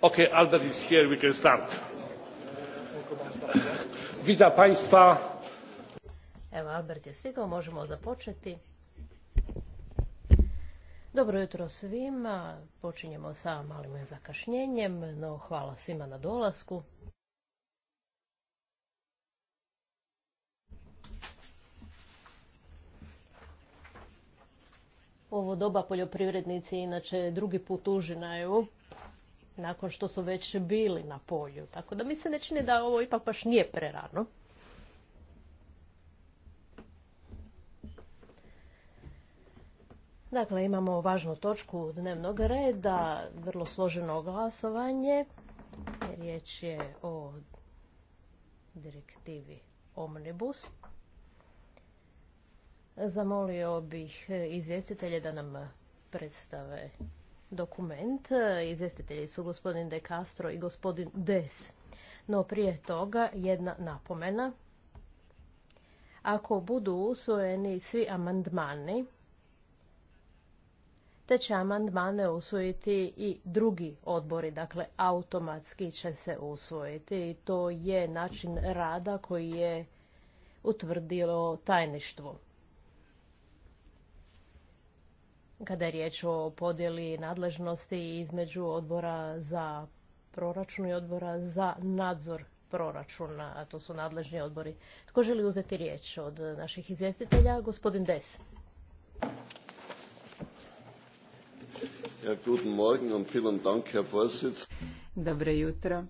Okay, Albert is here, we can start. Państwa. Evo, Albert je stigao, možemo započeti. Dobro jutro svima. Počinjemo sa malim zakašnjenjem, no hvala svima na dolasku. ovo doba poljoprivrednici inače drugi put užinaju, nakon što su već bili na polju. Tako da mi se ne čini da ovo ipak baš nije prerano. Dakle, imamo važnu točku dnevnog reda, vrlo složeno glasovanje. Riječ je o direktivi Omnibus. Zamolio bih izvjestitelje da nam predstave dokument. Izvjestitelji su gospodin De Castro i gospodin Des. No prije toga jedna napomena. Ako budu usvojeni svi amandmani, te će amandmane usvojiti i drugi odbori, dakle automatski će se usvojiti. I to je način rada koji je utvrdilo tajništvo. kada je riječ o podjeli nadležnosti između odbora za proračun i odbora za nadzor proračuna, a to su nadležni odbori. Tko želi uzeti riječ od naših izvjestitelja? Gospodin Des. Dobro jutro.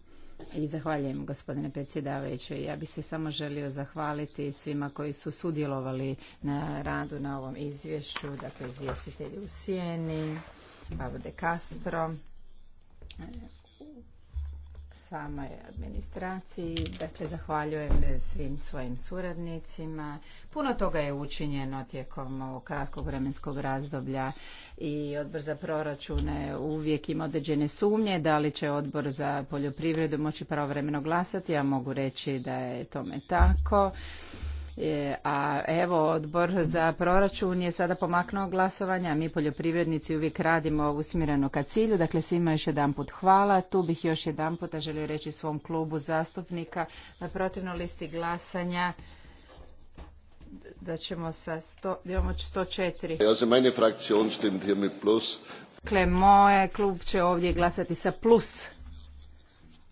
I zahvaljujem gospodine predsjedavajući. Ja bih se samo želio zahvaliti svima koji su sudjelovali na radu na ovom izvješću, dakle izvjestitelji u Sijeni, Pavo de Castro, samoj administraciji. Dakle, zahvaljujem svim svojim suradnicima. Puno toga je učinjeno tijekom ovog kratkog vremenskog razdoblja i odbor za proračune uvijek ima određene sumnje da li će odbor za poljoprivredu moći pravovremeno glasati. Ja mogu reći da je tome tako. E, a evo, odbor za proračun je sada pomaknuo glasovanja, a mi poljoprivrednici uvijek radimo usmjereno ka cilju. Dakle, svima još jedan put hvala. Tu bih još jedan puta želio reći svom klubu zastupnika na protivnoj listi glasanja da ćemo sa 100, imamo 104. plus. Dakle, moj klub će ovdje glasati sa plus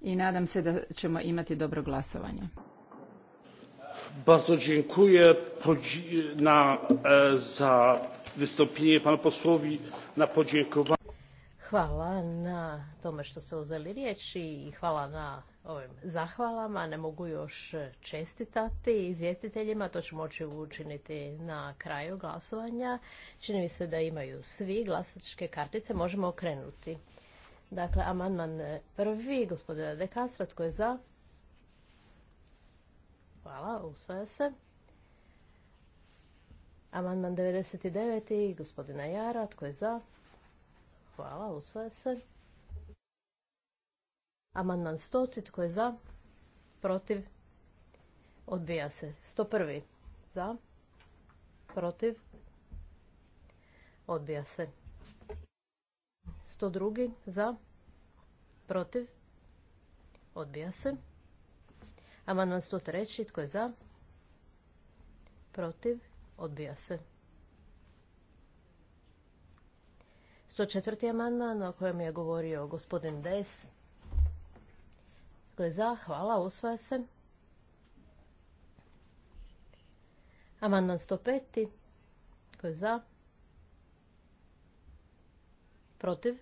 i nadam se da ćemo imati dobro glasovanje. Bardzo dziękuję na, e, za wystąpienie panu posłowi na podziękowanie. Hvala na tome što ste uzeli riječ i hvala na ovim zahvalama. Ne mogu još čestitati izvjestiteljima, to ću moći učiniti na kraju glasovanja. Čini mi se da imaju svi glasačke kartice, možemo okrenuti. Dakle, amandman prvi, gospodina Dekasra, tko je za? Hvala, usvaja se. Amandman 99. gospodina Jara, tko je za? Hvala, usvaja se. Amandman 100. Tko je za? Protiv? Odbija se. 101. Za? Protiv? Odbija se. 102. Za? Protiv? Odbija se. Amandman 103. Tko je za? Protiv? Odbija se. 104. amandman o kojem je govorio gospodin Des. Tko je za? Hvala. Usvaja se. Amandman 105. Tko je za? Protiv?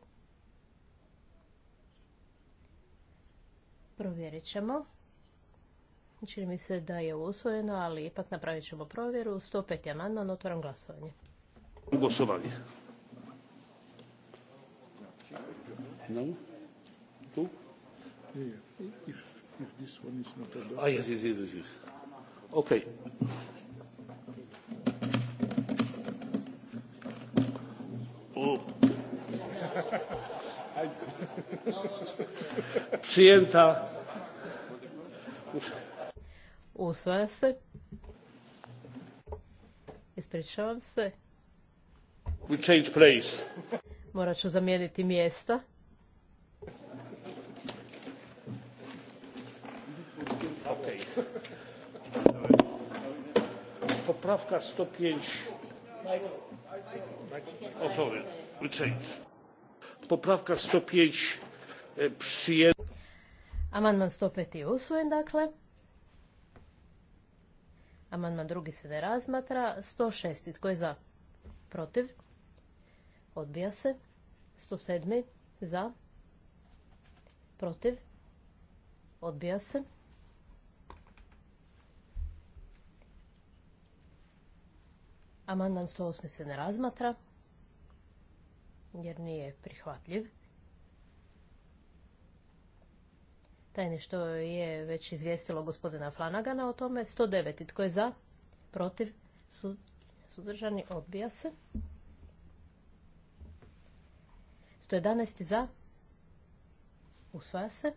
Provjerit ćemo. Čini mi se da je usvojeno, ali ipak napravit ćemo provjeru. 105. amandman, otvoram glasovanje. Glasovanje. No? Tu? If, this one is not yes, yes, yes, yes. Usvaja se. Ispričavam se. We change place. Morat ću zamijeniti mjesta. Okay. Poprawka 105. Popravka sorry. We change. Poprawka 105 e, przyjęta. Amandman 105 je usvojen, dakle. Amandman drugi se ne razmatra. 106. Tko je za? Protiv? Odbija se. 107. Za? Protiv? Odbija se. Amandman 108. se ne razmatra jer nije prihvatljiv. što je već izvijestilo gospodina Flanagana o tome. 109. Tko je za? Protiv? Su, sudržani? Odbija se. 111. Za? Usvaja se.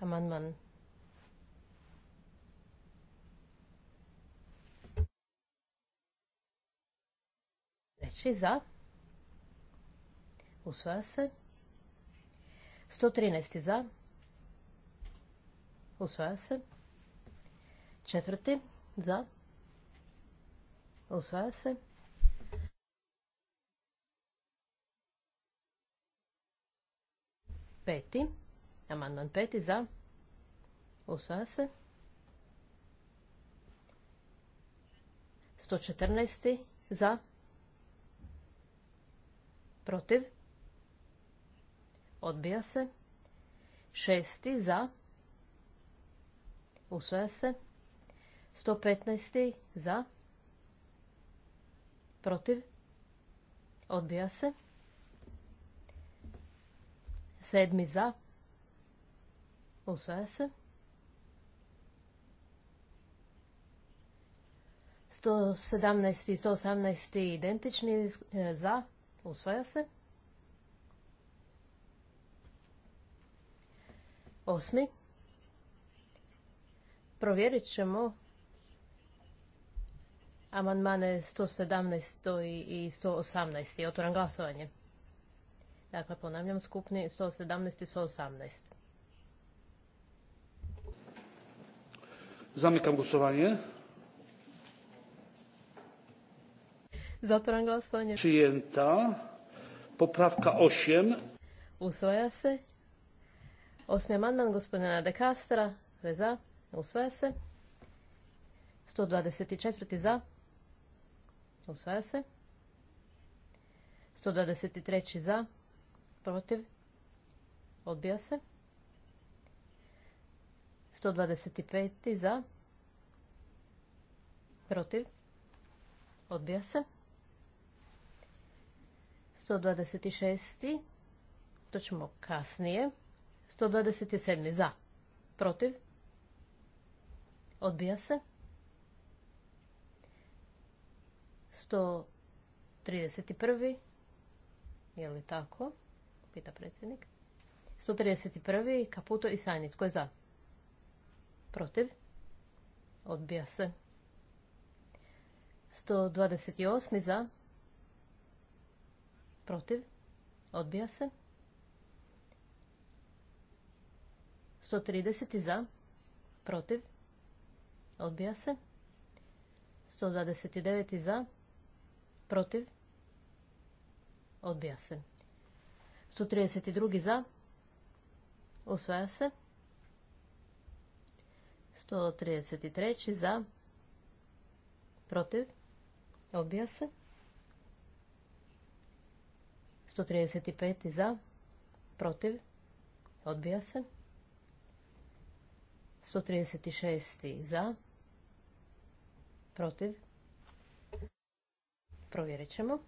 Amandman treći za. Usvaja se. 113. za. Usvaja se. Četvrti za. Usvaja se. Peti. Amandman peti za. Usvaja se. 114. za. Protiv. Odbija se. Šesti za. Usvaja se. 115. za. Protiv. Odbija se. Sedmi za. Usvaja se. 117. i 118. identični e, za. Usvaja se. Osmi. Provjerit ćemo amandmane 117. i 118. Otvoram glasovanje. Dakle, ponavljam skupni 117 i 118. Zamykam głosowanie. Zatwaram głosowanie. Przyjęta. Poprawka 8. Usvoja se. Osmi amandman gospodina De Castra. sve za? Usvaja se. 124. za. Usvaja se. 123. za. Protiv. Odbija se. 125. za. Protiv. Odbija se. 126. To ćemo kasnije. 127. za. Protiv. Odbija se. 131. Je li tako? Pita predsjednik. 131. Kaputo i Sanji. Tko je za? Protiv. Odbija se. 128. za. Protiv. Odbija se. 130 za, protiv, odbija se. 129 za, protiv, odbija se. 132 za, osvaja se. 133 za, protiv, odbija se. 135 za, protiv, odbija se. 136. za. Protiv. Provjerit ćemo.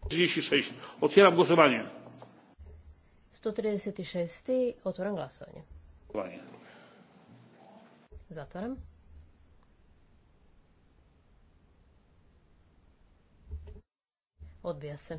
36. Otvaram glasovanje. 136. Otvoram glasovanje. Glasovanje. Odbija se.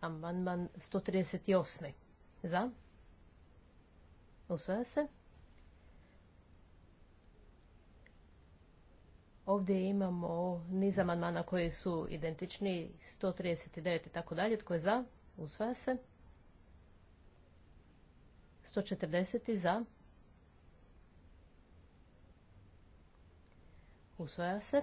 Amandman 138. Za. Usvaja se. Ovdje imamo niz amandmana koji su identični, 139 i tako dalje. Tko je za? Usvaja se. 140 za. Usvaja se.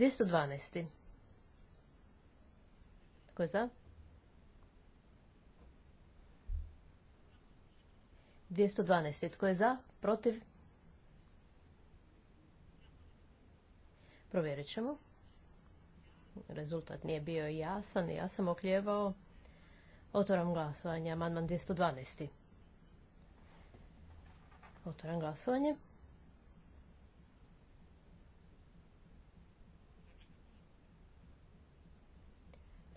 212. Tko je za? 212. Tko je za? Protiv? Provjerit ćemo. Rezultat nije bio jasan i ja sam okljevao. Otvoram glasovanje. Amandman 212. Otvoram glasovanje.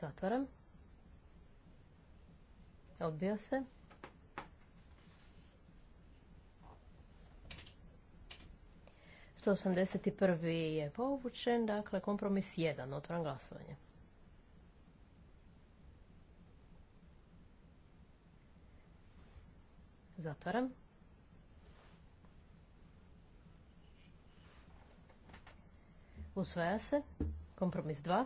Zatvaram. Odbija se. 181. prvi je povučen, dakle kompromis 1. otvaram glasovanje. Zatvaram. Usvaja se. Kompromis 2.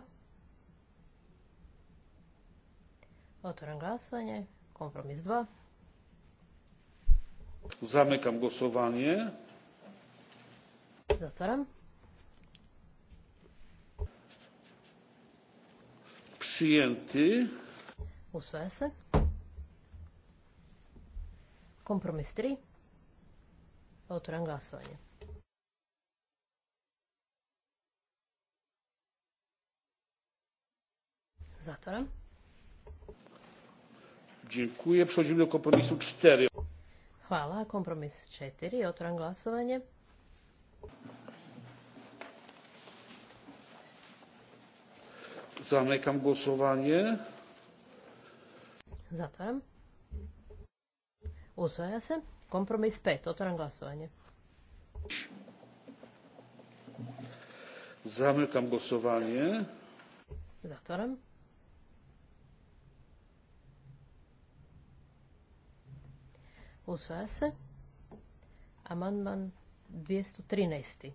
Otvoram glasovanje. Kompromis 2. Zamykam głosowanie. Zatwaram. Przyjęty. Usvaja se. Kompromis 3. Otvoram glasovanje. Zatvaram. Dziękuję. Przechodzimy do kompromisu 4. Hvala. Kompromis 4. Otvoram glasovanje. Zamykam głosowanie. Zatvaram. Usvaja se. Kompromis 5. Otvoram glasovanje. Zamykam głosowanie. Zatvaram. Usvaja se. Amandman 213.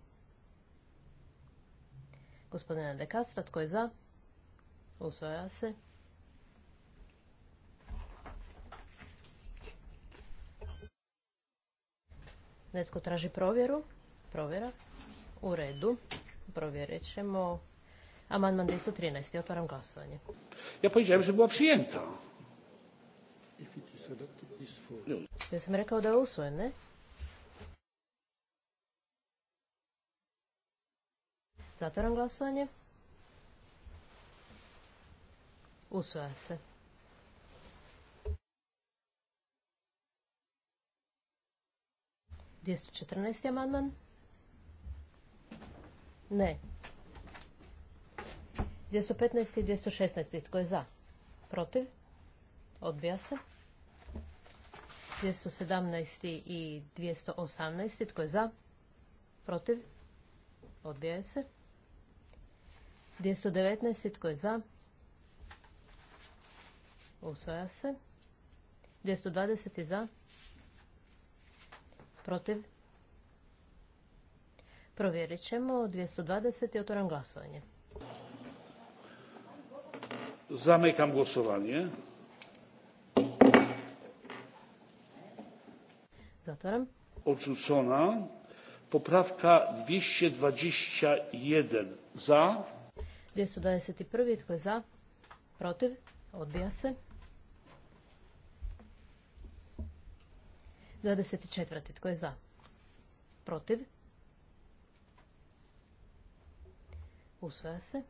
Gospodina De tko je za? Usvaja se. Netko traži provjeru? Provjera. U redu. Provjerit ćemo. Amandman 213. Otvaram glasovanje. Ja što že bilo przyjęta. Ja sam rekao da je usvojen, ne? Zatvaram glasovanje. Usvoja se. Dvijesto četrnaest amandman? Ne. 215. i 216. Tko je za? Protiv? Odbija se. 217. i 218. Tko je za? Protiv? Odbijaju se. 219. Tko je za? Usvaja se. 220. Je za? Protiv? Provjerit ćemo. 220. Otvoram glasovanje. Zamekam glasovanje. Zatvaram. Odrzucona. Poprawka 221 za. 221. Tko je za? Protiv? Odbija se. 24. Tko je za? Protiv? Usvaja se.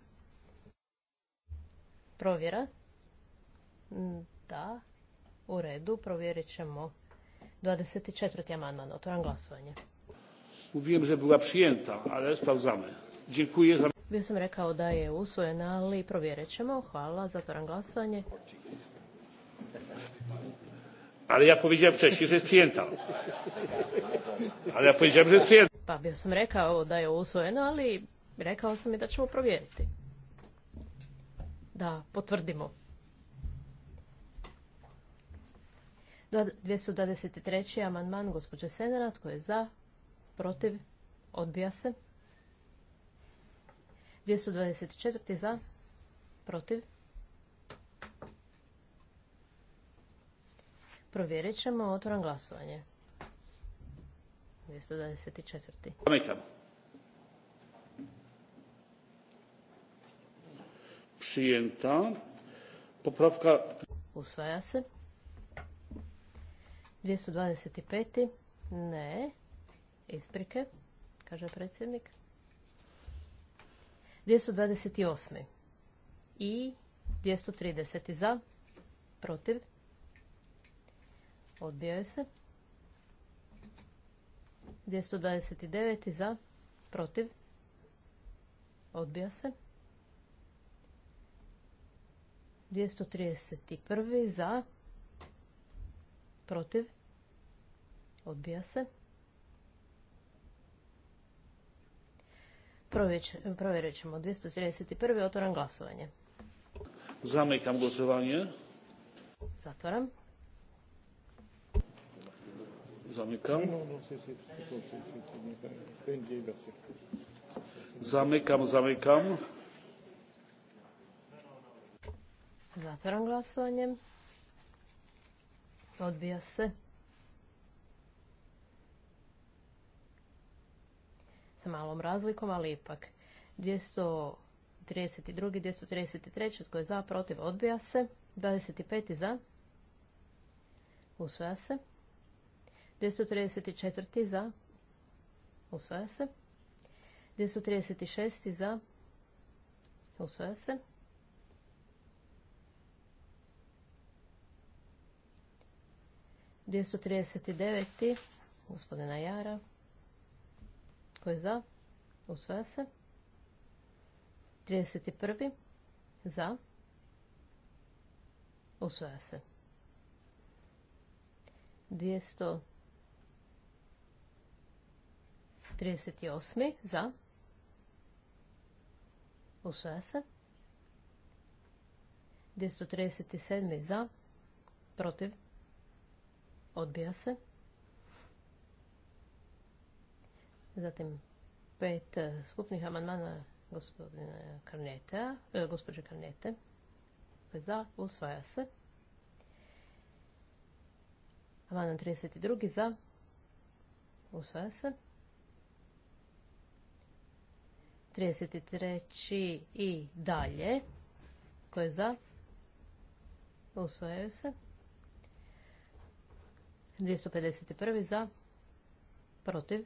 Provjera. Da, u redu. Provjerit ćemo 24. amandman. Otvoram glasovanje. Uvijem, że była przyjęta, ale sprawdzamy. Dziękuję za... Bio sam rekao da je usvojena, ali provjerit ćemo. Hvala, zatvoram glasovanje. ali ja powiedziałem wcześniej, že jest przyjęta. Ale ja powiedziałem, że jest przyjęta. Pa, bio sam rekao da je usvojena, ali rekao sam i da ćemo provjeriti. Da, potvrdimo. 223. amandman gospođe Senera, tko je za, protiv, odbija se. 224. za, protiv. Provjerit ćemo, otvoram glasovanje. 224. Zamekam. Prijenta. popravka Usvaja se. 225. Ne. Isprike, kaže predsjednik. 228. I 230. za. Protiv. Odbijaju se. 229. za. Protiv. Odbija se. 231. za. Protiv. Odbija se. Provjerit ćemo 231. Otvoram glasovanje. Zamekam glasovanje. Zatvoram. Zamykam. Zamykam, zamykam. Zatvaram glasovanje. Odbija se. sa malom razlikom, ali ipak 232. 233. tko je za, protiv, odbija se. 25. za, usvaja se. 234. za, usvaja se. 236. za, usvaja se. 239. gospodina Jara, tko je za? Usvaja se. 31. Za. Usvaja se. 238. Za. Usvaja se. 237. Za. Protiv. Odbija se. Zatim pet e, skupnih amandmana gospodine Karneta, e, gospođe Karnete. Za, usvaja se. Amandman 32. Za, usvaja se. 33. i dalje. Ko je za? Usvajaju se. 251. za. Protiv.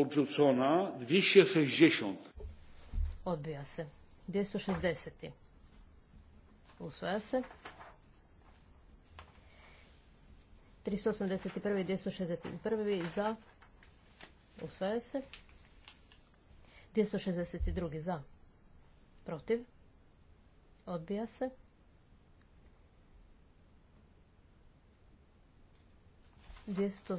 odrzucona. 260. Odbija se. 260. Usvaja se. 381. i 261. za. Usvaja se. 262. za. Protiv. Odbija se. Dvjesto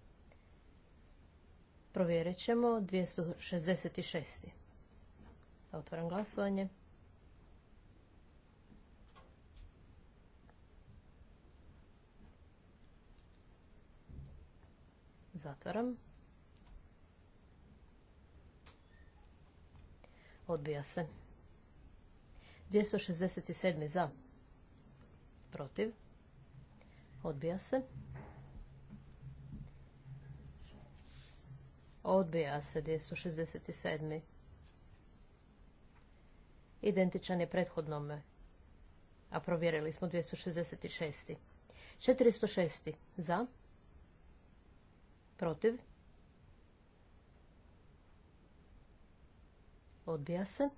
Provjerit ćemo 266. Otvaram glasovanje. Zatvaram. Odbija se. 267. za. Protiv. Odbija se. Odbija se 267. Identičan je prethodnome, a provjerili smo 266. 406. Za. Protiv. Odbija se.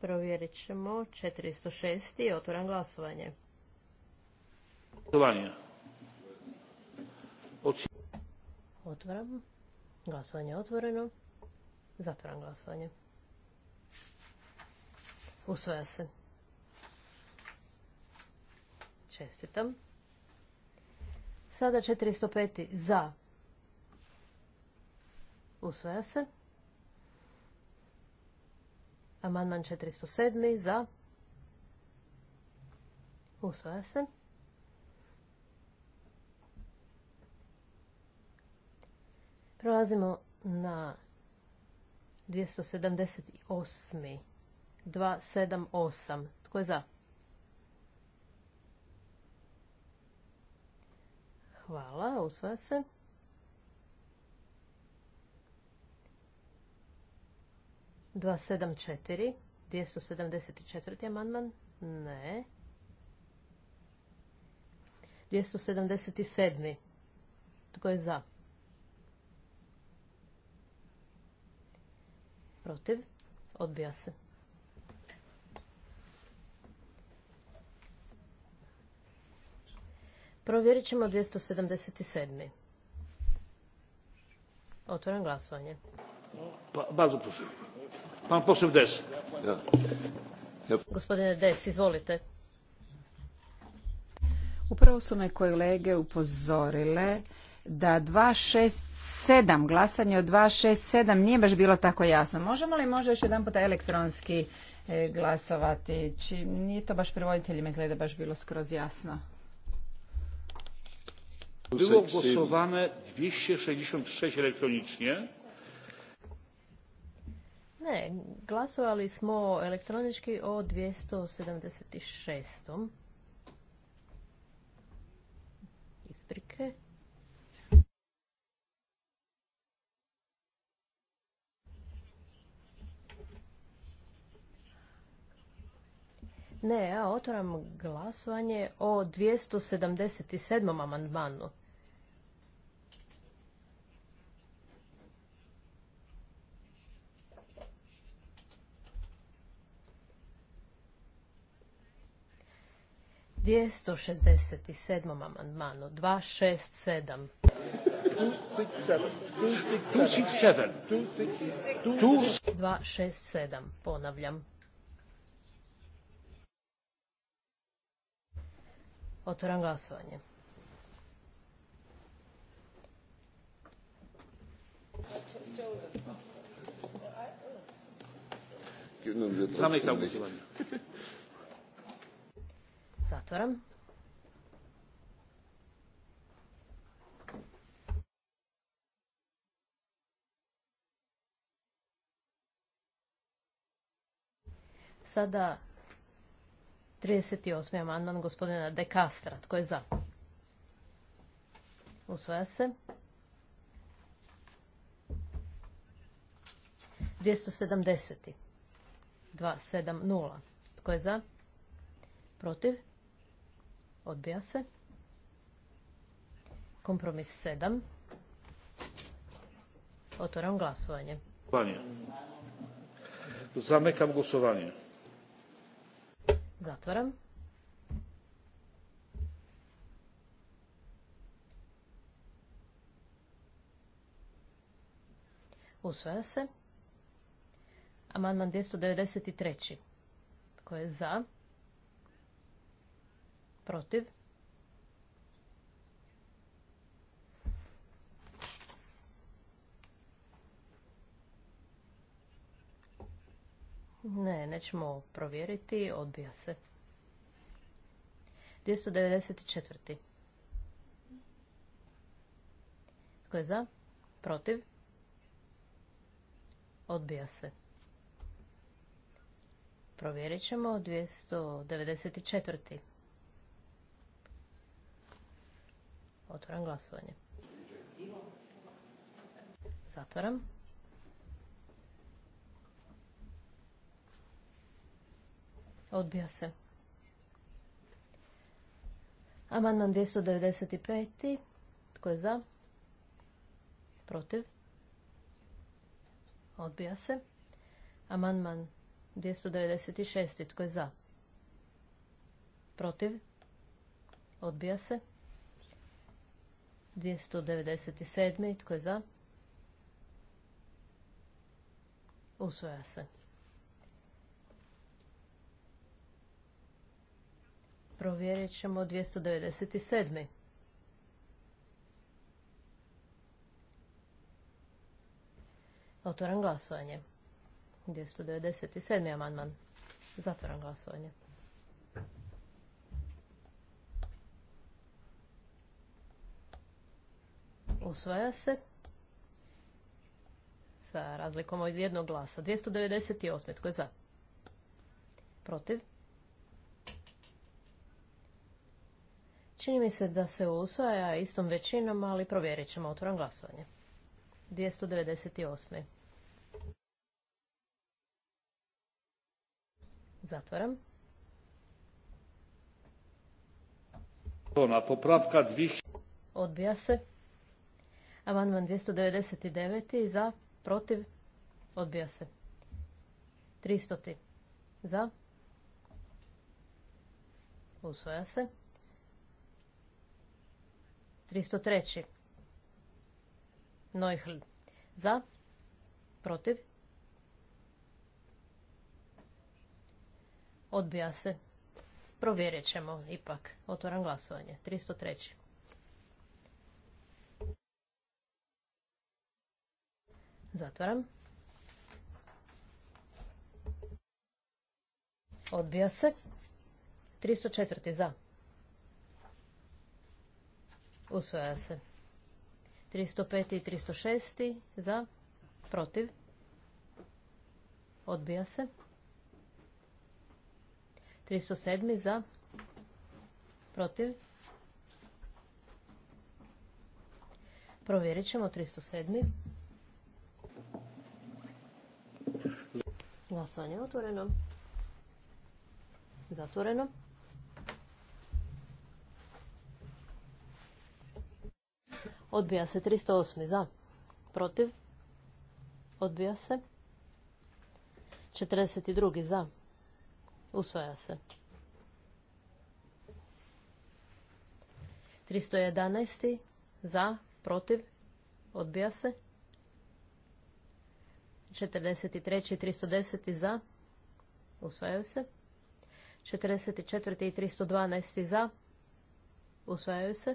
Provjerit ćemo 406. Otvoram glasovanje. Glasovanje. Otvaram. Glasovanje otvoreno. Zatvaram glasovanje. Usvoja se. Čestitam. Sada 405. za. Usvoja se. Amandman 407. za. Usvoja se. Prelazimo na 278. 278. Tko je za? Hvala, usvaja se. Dva sedam četiri, dvijesto sedamdeset četiri amandman, ne. Dvijesto sedamdeset sedam. Tko je za? Protiv? Odbija se. Provjerit ćemo 277. Otvoram glasovanje. Pa, bardzo Pan poseł Des. Gospodine Des, izvolite. Upravo su me kolege upozorile da 267 7, glasanje šest 267 nije baš bilo tako jasno. Možemo li možda još jedan puta elektronski e, glasovati? Či nije to baš prevoditeljima izgleda baš bilo skroz jasno. Bilo glasovane 266 elektronične. Ne, glasovali smo elektronički o 276. Isprike. Ne, ja otvoram glasovanje o 277. amandmanu. dvjesto šezdeset sedam amandmanu dva šest sedam dva šest sedam ponavljam Otvoram glasovanje. Zatvoram. Sada 38. amandman gospodina De Castra. Tko je za? Usvoja se. 270. 270. Tko je za? Protiv? Odbija se. Kompromis 7. Otvoram glasovanje. Zamekam glasovanje. Zatvaram. Usvaja se. Amandman 293. Tko je za? Protiv? Ne, nećemo provjeriti, odbija se. 294. Tko je za? Protiv? Odbija se. Provjerit ćemo 294. Otvoram glasovanje. Zatvoram. Odbija se. Amandman 295. Tko je za? Protiv? Odbija se. Amandman 296. Tko je za? Protiv? Odbija se. 297. Tko je za? Usvoja se. Provjerit ćemo 297. Otvoram glasovanje. 297. amandman. Zatvoram glasovanje. Usvaja se sa razlikom od jednog glasa. 298. Tko je za? Protiv? Čini mi se da se usvaja istom većinom, ali provjerit ćemo. Otvoram glasovanje. 298. Zatvaram. Odbija se. Amandman 299. Za, protiv, odbija se. 300. Za. Usvoja se. 303. Neuhl. Za. Protiv. Odbija se. Provjerit ćemo ipak. Otvoram glasovanje. 303. Zatvaram. Odbija se. 304. za. Usvaja se. 305. i 306. za, protiv. Odbija se. 307. za, protiv. Provjerit ćemo 307. Glasovanje je otvoreno. Zatvoreno. Odbija se 308. Za. Protiv. Odbija se. 42. Za. Usvaja se. 311. Za. Protiv. Odbija se. 43. i 310. Za. Usvajaju se. 44. i 312. Za. Usvajaju se.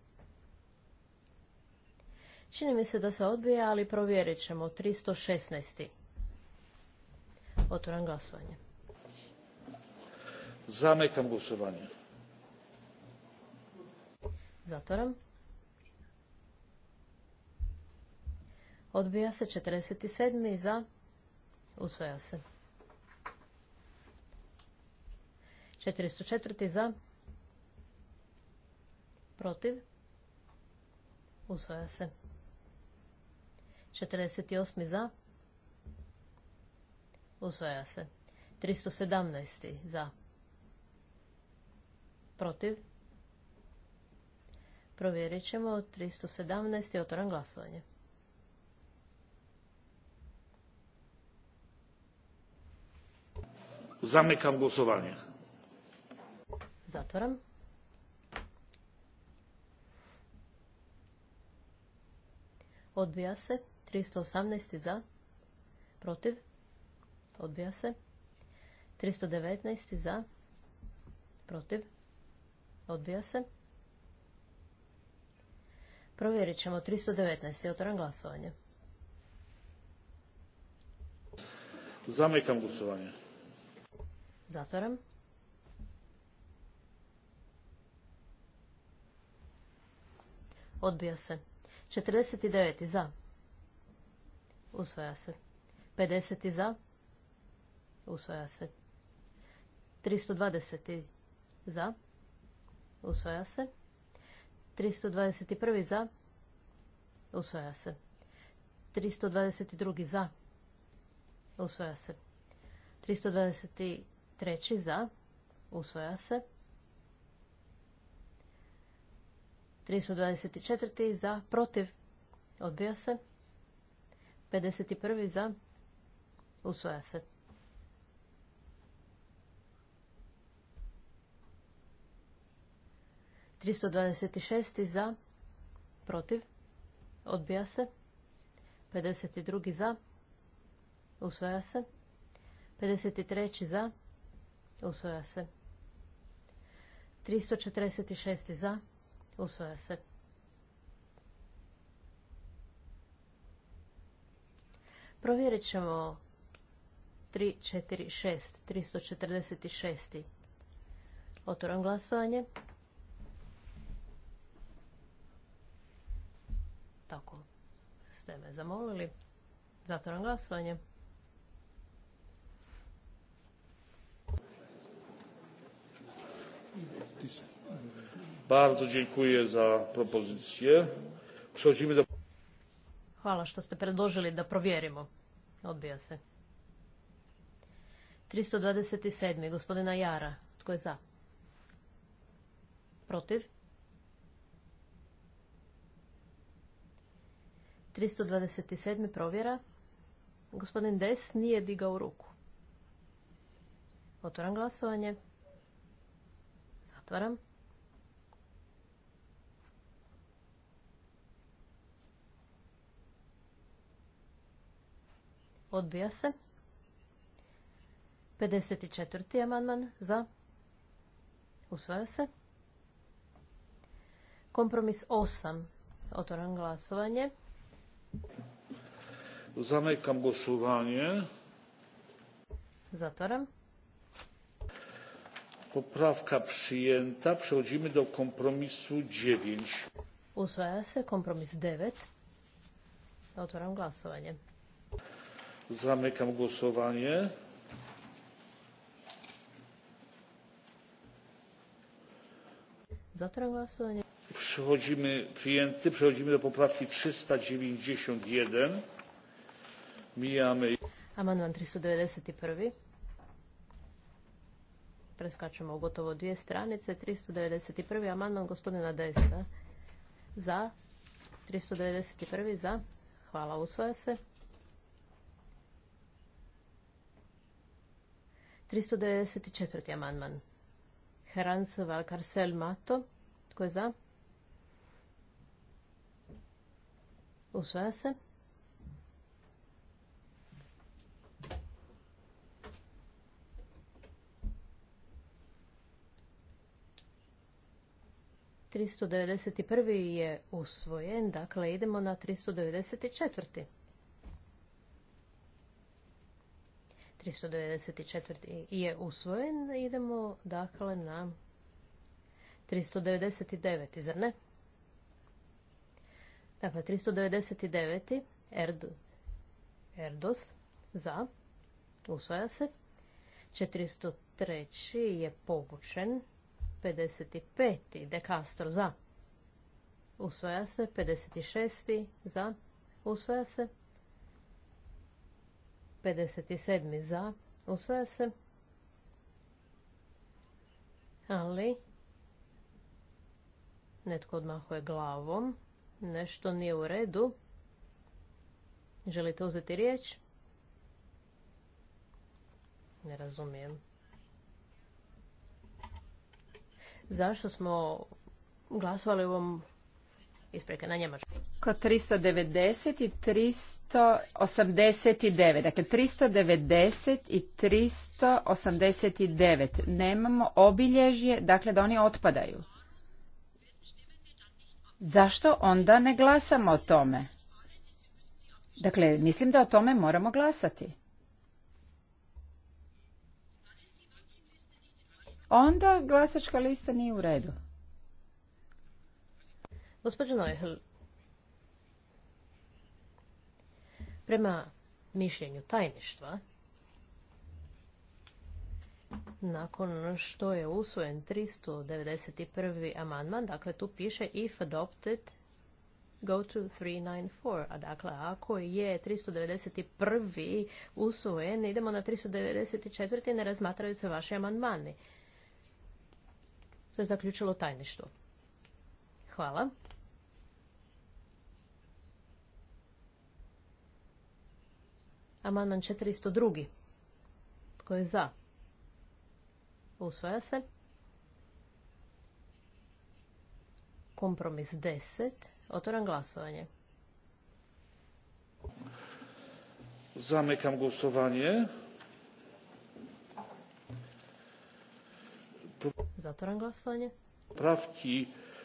Čini mi se da se odbija, ali provjerit ćemo. 316. Otvoram glasovanje. Zamekam glasovanje. Zatvoram. Odbija se 47. za. Usvoja se. 404. za. Protiv. Usvoja se. 48. za. Usvaja se. 317. za. Protiv. Provjerit ćemo 317. otvoran glasovanje. Zamykam glasovanje. Zatvoram. Odbija se. 318. za, protiv, odbija se. 319. za, protiv, odbija se. Provjerit ćemo 319. Otvoram glasovanje. Zamekam glasovanje. Zatvoram. Odbija se. 49. za. Usvaja se. 50. za. Usvaja se. 320. za. Usvaja se. 321. za. Usvaja se. 322. za. Usvaja se. 323. za. Usvaja se. 324. za. Protiv. Odbija se. 51. za. Usvoja se. Tristo za, protiv, odbija se. 52. za, usvoja se. 53. za, usvoja se. 346. za, usvoja se. Provjerit ćemo 346, 346. Otvoram glasovanje. Tako ste me zamolili. Zatvoram glasovanje. Bardzo dziękuję za propozycję. Przechodzimy do Hvala što ste predložili da provjerimo. Odbija se. 327. gospodina Jara. Tko je za? Protiv? 327. provjera. Gospodin Des nije digao ruku. otvaram glasovanje. Zatvaram. Odbija se. 54. amandman za. Usvaja se. Kompromis 8. Otvoram glasovanje. Zamekam glasovanje. Zatwaram. Poprawka przyjęta. Przechodzimy do kompromisu 9. Usvaja se kompromis 9. Otvaram glasovanje. Zamykam głosowanie. Zatram głosowanie. Przechodzimy, przyjęty, przechodzimy do poprawki 391. Mijamy. Amandman 391. Preskačemo u gotovo dvije stranice. 391. amandman gospodina Dejsa. Za. 391. za. Hvala, usvoja se. 394. amandman. Herans Valkarsel Mato. Tko je za? Usvaja se. Tristo devedeset je usvojen, dakle idemo na tristo devedeset četiri 394. je usvojen. Idemo dakle na 399. Zar ne? Dakle, 399. erdu Erdos za. Usvoja se. 403. je povučen. 55. De Castro za. Usvoja se. 56. za. Usvoja se. 57. za, usvaja se. Ali, netko odmahuje glavom, nešto nije u redu. Želite uzeti riječ? Ne razumijem. Zašto smo glasovali u ovom isprike na njemačku. Kod 390 i 389. Dakle, 390 i 389. Nemamo obilježje, dakle da oni otpadaju. Zašto onda ne glasamo o tome? Dakle, mislim da o tome moramo glasati. Onda glasačka lista nije u redu. Gospođo Neuhl, prema mišljenju tajništva, nakon što je usvojen 391. amandman, dakle tu piše if adopted go to 394. A dakle, ako je 391. usvojen, idemo na 394. i ne razmatraju se vaši amandmani. To je zaključilo tajništvo. Hvala. Amandman 402. Tko je za? Usvaja se. Kompromis 10. Otvoram glasovanje. Zamykam głosowanie. Zatoram głosowanie. Prawki.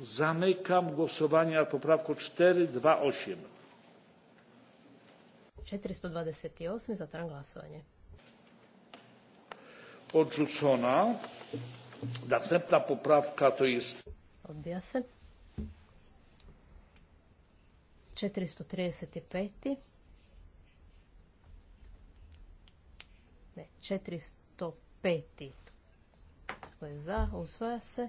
Zamykam głosowanie nad poprawką 428. 428. Zatvaram glasovanje. Odrzucona. Następna poprawka to jest... Odbija se. 435. Ne, 405. Tko je za? se.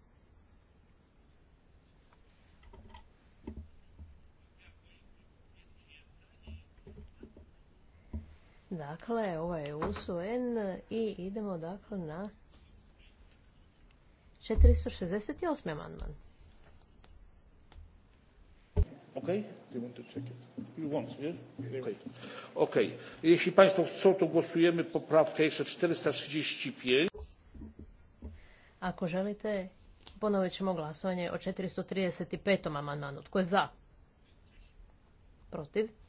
Dakle, ovo ovaj je n i idemo dakle na 468. amandman. Okay? You to check it? You want, Okay. okay. Jeśli Państwo chcą, to głosujemy poprawkę jeszcze 435. Ako želite, ponovit ćemo glasovanje o 435. amandmanu. Tko je za? Protiv?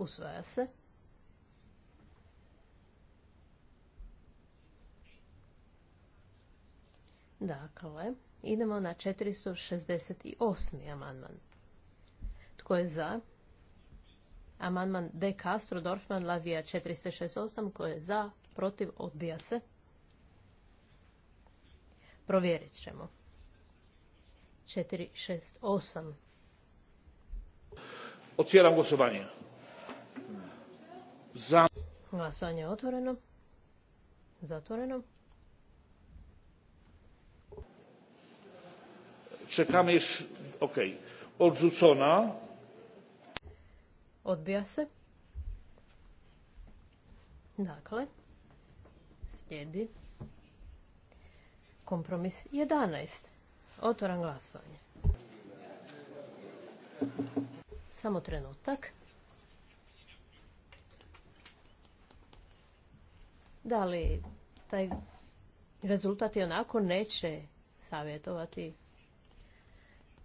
Usvaja se. Dakle, idemo na 468. amandman. Tko je za? Amandman D. Castro, Dorfman, Lavija 468. Tko je za? Protiv? Odbija se. Provjerit ćemo. 468. Odsjeram glasovanje. Za... Glasovanje je otvoreno. Zatvoreno. Čekamy još... Ok. Odrzucona. Odbija se. Dakle, slijedi kompromis 11. Otvoran glasovanje. Samo trenutak. Da li taj rezultat i onako neće savjetovati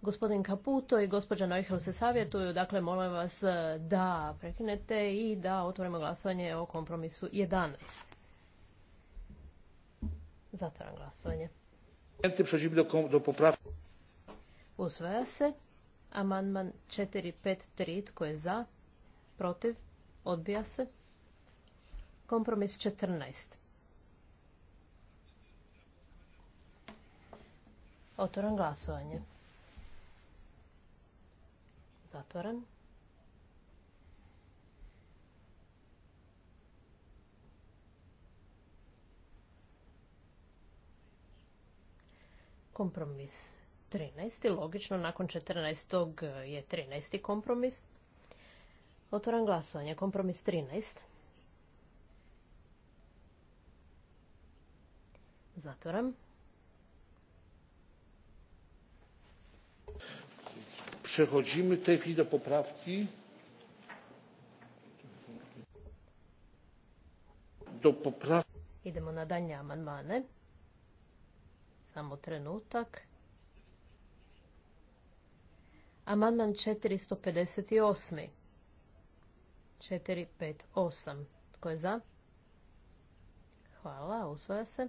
gospodin Kaputo i gospođa Neuhel se savjetuju, dakle molim vas e, da prekinete i da otvorimo glasovanje o kompromisu 11. Zatvaram glasovanje. Usvaja se. Amandman 453. Tko je za? Protiv? Odbija se. Kompromis 14. Otvoram glasovanje. Zatvoram. Kompromis 13. Logično, nakon 14. je 13. kompromis. Otvoram glasovanje. Kompromis 13. Zatvoram. Przechodzimy w tej chwili do poprawki. Do poprawki. Idemo na dalje amandmane. Samo trenutak. Amandman 458. 458. Tko je za? Hvala, Usvoja se.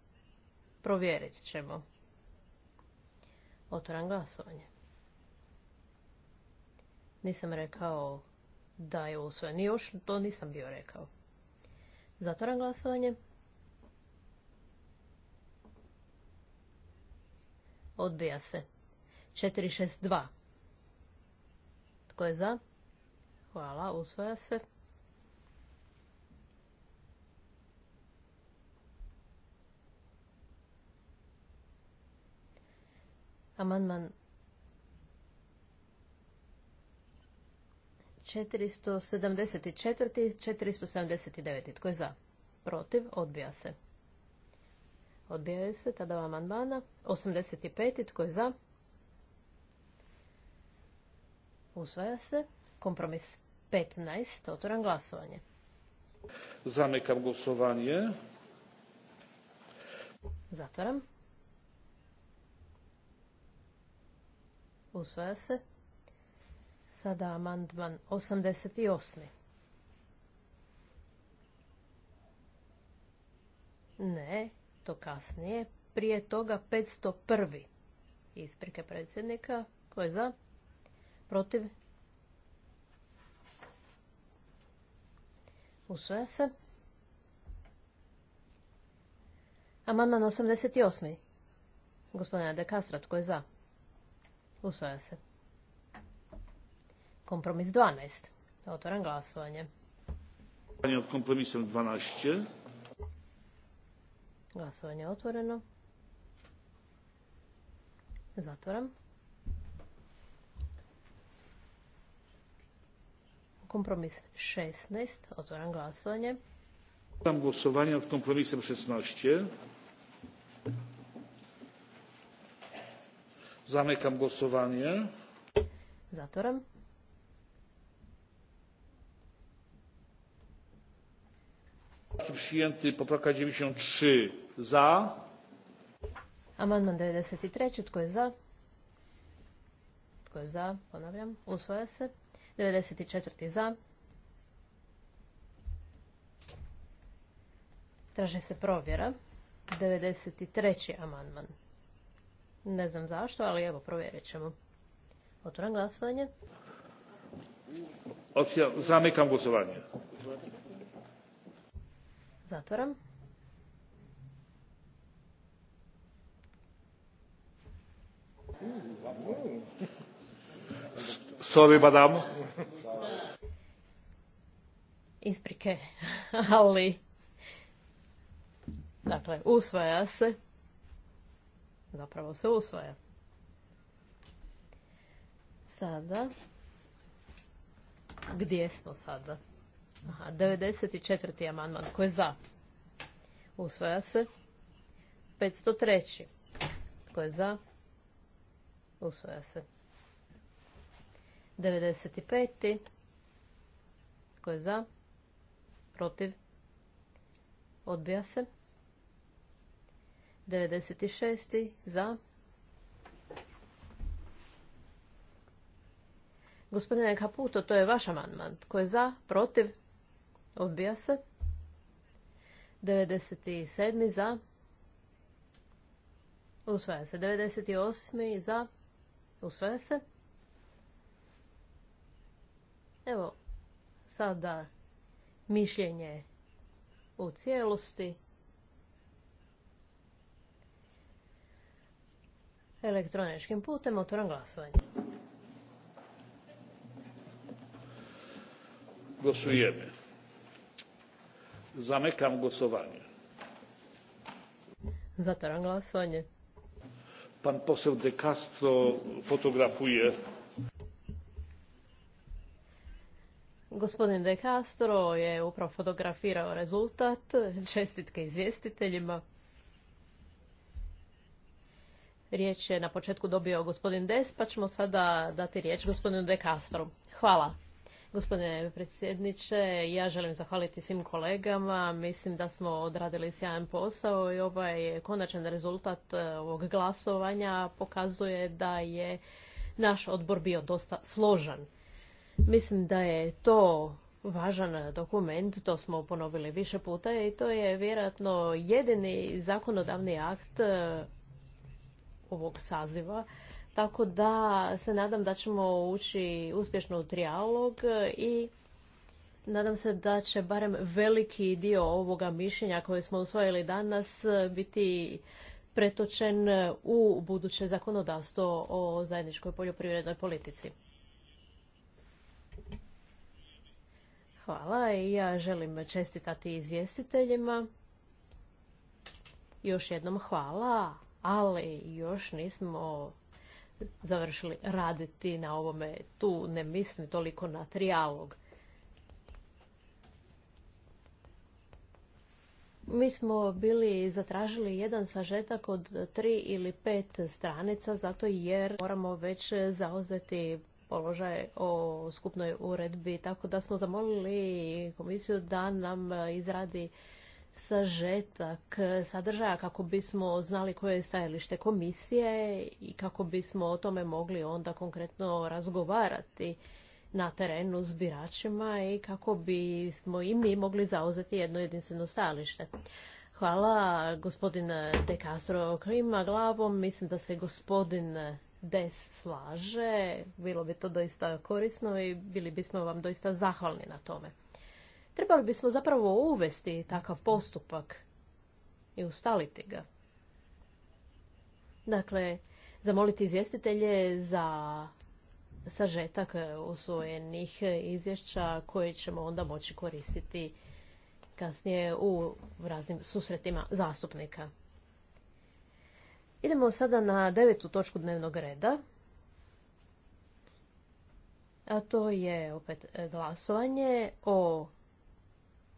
Provjerit ćemo. Otvoram glasovanje. Nisam rekao da je usvojen. Još to nisam bio rekao. Zatvoram glasovanje. Odbija se. 462. Tko je za? Hvala, usvoja se. Amandman 474. i 479. Tko je za? Protiv? Odbija se. Odbijaju se tada dva amandmana. 85. Tko je za? Usvaja se. Kompromis 15. Otvoram glasovanje. Zamekam glasovanje. Zatvoram. Usvaja se. Sada amandman 88. Ne, to kasnije. Prije toga 501. Isprike predsjednika. Ko je za? Protiv? Usvaja se. Amandman 88. Gospodina De kasrat tko je za? Usvaja se. Kompromis 12. Otvoram glasovanje. Glasovanje od kompromisom 12. Glasovanje otvoreno. Zatvoram. Kompromis 16. Otvoram glasovanje. Otvoram glasovanje od kompromisa 16. Zamykam głosowanie. Zatorem. Przyjęty poprawka 93 za. Amandman 93. Tko je za? Tko je za? Ponavljam. Usvoja se. 94. za. Traži se provjera. 93. amandman. Ne znam zašto, ali evo, provjerit ćemo. Otvoram glasovanje. Zamekam glasovanje. Zatvoram. Sorry, madam. Isprike, ali... Dakle, usvaja se zapravo se usvoje. Sada, gdje smo sada? Aha, 94. amandman, ko je za? Usvoja se. 503. Ko je za? Usvoja se. 95. Ko je za? Protiv? Odbija se. 96. za. Gospodine Kaputo, to je vaš amandman. Tko je za? Protiv? Odbija se. 97. za. Usvaja se. 98. za. Usvaja se. Evo, sada mišljenje u cijelosti. elektroničkim putem. Otvoram glasovanje. Głosujemy. Zamykam głosowanie. Zatvaram glasovanje. Pan poseł De Castro fotografuje. Gospodin De Castro je upravo fotografirao rezultat. Čestitke izvjestiteljima. Riječ je na početku dobio gospodin Des, pa ćemo sada dati riječ gospodinu De Castro. Hvala. Gospodine predsjedniče, ja želim zahvaliti svim kolegama. Mislim da smo odradili sjajan posao i ovaj konačan rezultat e, ovog glasovanja pokazuje da je naš odbor bio dosta složan. Mislim da je to važan dokument, to smo ponovili više puta i to je vjerojatno jedini zakonodavni akt e, ovog saziva. Tako da se nadam da ćemo ući uspješno u trijalog i nadam se da će barem veliki dio ovoga mišljenja koje smo usvojili danas biti pretočen u buduće zakonodavstvo o zajedničkoj poljoprivrednoj politici. Hvala i ja želim čestitati izvjestiteljima. Još jednom hvala, ali još nismo završili raditi na ovome. Tu ne mislim toliko na trijalog. Mi smo bili zatražili jedan sažetak od tri ili pet stranica, zato jer moramo već zauzeti položaj o skupnoj uredbi, tako da smo zamolili komisiju da nam izradi sažetak sadržaja kako bismo znali koje je stajalište komisije i kako bismo o tome mogli onda konkretno razgovarati na terenu s biračima i kako bismo i mi mogli zauzeti jedno jedinstveno stajalište. Hvala gospodin De Castro klima glavom. Mislim da se gospodin Des slaže. Bilo bi to doista korisno i bili bismo vam doista zahvalni na tome trebali bismo zapravo uvesti takav postupak i ustaliti ga. Dakle, zamoliti izvjestitelje za sažetak usvojenih izvješća koje ćemo onda moći koristiti kasnije u raznim susretima zastupnika. Idemo sada na devetu točku dnevnog reda. A to je opet glasovanje o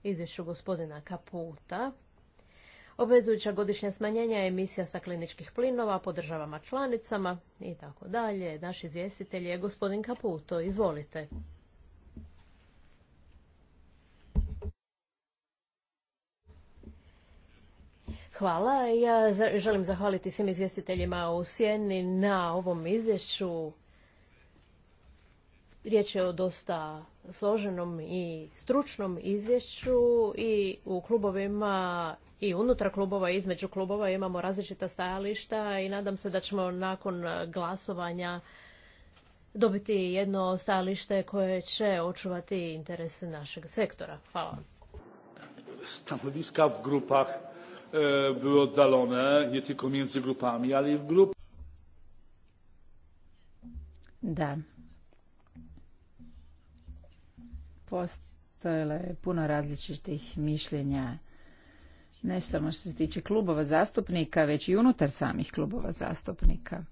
izvješću gospodina Kaputa. Obvezujuća godišnja smanjenja emisija sa kliničkih plinova po državama članicama i tako dalje. Naš izvjestitelj je gospodin Kaputo. Izvolite. Hvala. Ja želim zahvaliti svim izvjestiteljima u Sjeni na ovom izvješću Riječ je o dosta složenom i stručnom izvješću i u klubovima i unutar klubova i između klubova imamo različita stajališta i nadam se da ćemo nakon glasovanja dobiti jedno stajalište koje će očuvati interese našeg sektora. Hvala. E, oddalone grupami, ali i Da, postojalo je puno različitih mišljenja ne samo što se tiče klubova zastupnika, već i unutar samih klubova zastupnika.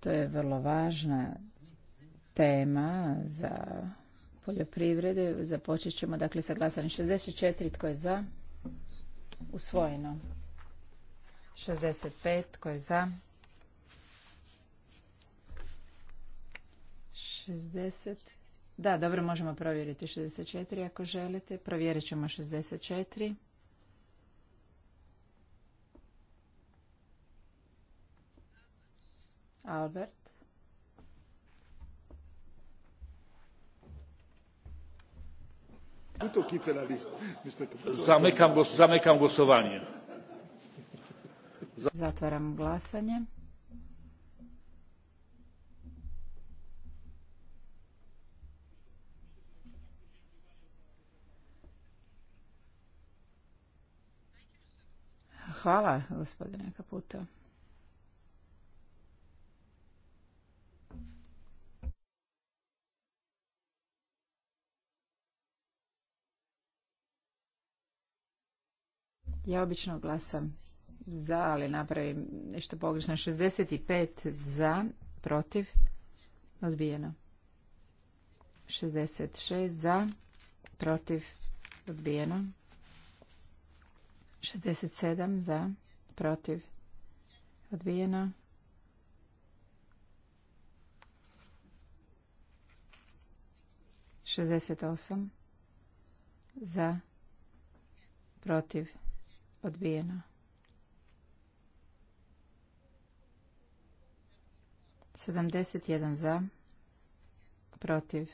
To je vrlo važna tema za poljoprivrede. Započet ćemo dakle sa glasanjem 64 tko je za, usvojeno. 65 tko je za, 60 da, dobro, možemo provjeriti 64 ako želite. Provjerit ćemo 64. Albert. Zamekam, gos, zamekam glasovanje. Zatvaram glasanje. Hvala, gospodine Kaputo. Ja obično glasam za, ali napravim nešto pogrešno. 65 za, protiv, odbijeno. 66 za, protiv, odbijeno. 67 za, protiv, odbijeno. šezdeset osam za protiv odbijeno. Sedamdeset jedan za protiv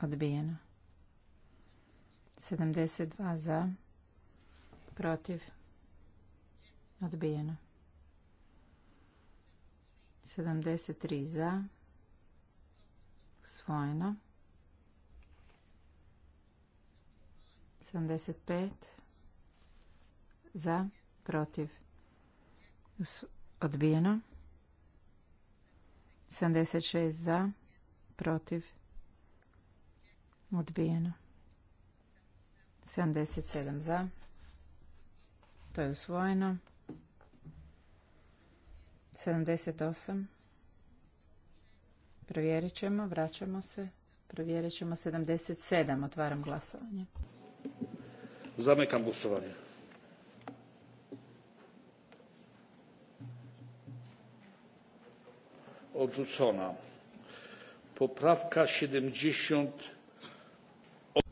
odbijeno. Sedamdeset dva za protiv, odbijeno. 73 za, usvojeno. 75 za, protiv, odbijeno. 76 za, protiv, odbijeno. 77 za, to je usvojeno. 78. Provjerit ćemo, vraćamo se. Provjerit ćemo 77. Otvaram glasovanje. Zamekam glasovanje. Odrzucona. Poprawka 70.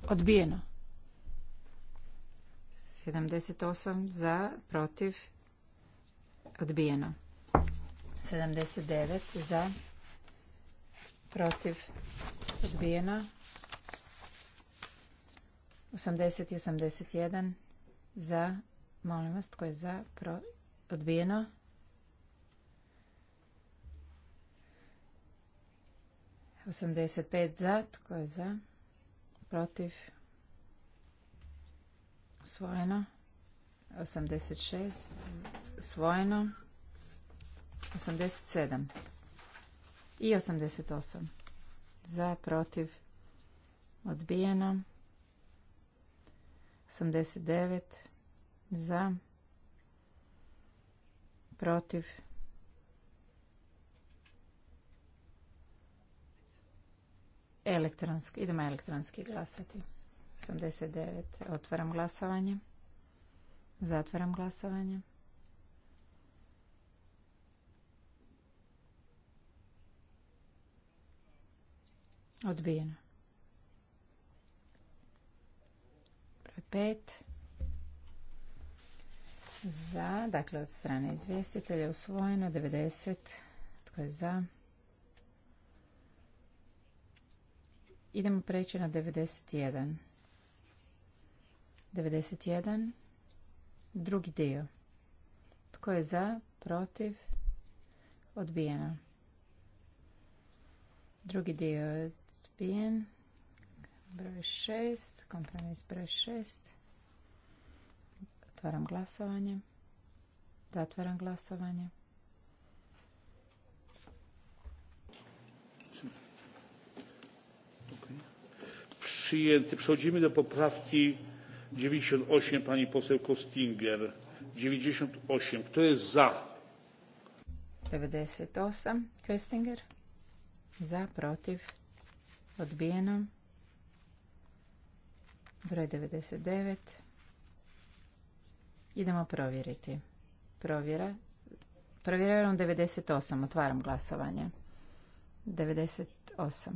Odbijeno. 78 za, protiv, odbijeno. 79 za, protiv, odbijeno. 80 i 81 za, molim vas, tko je za, pro, odbijeno. 85 za, tko je za, protiv, odbijeno. Svojeno 86. svojeno 87. I 88. Za, protiv. Odbijeno. 89. Za. Protiv. Elektronski. Idemo elektronski glasati. 89. Otvaram glasovanje. Zatvaram glasovanje. Odbijeno. Broj 5. Za, dakle od strane izvjestitelja usvojeno 90. Tko je za? Idemo preći na 91. 91. Drugi dio. Tko je za? Protiv? Odbijeno. Drugi dio je odbijen. Broj 6. Kompromis broj 6. Otvaram glasovanje. Zatvaram glasovanje. Przyjęty. Przechodzimy do poprawki 98 pani poseł Kostinger. 98. Kto jest za? 98. Kostinger. Za, protiv. Odbijeno. Broj 99. Idemo provjeriti. Provjera. Provjerujem 98. Otvaram glasovanje. 98.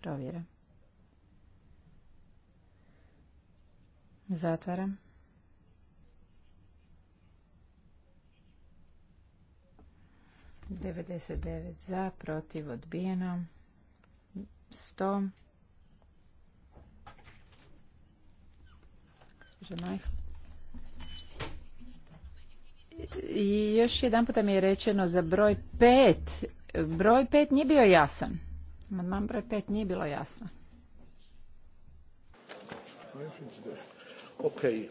Provjera. Zatvaram. Devedeset devet za, protiv, odbijeno. Sto. Gospođa Majhl. I još jedan puta mi je rečeno za broj pet. Broj pet nije bio jasan. Amandman broj pet nije bilo jasno. E,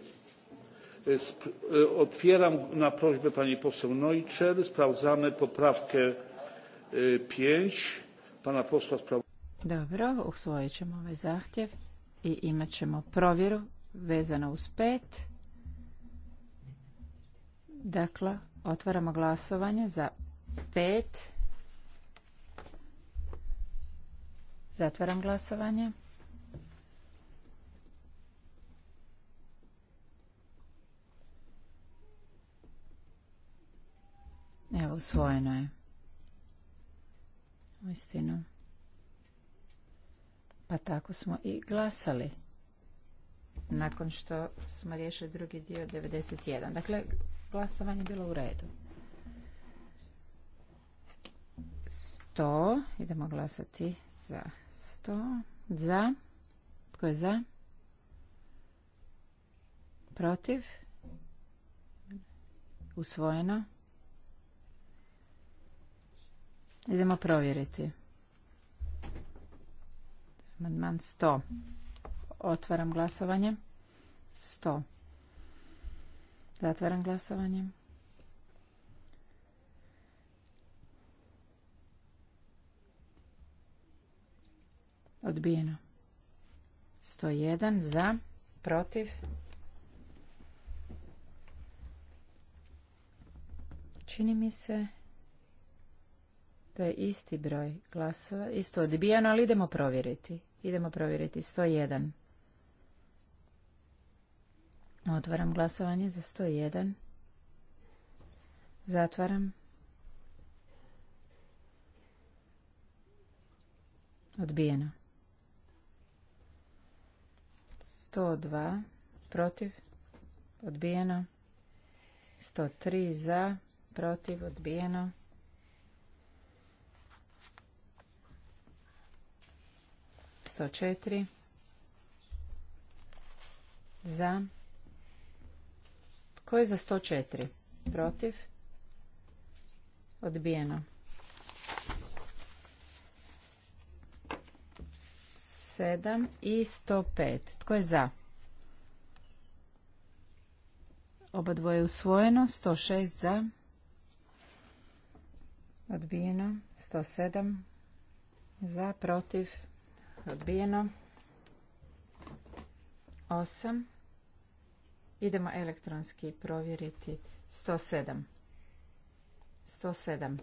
e, otwieram na prośbę pani poseł Neuchel. Sprawdzamy poprawkę e, pięć. pana posła Dobro, usvojit ćemo ovaj zahtjev i imat ćemo provjeru vezano uz pet. Dakle, otvaramo glasovanje za pet. Zatvaram glasovanje. Evo, usvojeno je. istinu. Pa tako smo i glasali. Nakon što smo riješili drugi dio 91. Dakle, glasovanje je bilo u redu. 100. Idemo glasati za 100. Za. Tko je za? Protiv? Usvojeno. Idemo provjeriti. Amandman 100. Otvaram glasovanje. 100. Zatvaram glasovanje. Odbijeno. 101 za, protiv. Čini mi se to isti broj glasova. Isto odbijeno, ali idemo provjeriti. Idemo provjeriti. 101. Otvaram glasovanje za 101. Zatvaram. Odbijeno. 102 protiv. Odbijeno. 103 za, protiv, odbijeno. 104 za tko je za 104 protiv odbijeno 7 i 105 tko je za oba dvoje usvojeno 106 za odbijeno 107 za protiv odbijeno. 8. Idemo elektronski provjeriti 107. 107.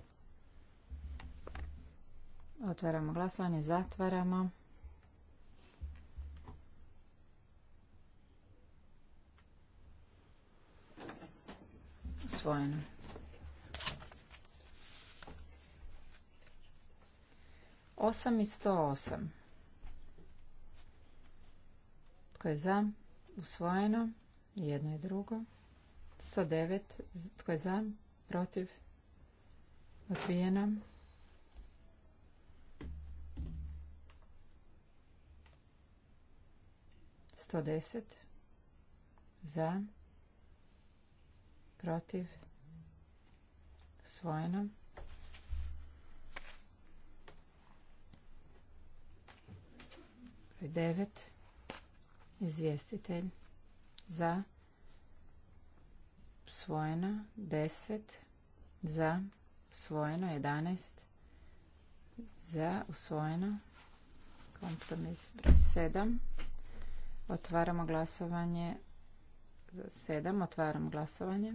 Otvaramo glasovanje, zatvaramo. Usvojeno. Osam i sto osam. Tko je za? Usvojeno. Jedno i drugo. 109. Tko je za? Protiv? Odbijeno. Sto deset. Za. Protiv. Usvojeno. Devet. Izvjestitelj za. Svojeno 10. Za. Svojeno 11. Za. Usvojeno. Kompromis broj 7. Otvaramo glasovanje. za 7. Otvaram glasovanje.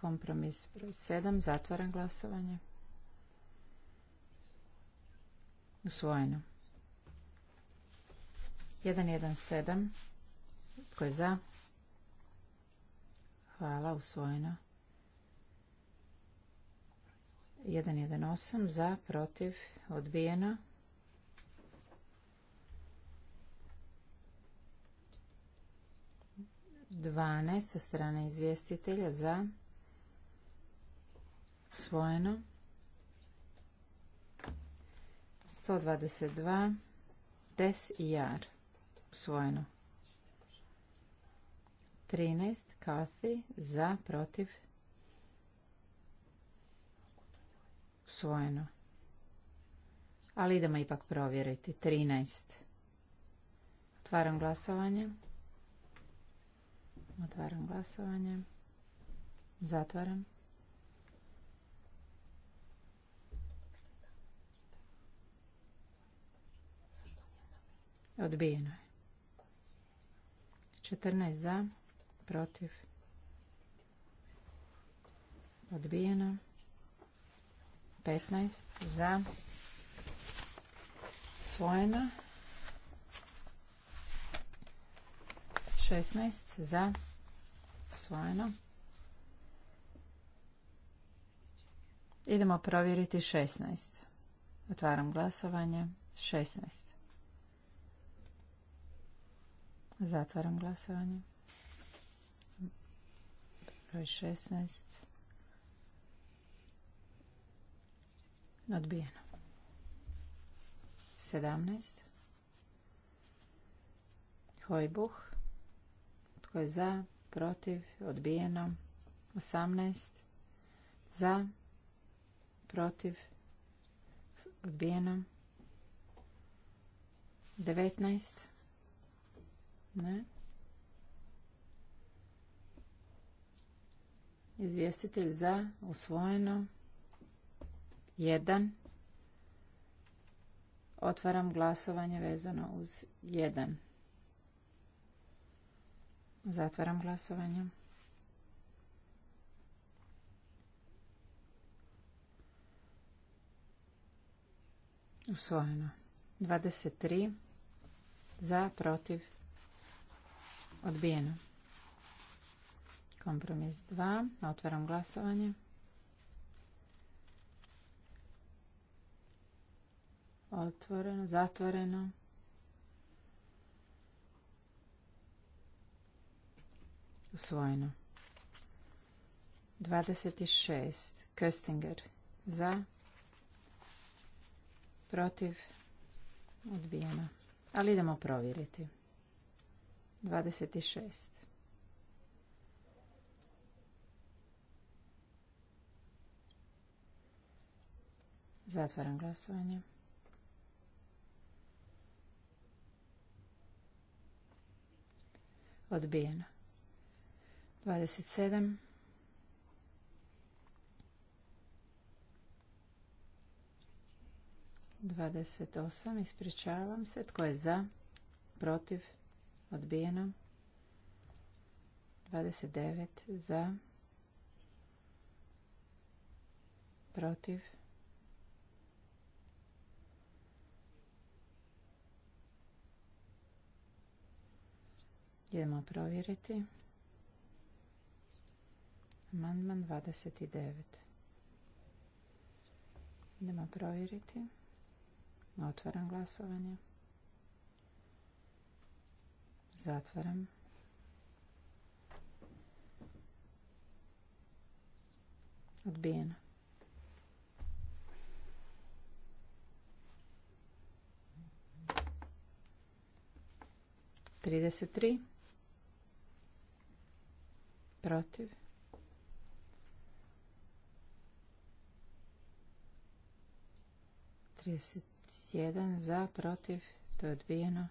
Kompromis broj 7. Zatvaram glasovanje. Usvojeno. 117. Tko je za? Hvala, usvojeno. 118. Za, protiv, odbijeno. Dvanaest od strane izvjestitelja za usvojeno. 122. Des i Jar. Usvojeno. 13. Kathy. Za, protiv. Usvojeno. Ali idemo ipak provjeriti. 13. Otvaram glasovanje. Otvaram glasovanje. Zatvaram. Odbijeno je. 14 za, protiv. Odbijeno. 15 za. Svojeno. 16 za. Svojeno. Idemo provjeriti 16. Otvaram glasovanje. 16. Zatvaram glasovanje. Broj 16. Odbijeno. 17. Hojbuh. Tko je za? Protiv? Odbijeno. 18. Za? Protiv? Odbijeno. 19. Ne. Izvjestitelj za usvojeno. jedan, Otvaram glasovanje vezano uz 1. Zatvaram glasovanje. Usvojeno. 23 za, protiv, Odbijeno. Kompromis 2. Otvaram glasovanje. Otvoreno, zatvoreno. Usvojeno. 26. Köstinger. Za. Protiv. Odbijeno. Ali idemo provjeriti. 26. Zatvaram glasovanje. Odbijeno. 27. Dvadeset osam, ispričavam se. Tko je za? Protiv? Odbijeno. 29 za. Protiv. Idemo provjeriti. Amandman 29. Idemo provjeriti. Otvaram glasovanje. Zatvaram. Odbijeno. Trideset tri. Protiv. Trideset jedan. Za, protiv. To je odbijeno.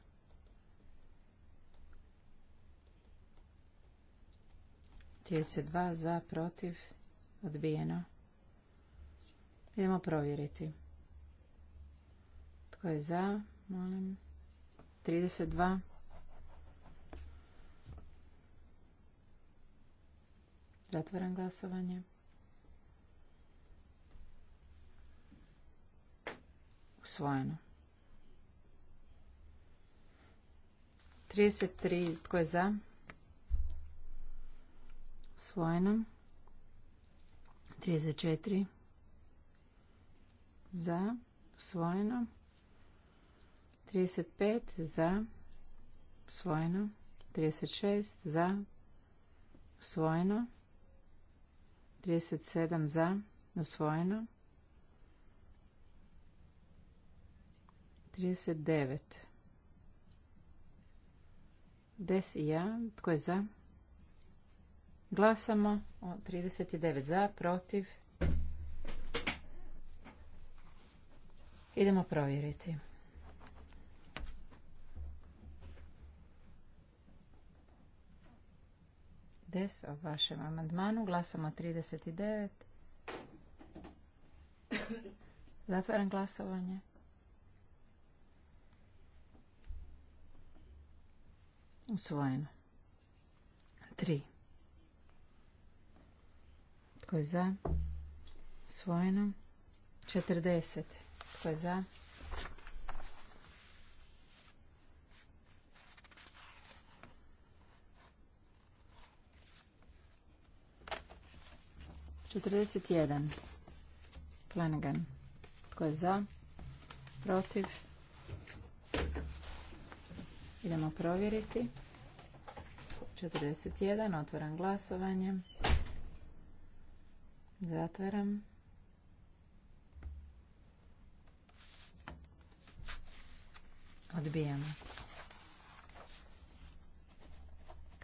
32 za, protiv, odbijeno. Idemo provjeriti. Tko je za? Molim. 32. Zatvaram glasovanje. Usvojeno. 33. Tko je za? Usvojeno. 34 za. Usvojeno. 35 za. Usvojeno. 36 za. Usvojeno. 37 za. Usvojeno. 39. Des i ja. Tko je za? Glasamo o 39 za, protiv. Idemo provjeriti. Des o vašem amandmanu. Glasamo 39. Zatvaram glasovanje. Usvojeno. Tri. Tko je za? Usvojeno. 40. Tko je za? Četrdeset jedan. Flanagan. Tko je za? Protiv? Idemo provjeriti. Četrdeset jedan, Otvoram glasovanje. Zatvaram. Odbijamo.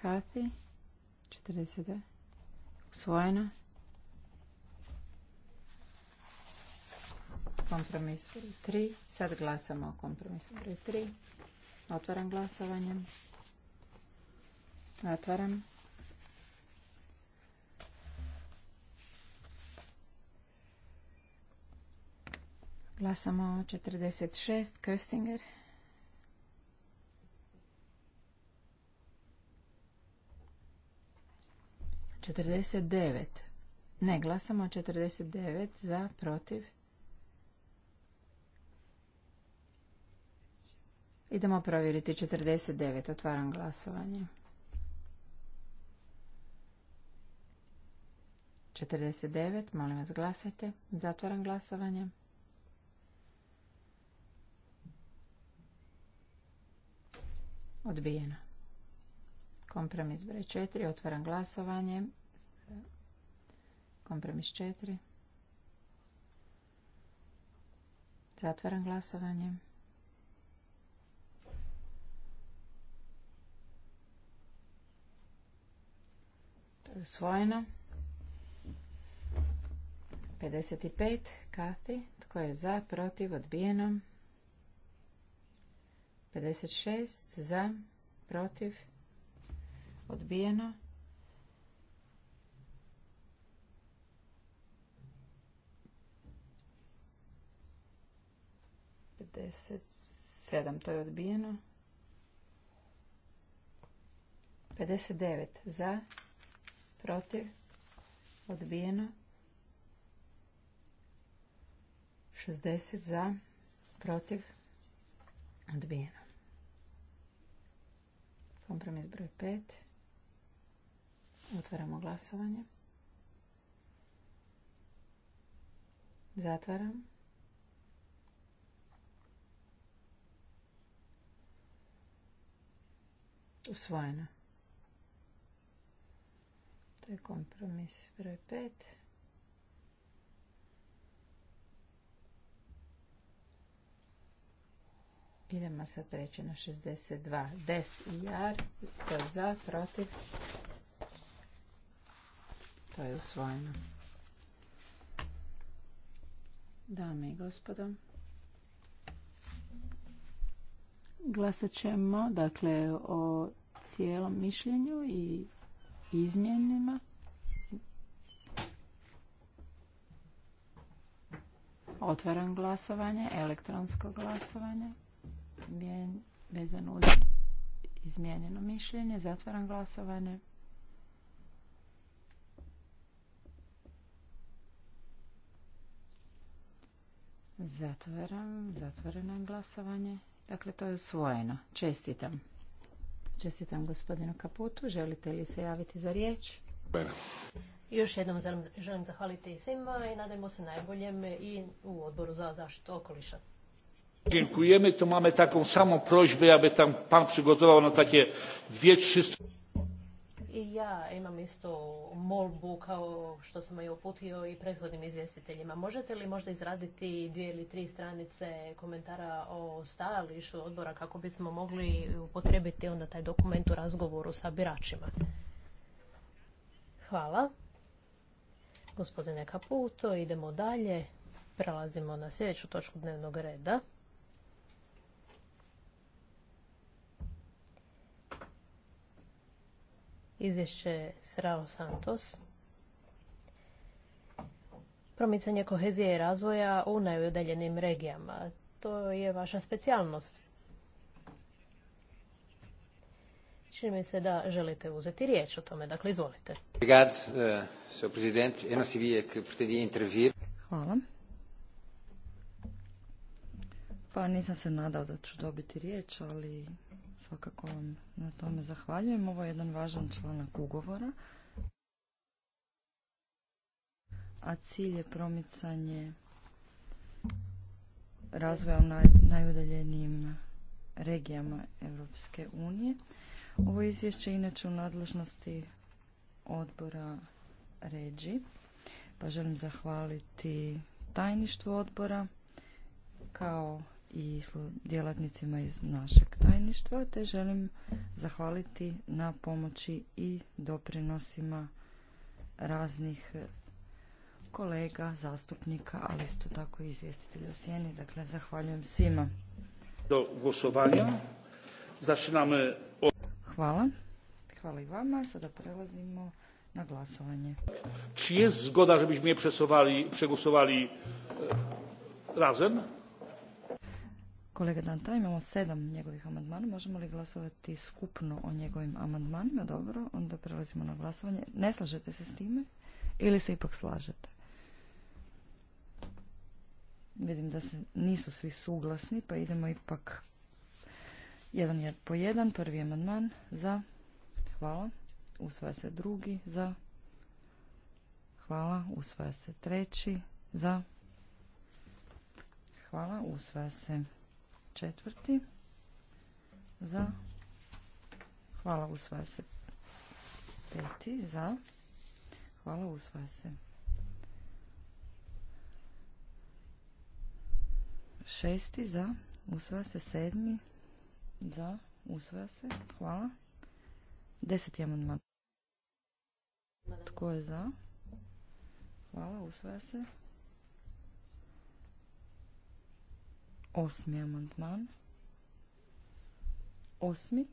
Kati, 40. Usvojeno. Kompromis broj 3. Sad glasamo o kompromisu broj 3. Otvaram glasovanje. Zatvaram. Glasamo 46. Köstinger. Četrdeset devet. Ne, glasamo 49 za, protiv. Idemo provjeriti 49. Otvaram glasovanje. 49. Molim vas glasajte. Zatvaram glasovanje. Odbijeno. Kompromis broj 4. Otvaram glasovanje. Kompromis 4. Zatvaram glasovanje. To je usvojeno. 55. Kati. Tko je za, protiv, odbijeno. 56 za, protiv, odbijeno. sedam, to je odbijeno. 59 za, protiv, odbijeno. 60 za, protiv, odbijeno. Kompromis broj 5. Otvaramo glasovanje. Zatvaram. Usvojeno. To je kompromis broj 5. Idemo sad preći na 62. Des i jar. To je za, protiv. To je usvojeno. Dame i gospodo. Glasat ćemo dakle, o cijelom mišljenju i izmjenima. Otvaram glasovanje, elektronsko glasovanje vezano uz izmijenjeno mišljenje. Zatvaram glasovanje. Zatvaram, zatvoreno je glasovanje. Dakle, to je usvojeno. Čestitam. Čestitam gospodinu Kaputu. Želite li se javiti za riječ? Bene. Još jednom želim, zahvaliti svima i nadajmo se najboljem i u odboru za zaštitu okoliša. Dziękujemy. To mamy taką samą prośbę, aby tam pan przygotował na takie dwie, I ja imam isto molbu kao što sam je uputio i prethodnim izvjestiteljima. Možete li možda izraditi dvije ili tri stranice komentara o stajalištu odbora kako bismo mogli upotrebiti onda taj dokument u razgovoru sa biračima? Hvala. Gospodine Kaputo, idemo dalje. Prelazimo na sljedeću točku dnevnog reda. izvješće Srao Santos. Promicanje kohezije i razvoja u najudaljenim regijama. To je vaša specijalnost. Čini mi se da želite uzeti riječ o tome. Dakle, izvolite. Eh, Hvala. Pa nisam se nadao da ću dobiti riječ, ali Svakako vam na tome zahvaljujem. Ovo je jedan važan članak ugovora. A cilj je promicanje razvoja u naj, najudaljenijim regijama Europske unije. Ovo izvješće je inače u nadležnosti odbora Ređi, pa želim zahvaliti tajništvu odbora kao i djelatnicima iz našeg tajništva, te želim zahvaliti na pomoći i doprinosima raznih eh, kolega, zastupnika, ali isto tako i izvjestitelja u sjeni. Dakle, zahvaljujem svima. Do glasovanja. Zaczynamy Hvala. Hvala i vama. Sada prelazimo na glasovanje. Či je zgoda, mi je razem? Kolega Danta. Imamo sedam njegovih amandmana. Možemo li glasovati skupno o njegovim amandmanima? Dobro, onda prelazimo na glasovanje. Ne slažete se s time ili se ipak slažete? Vidim da se nisu svi suglasni, pa idemo ipak jedan po jedan. Prvi amandman za. Hvala. Usvaja se drugi za. Hvala. Usvaja se treći za. Hvala. Usvaja se četvrti za hvala usvaja se peti za hvala usvaja se šesti za usvaja se sedmi za usvaja se hvala deseti amandman tko je za hvala usvaja se Osmi amandman. Osmi.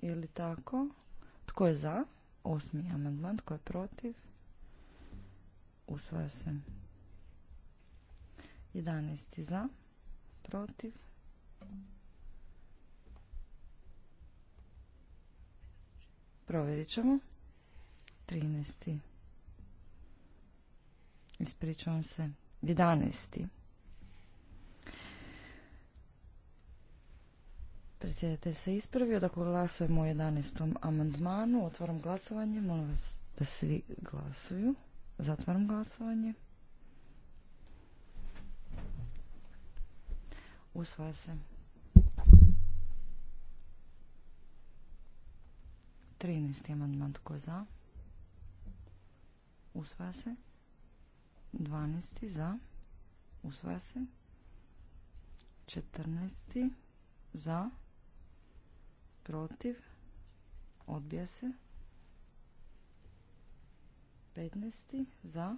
Ili li tako? Tko je za? Osmi amandman. Tko je protiv? Usvaja se. 11. za. Protiv. Provjerit ćemo. 13. Ispričavam se. Jedanesti. Predsjedatelj se ispravio, dakle glasujemo o 11. amandmanu, otvaram glasovanje, molim vas da svi glasuju, zatvaram glasovanje. Usvaja se. 13. amandman tko je za? Usvaja se. 12. za? Usvaja se. 14. za? protiv, odbija se. 15. za,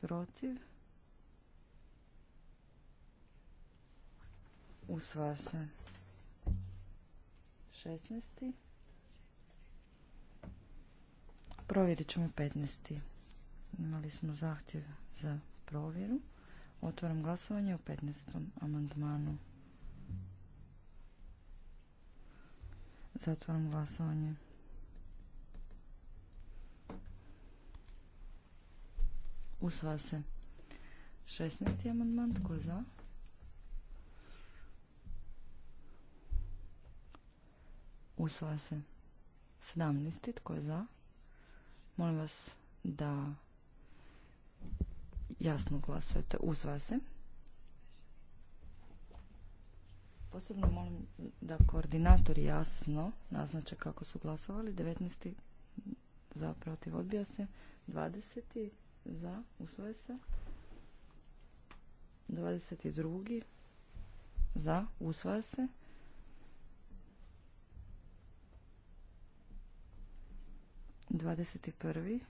protiv, usvaja se. 16. Provjerit ćemo 15. Imali smo zahtjev za provjeru. Otvaram glasovanje o 15. amandmanu. Zatvaram glasovanje. Usva se. 16. amandman, tko je za? Usva se. 17. tko je za? Molim vas da jasno glasujete. Usva se. Posebno molim da koordinatori jasno naznače kako su glasovali. 19. za protiv odbija se. 20. za usvoje se. 22. za usvoje se. 21.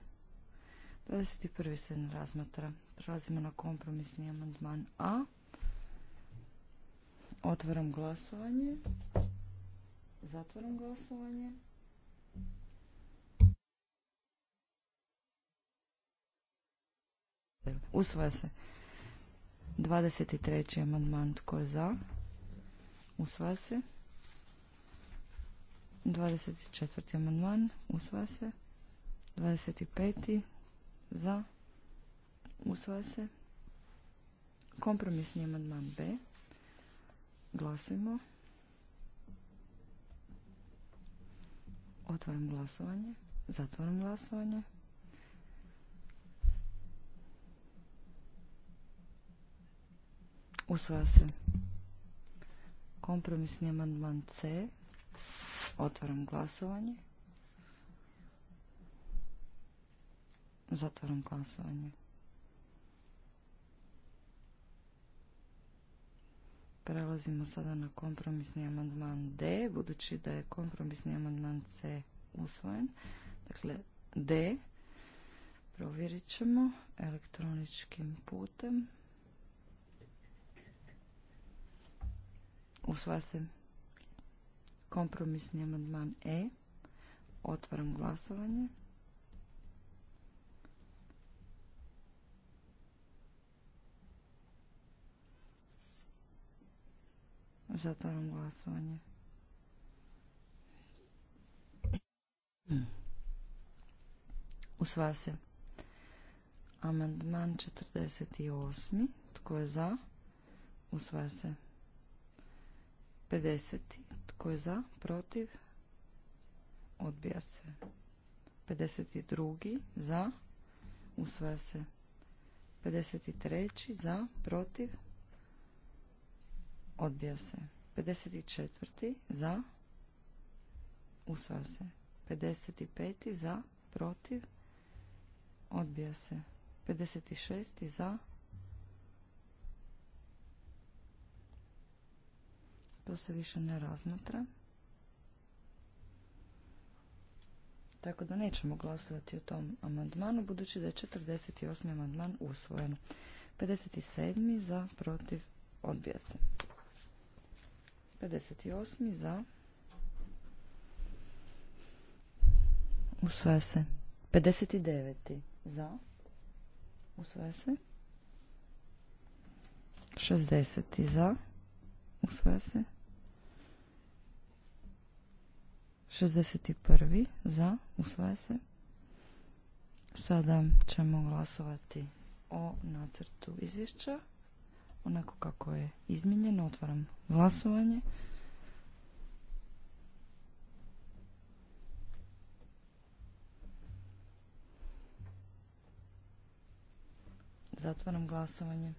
21. se ne razmatra. Prelazimo na kompromisni amandman A. Otvaram glasovanje. Zatvaram glasovanje. Usvaja se. 23. amandman tko je za? Usvaja se. 24. amandman usvaja se. 25. za usvaja se. Kompromisni amandman B Glasimo. Otvaram glasovanje. Zatvaram glasovanje. Usvaja se. Kompromisni amandman C. Otvaram glasovanje. Zatvaram glasovanje. Prelazimo sada na kompromisni amandman D, budući da je kompromisni amandman C usvojen. Dakle, D provjerit ćemo elektroničkim putem. Usva se kompromisni amandman E. Otvaram glasovanje. Zatvaram glasovanje. Usva se. Amandman 48. Tko je za? Usvaja se. 50. Tko je za? Protiv? Odbija se. 52. Za? Usvaja se. 53. Za? Protiv? Odbija se. 54. za. Usvaja se. 55. za. Protiv. Odbija se. 56. za. To se više ne razmatra. Tako da nećemo glasovati o tom amandmanu, budući da je 48. amandman usvojen. 57. za protiv odbija se. 58. za. Usvaja se. 59. za. Usvaja se. 60. za. Usvaja se. 61. za. Usvaja se. Sada ćemo glasovati o nacrtu izvješća onako kako je izmijenjeno. Otvaram glasovanje. Zatvaram glasovanje.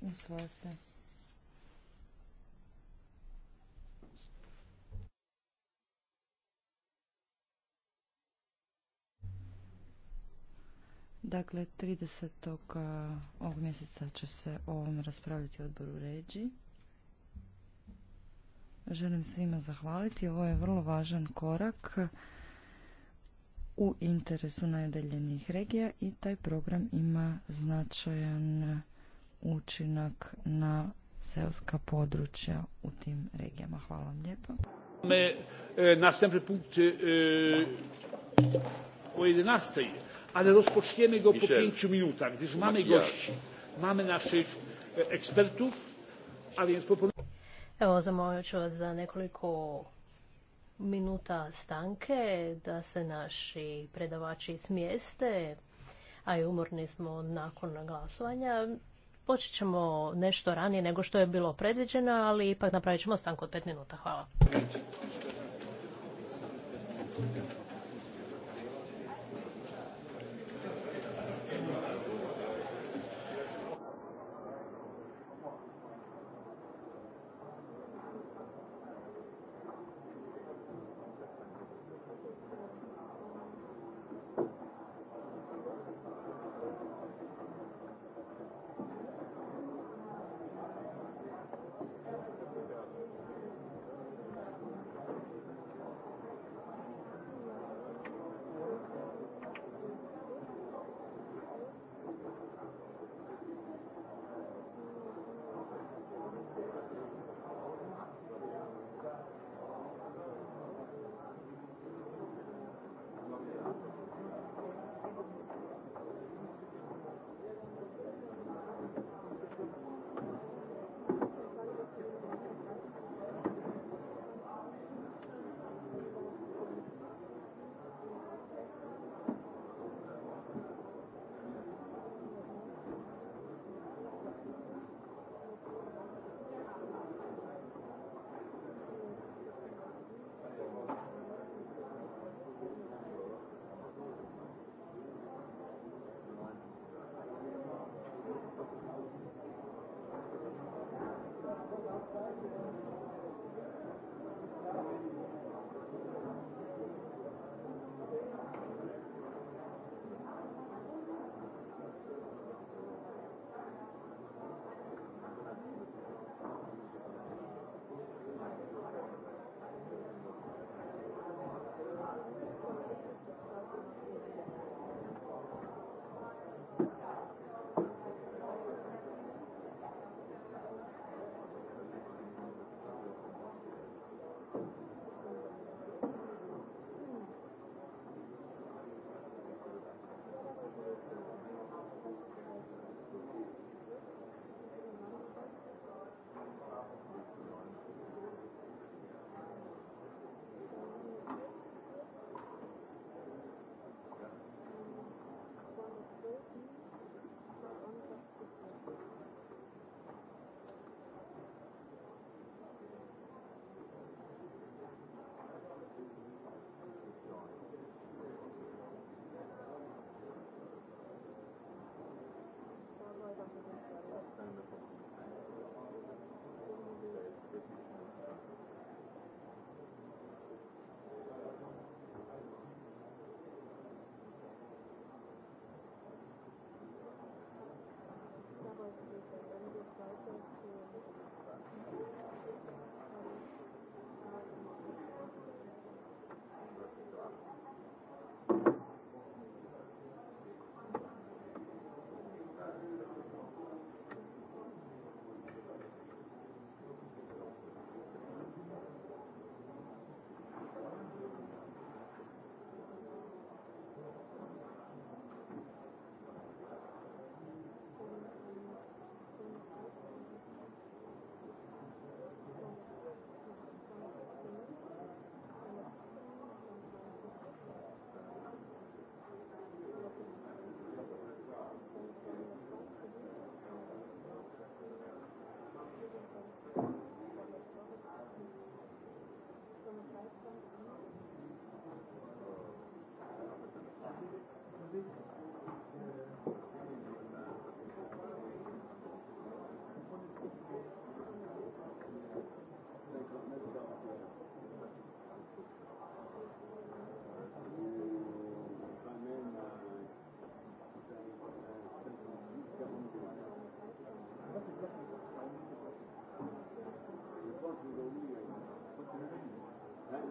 Usvaja se. Dakle, 30. ovog mjeseca će se o ovom raspravljati u odboru ređi. Želim svima zahvaliti. Ovo je vrlo važan korak u interesu najdeljenih regija i taj program ima značajan učinak na selska područja u tim regijama. Hvala vam lijepa. punkt o 11 ale rozpoczniemy go po pięciu minutach, gdyż mamy gości, mamy naszych e, ekspertów, a więc Evo, zamolit ću vas za nekoliko minuta stanke, da se naši predavači smijeste, a i umorni smo nakon glasovanja. Počet ćemo nešto ranije nego što je bilo predviđeno, ali ipak napravit ćemo stanku od pet minuta. Hvala. Hvala Hvala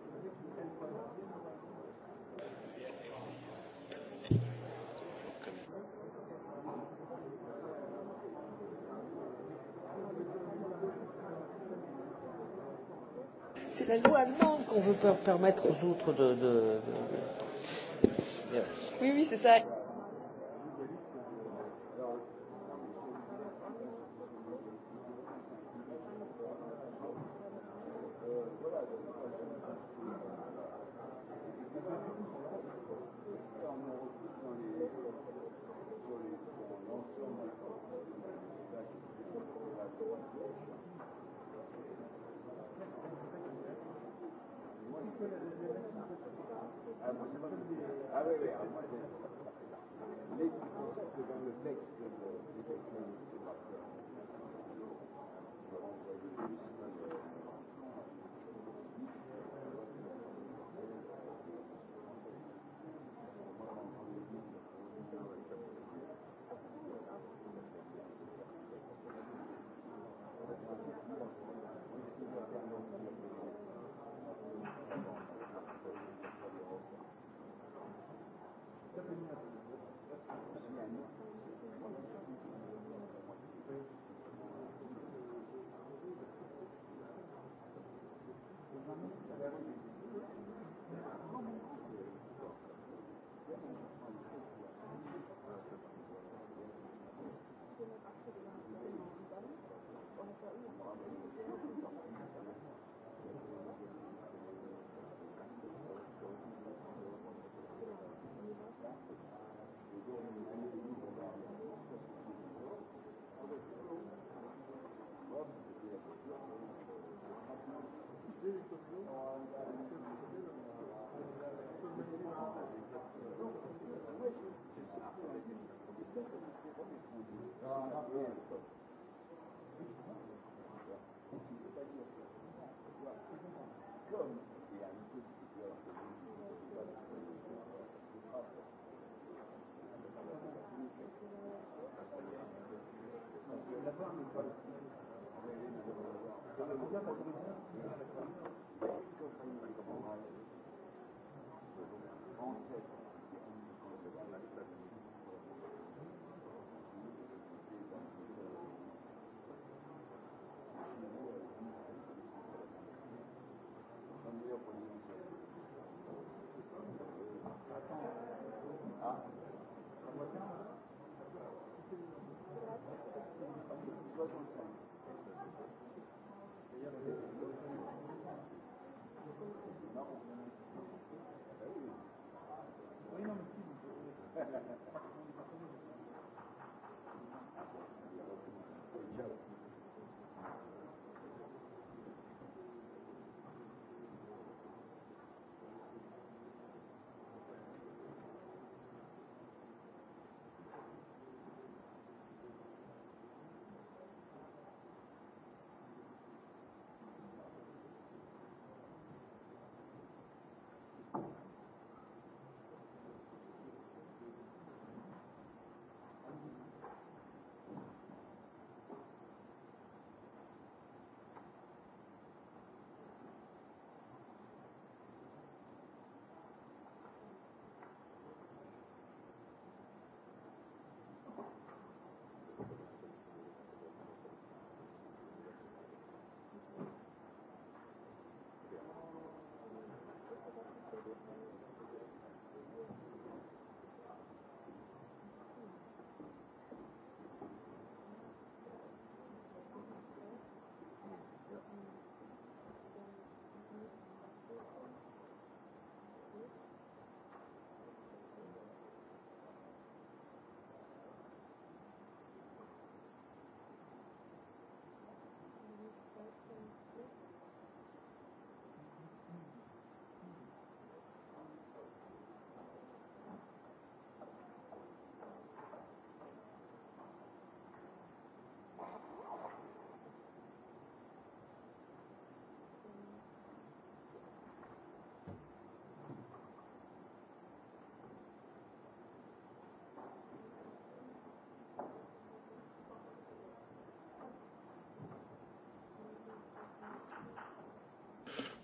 la loi allemande qu'on veut permettre aux autres de. de... Oui, oui, c'est ça.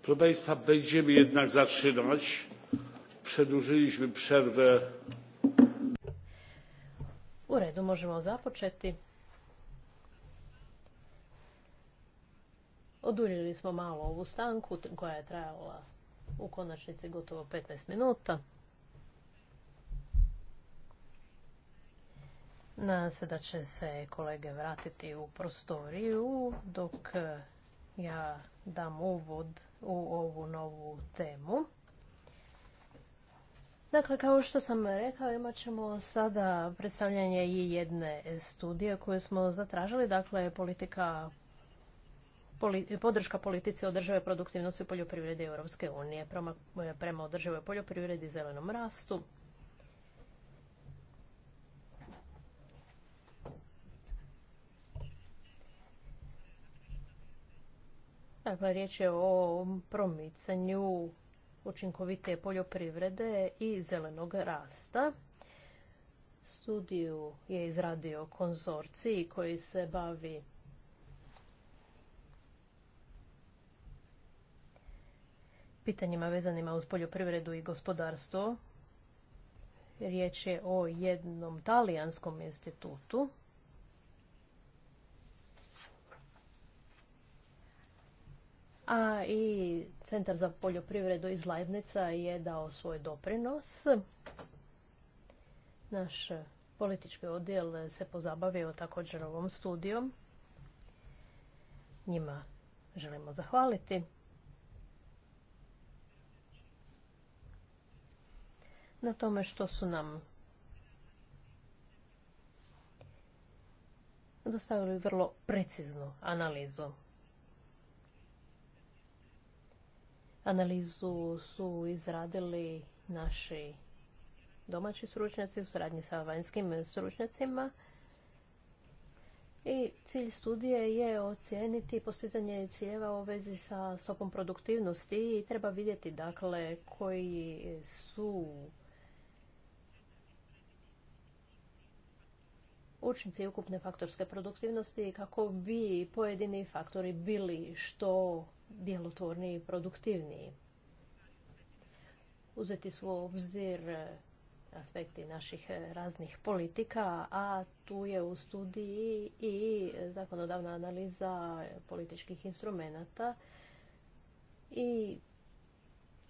proszę państwa będziemy jednak przedłużyliśmy przerwę u redu možemo započeti oduljili smo malo ovu stanku koja je trajala u konačnici gotovo 15 minuta Nadam se da će se kolege vratiti u prostoriju dok ja dam uvod u ovu novu temu. Dakle, kao što sam rekao, imat ćemo sada predstavljanje i jedne studije koju smo zatražili, dakle politika podrška politici održave produktivnosti u poljoprivredi Europske unije prema održivoj poljoprivredi i zelenom rastu. Dakle, riječ je o promicanju učinkovite poljoprivrede i zelenog rasta. Studiju je izradio konzorcij koji se bavi pitanjima vezanima uz poljoprivredu i gospodarstvo. Riječ je o jednom talijanskom institutu a i Centar za poljoprivredu iz Leibnica je dao svoj doprinos. Naš politički odjel se pozabavio također ovom studijom. Njima želimo zahvaliti. Na tome što su nam dostavili vrlo preciznu analizu Analizu su izradili naši domaći stručnjaci u suradnji sa vanjskim stručnjacima. I cilj studije je ocijeniti postizanje ciljeva u vezi sa stopom produktivnosti i treba vidjeti dakle koji su učinci ukupne faktorske produktivnosti kako bi pojedini faktori bili što djelotvorniji i produktivniji. Uzeti su u obzir aspekti naših raznih politika, a tu je u studiji i zakonodavna analiza političkih instrumenata i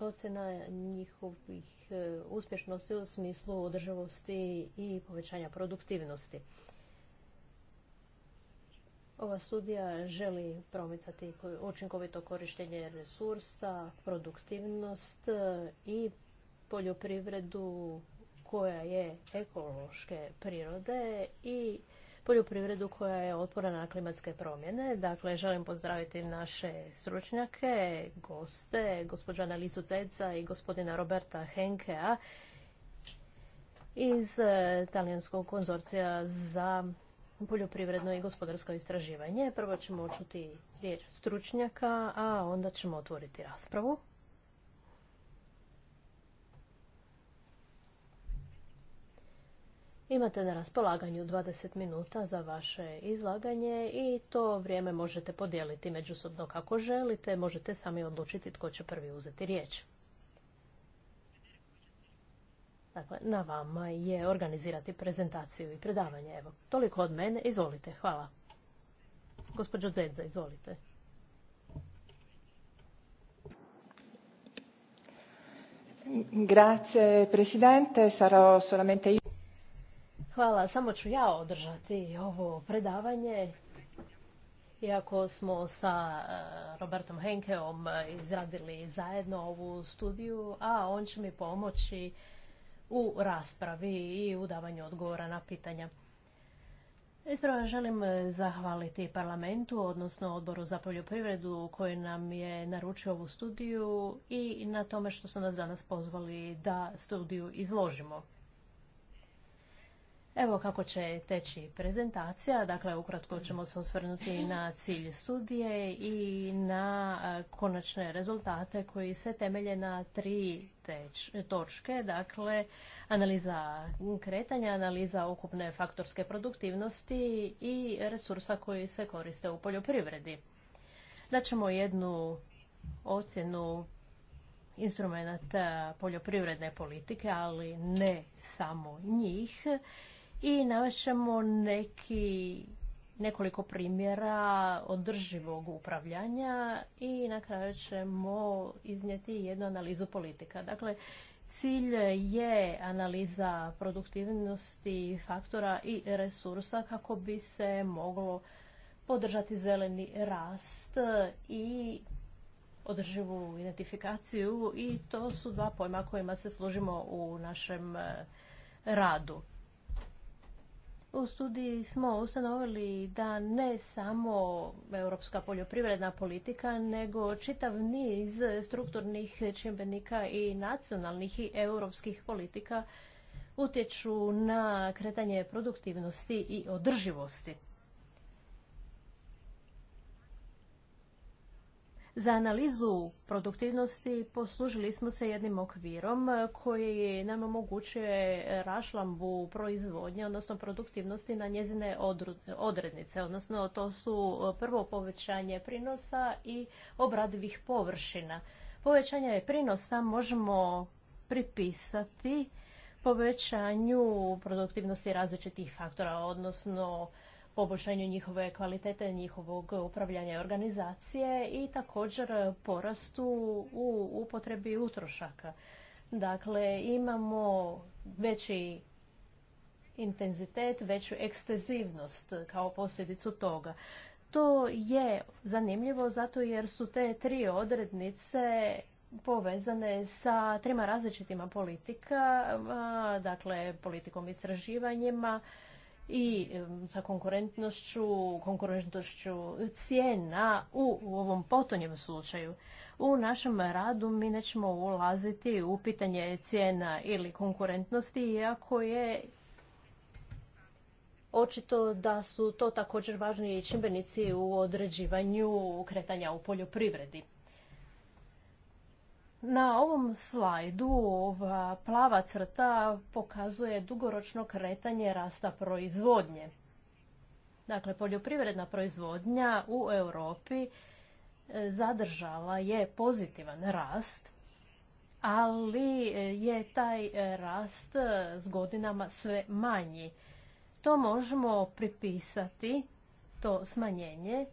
ocjena njihovih e, uspješnosti u smislu održivosti i povećanja produktivnosti. Ova studija želi promicati učinkovito korištenje resursa, produktivnost e, i poljoprivredu koja je ekološke prirode i poljoprivredu koja je otvorena na klimatske promjene. Dakle, želim pozdraviti naše stručnjake, goste, gospođana Lisu Ceca i gospodina Roberta Henkea iz e, Talijanskog konzorcija za poljoprivredno i gospodarsko istraživanje. Prvo ćemo čuti riječ stručnjaka, a onda ćemo otvoriti raspravu. Imate na raspolaganju 20 minuta za vaše izlaganje i to vrijeme možete podijeliti međusobno kako želite. Možete sami odlučiti tko će prvi uzeti riječ. Dakle, na vama je organizirati prezentaciju i predavanje. Evo, toliko od mene. Izvolite, hvala. Gospođo Zedza, izvolite. Grazie Presidente, sarò solamente Hvala, samo ću ja održati ovo predavanje. Iako smo sa e, Robertom Henkeom izradili zajedno ovu studiju, a on će mi pomoći u raspravi i u davanju odgovora na pitanja. Ispravo želim zahvaliti parlamentu, odnosno odboru za poljoprivredu koji nam je naručio ovu studiju i na tome što su nas danas pozvali da studiju izložimo. Evo kako će teći prezentacija. Dakle, ukratko ćemo se osvrnuti na cilj studije i na e, konačne rezultate koji se temelje na tri točke. Dakle, analiza kretanja, analiza ukupne faktorske produktivnosti i resursa koji se koriste u poljoprivredi. Daćemo jednu ocjenu instrumenta poljoprivredne politike, ali ne samo njih i navešemo neki nekoliko primjera održivog upravljanja i na kraju ćemo iznijeti jednu analizu politika. Dakle, cilj je analiza produktivnosti faktora i resursa kako bi se moglo podržati zeleni rast i održivu identifikaciju i to su dva pojma kojima se služimo u našem eh, radu. U studiji smo ustanovili da ne samo europska poljoprivredna politika, nego čitav niz strukturnih čimbenika i nacionalnih i europskih politika utječu na kretanje produktivnosti i održivosti. Za analizu produktivnosti poslužili smo se jednim okvirom koji nam omogućuje rašlambu proizvodnje, odnosno produktivnosti na njezine odrednice, odnosno to su prvo povećanje prinosa i obradivih površina. Povećanje prinosa možemo pripisati povećanju produktivnosti različitih faktora, odnosno poboljšanju njihove kvalitete, njihovog upravljanja i organizacije i također porastu u upotrebi utrošaka. Dakle, imamo veći intenzitet, veću ekstezivnost kao posljedicu toga. To je zanimljivo zato jer su te tri odrednice povezane sa trima različitima politika, dakle politikom istraživanjima, i sa konkurentnošću, konkurentnošću cijena u, ovom potonjem slučaju. U našem radu mi nećemo ulaziti u pitanje cijena ili konkurentnosti, iako je očito da su to također važni čimbenici u određivanju kretanja u poljoprivredi. Na ovom slajdu ova plava crta pokazuje dugoročno kretanje rasta proizvodnje. Dakle, poljoprivredna proizvodnja u Europi e, zadržala je pozitivan rast, ali e, je taj rast e, s godinama sve manji. To možemo pripisati, to smanjenje,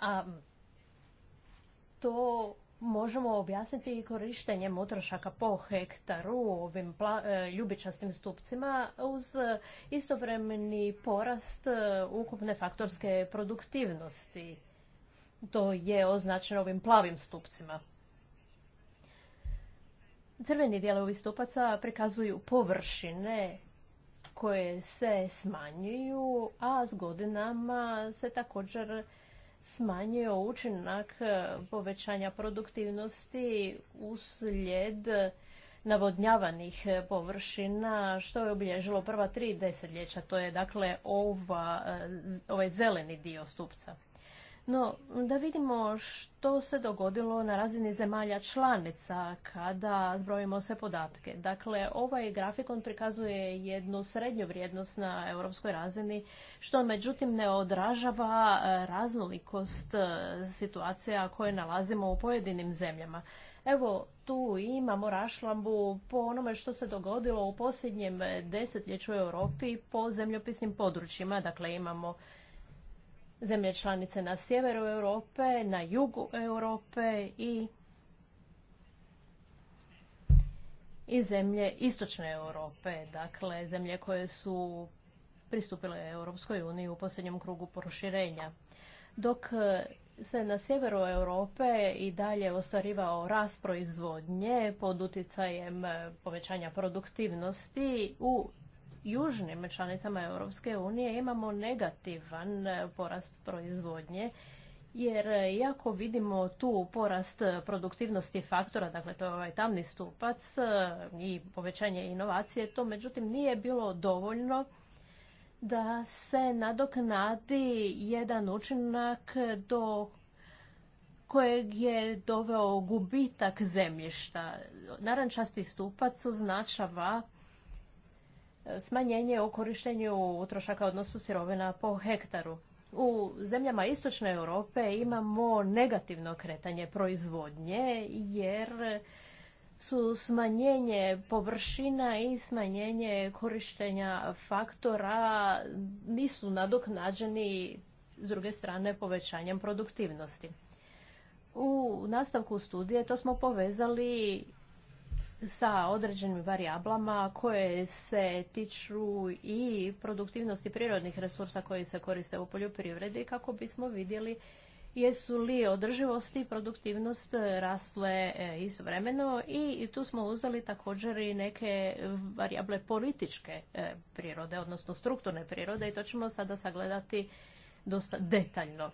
a to možemo objasniti i korištenjem utrošaka po hektaru ovim e, ljubičastim stupcima uz istovremeni porast e, ukupne faktorske produktivnosti. To je označeno ovim plavim stupcima. Crveni dijelovi stupaca prikazuju površine koje se smanjuju, a s godinama se također smanjio učinak e, povećanja produktivnosti uslijed navodnjavanih površina, što je obilježilo prva tri desetljeća. To je dakle e, ovaj zeleni dio stupca. No, da vidimo što se dogodilo na razini zemalja članica kada zbrojimo sve podatke. Dakle, ovaj grafikon prikazuje jednu srednju vrijednost na europskoj razini, što međutim ne odražava e, raznolikost e, situacija koje nalazimo u pojedinim zemljama. Evo, tu imamo rašlambu po onome što se dogodilo u posljednjem desetljeću u Europi po zemljopisnim područjima. Dakle, imamo zemlje članice na sjeveru Europe, na jugu Europe i i zemlje istočne Europe, dakle zemlje koje su pristupile Europskoj uniji u posljednjem krugu proširenja. Dok se na sjeveru Europe i dalje ostvarivao rast proizvodnje pod utjecajem povećanja produktivnosti, u južnim članicama Europske unije imamo negativan e, porast proizvodnje jer e, iako vidimo tu porast produktivnosti faktora, dakle to je ovaj tamni stupac e, i povećanje inovacije, to međutim nije bilo dovoljno da se nadoknadi jedan učinak do kojeg je doveo gubitak zemljišta. Narančasti stupac označava smanjenje o korištenju utrošaka odnosu sirovina po hektaru. U zemljama istočne Europe imamo negativno kretanje proizvodnje jer su smanjenje površina i smanjenje korištenja faktora nisu nadoknađeni s druge strane povećanjem produktivnosti. U nastavku studije to smo povezali sa određenim varijablama koje se tiču i produktivnosti prirodnih resursa koji se koriste u poljoprivredi kako bismo vidjeli jesu li održivost i produktivnost e, rasle e, istovremeno i tu smo uzeli također i neke variable političke e, prirode, odnosno strukturne prirode i to ćemo sada sagledati dosta detaljno.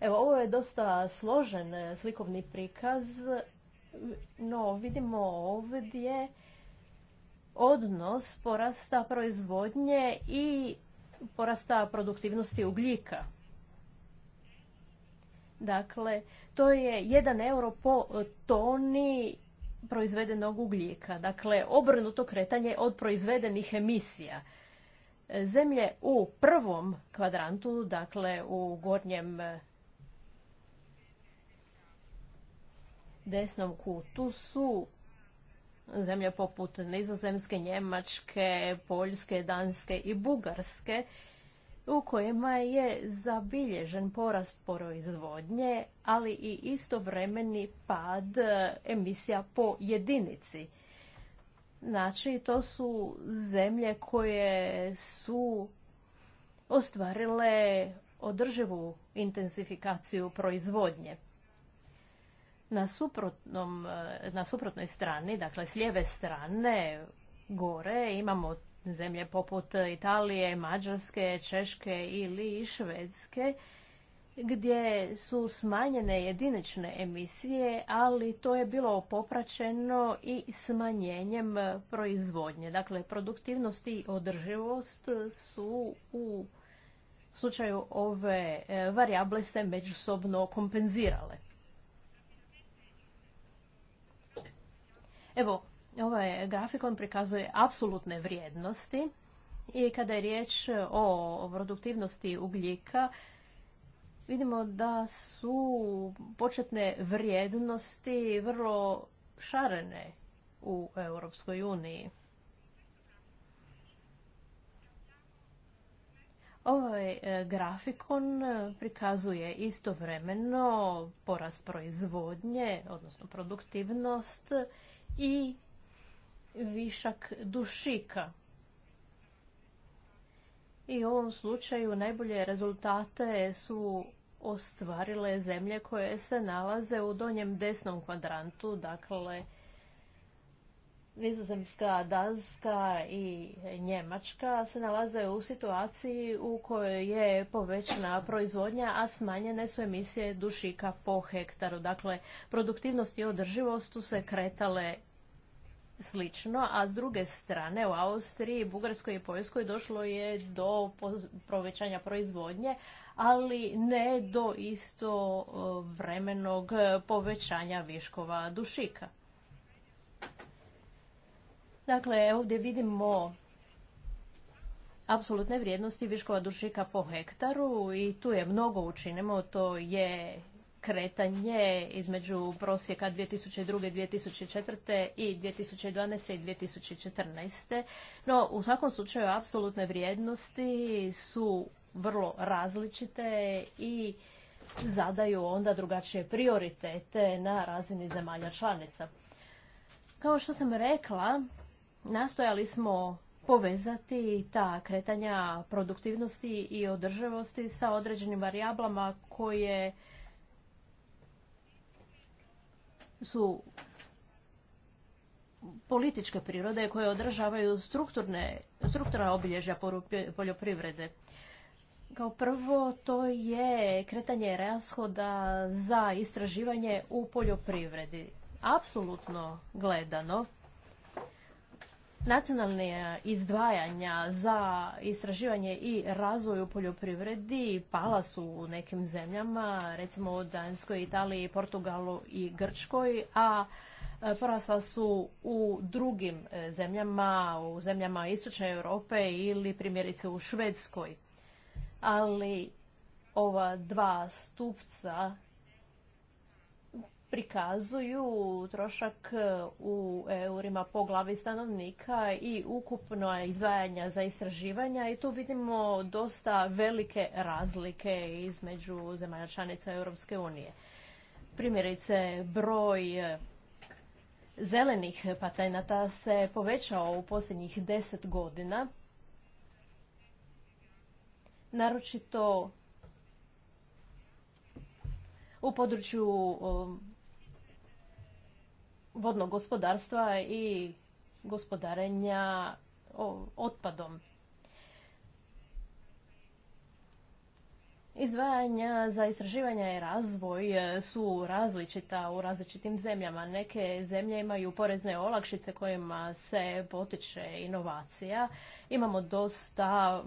Evo, ovo je dosta složen slikovni prikaz no, vidimo ovdje odnos porasta proizvodnje i porasta produktivnosti ugljika. Dakle, to je 1 euro po toni proizvedenog ugljika. Dakle, obrnuto kretanje od proizvedenih emisija. Zemlje u prvom kvadrantu, dakle u gornjem desnom kutu su zemlje poput Nizozemske, Njemačke, Poljske, Danske i Bugarske u kojima je zabilježen porast proizvodnje, ali i istovremeni pad emisija po jedinici. Znači, to su zemlje koje su ostvarile održivu intenzifikaciju proizvodnje. Eh, na, suprotnoj strani, dakle s lijeve strane gore imamo zemlje poput Italije, Mađarske, Češke ili Švedske gdje su smanjene jedinične emisije, ali to je bilo popraćeno i smanjenjem proizvodnje. Dakle, produktivnost i održivost su u slučaju ove eh, varijable se međusobno kompenzirale. Evo, ovaj grafikon prikazuje apsolutne vrijednosti i kada je riječ o produktivnosti ugljika, vidimo da su početne vrijednosti vrlo šarene u Europskoj uniji. Ovaj e, grafikon prikazuje istovremeno porast proizvodnje, odnosno produktivnost i višak dušika. I u ovom slučaju najbolje rezultate su ostvarile zemlje koje se nalaze u donjem desnom kvadrantu, dakle Nizozemska, Danska i Njemačka se nalaze u situaciji u kojoj je povećana proizvodnja, a smanjene su emisije dušika po hektaru. Dakle, produktivnost i održivost su se kretale slično, a s druge strane u Austriji, Bugarskoj i Poljskoj došlo je do povećanja proizvodnje, ali ne do isto e, vremenog povećanja viškova dušika. Dakle, ovdje vidimo apsolutne vrijednosti viškova dušika po hektaru i tu je mnogo učinimo, to je kretanje između prosjeka 2002. 2004. i 2012. i 2014. No, u svakom slučaju, apsolutne vrijednosti su vrlo različite i zadaju onda drugačije prioritete na razini zemalja članica. Kao što sam rekla, nastojali smo povezati ta kretanja produktivnosti i održivosti sa određenim varijablama koje su političke prirode koje održavaju strukturne, strukturna obilježja poljoprivrede. Kao prvo, to je kretanje rashoda za istraživanje u poljoprivredi. Apsolutno gledano, nacionalne izdvajanja za istraživanje i razvoj u poljoprivredi pala su u nekim zemljama, recimo u Danskoj, Italiji, Portugalu i Grčkoj, a e, porasla su u drugim e, zemljama, u zemljama Istočne Europe ili primjerice u Švedskoj. Ali ova dva stupca prikazuju trošak eh, u eurima po glavi stanovnika i ukupno izdvajanja za istraživanja i tu vidimo dosta velike razlike između zemalja članica Europske unije. Primjerice, broj eh, zelenih patenata se povećao u posljednjih deset godina, naročito u području eh, vodnog gospodarstva i gospodarenja otpadom. Izvajanja za istraživanja i razvoj e, su različita u različitim zemljama. Neke zemlje imaju porezne olakšice kojima se potiče inovacija. Imamo dosta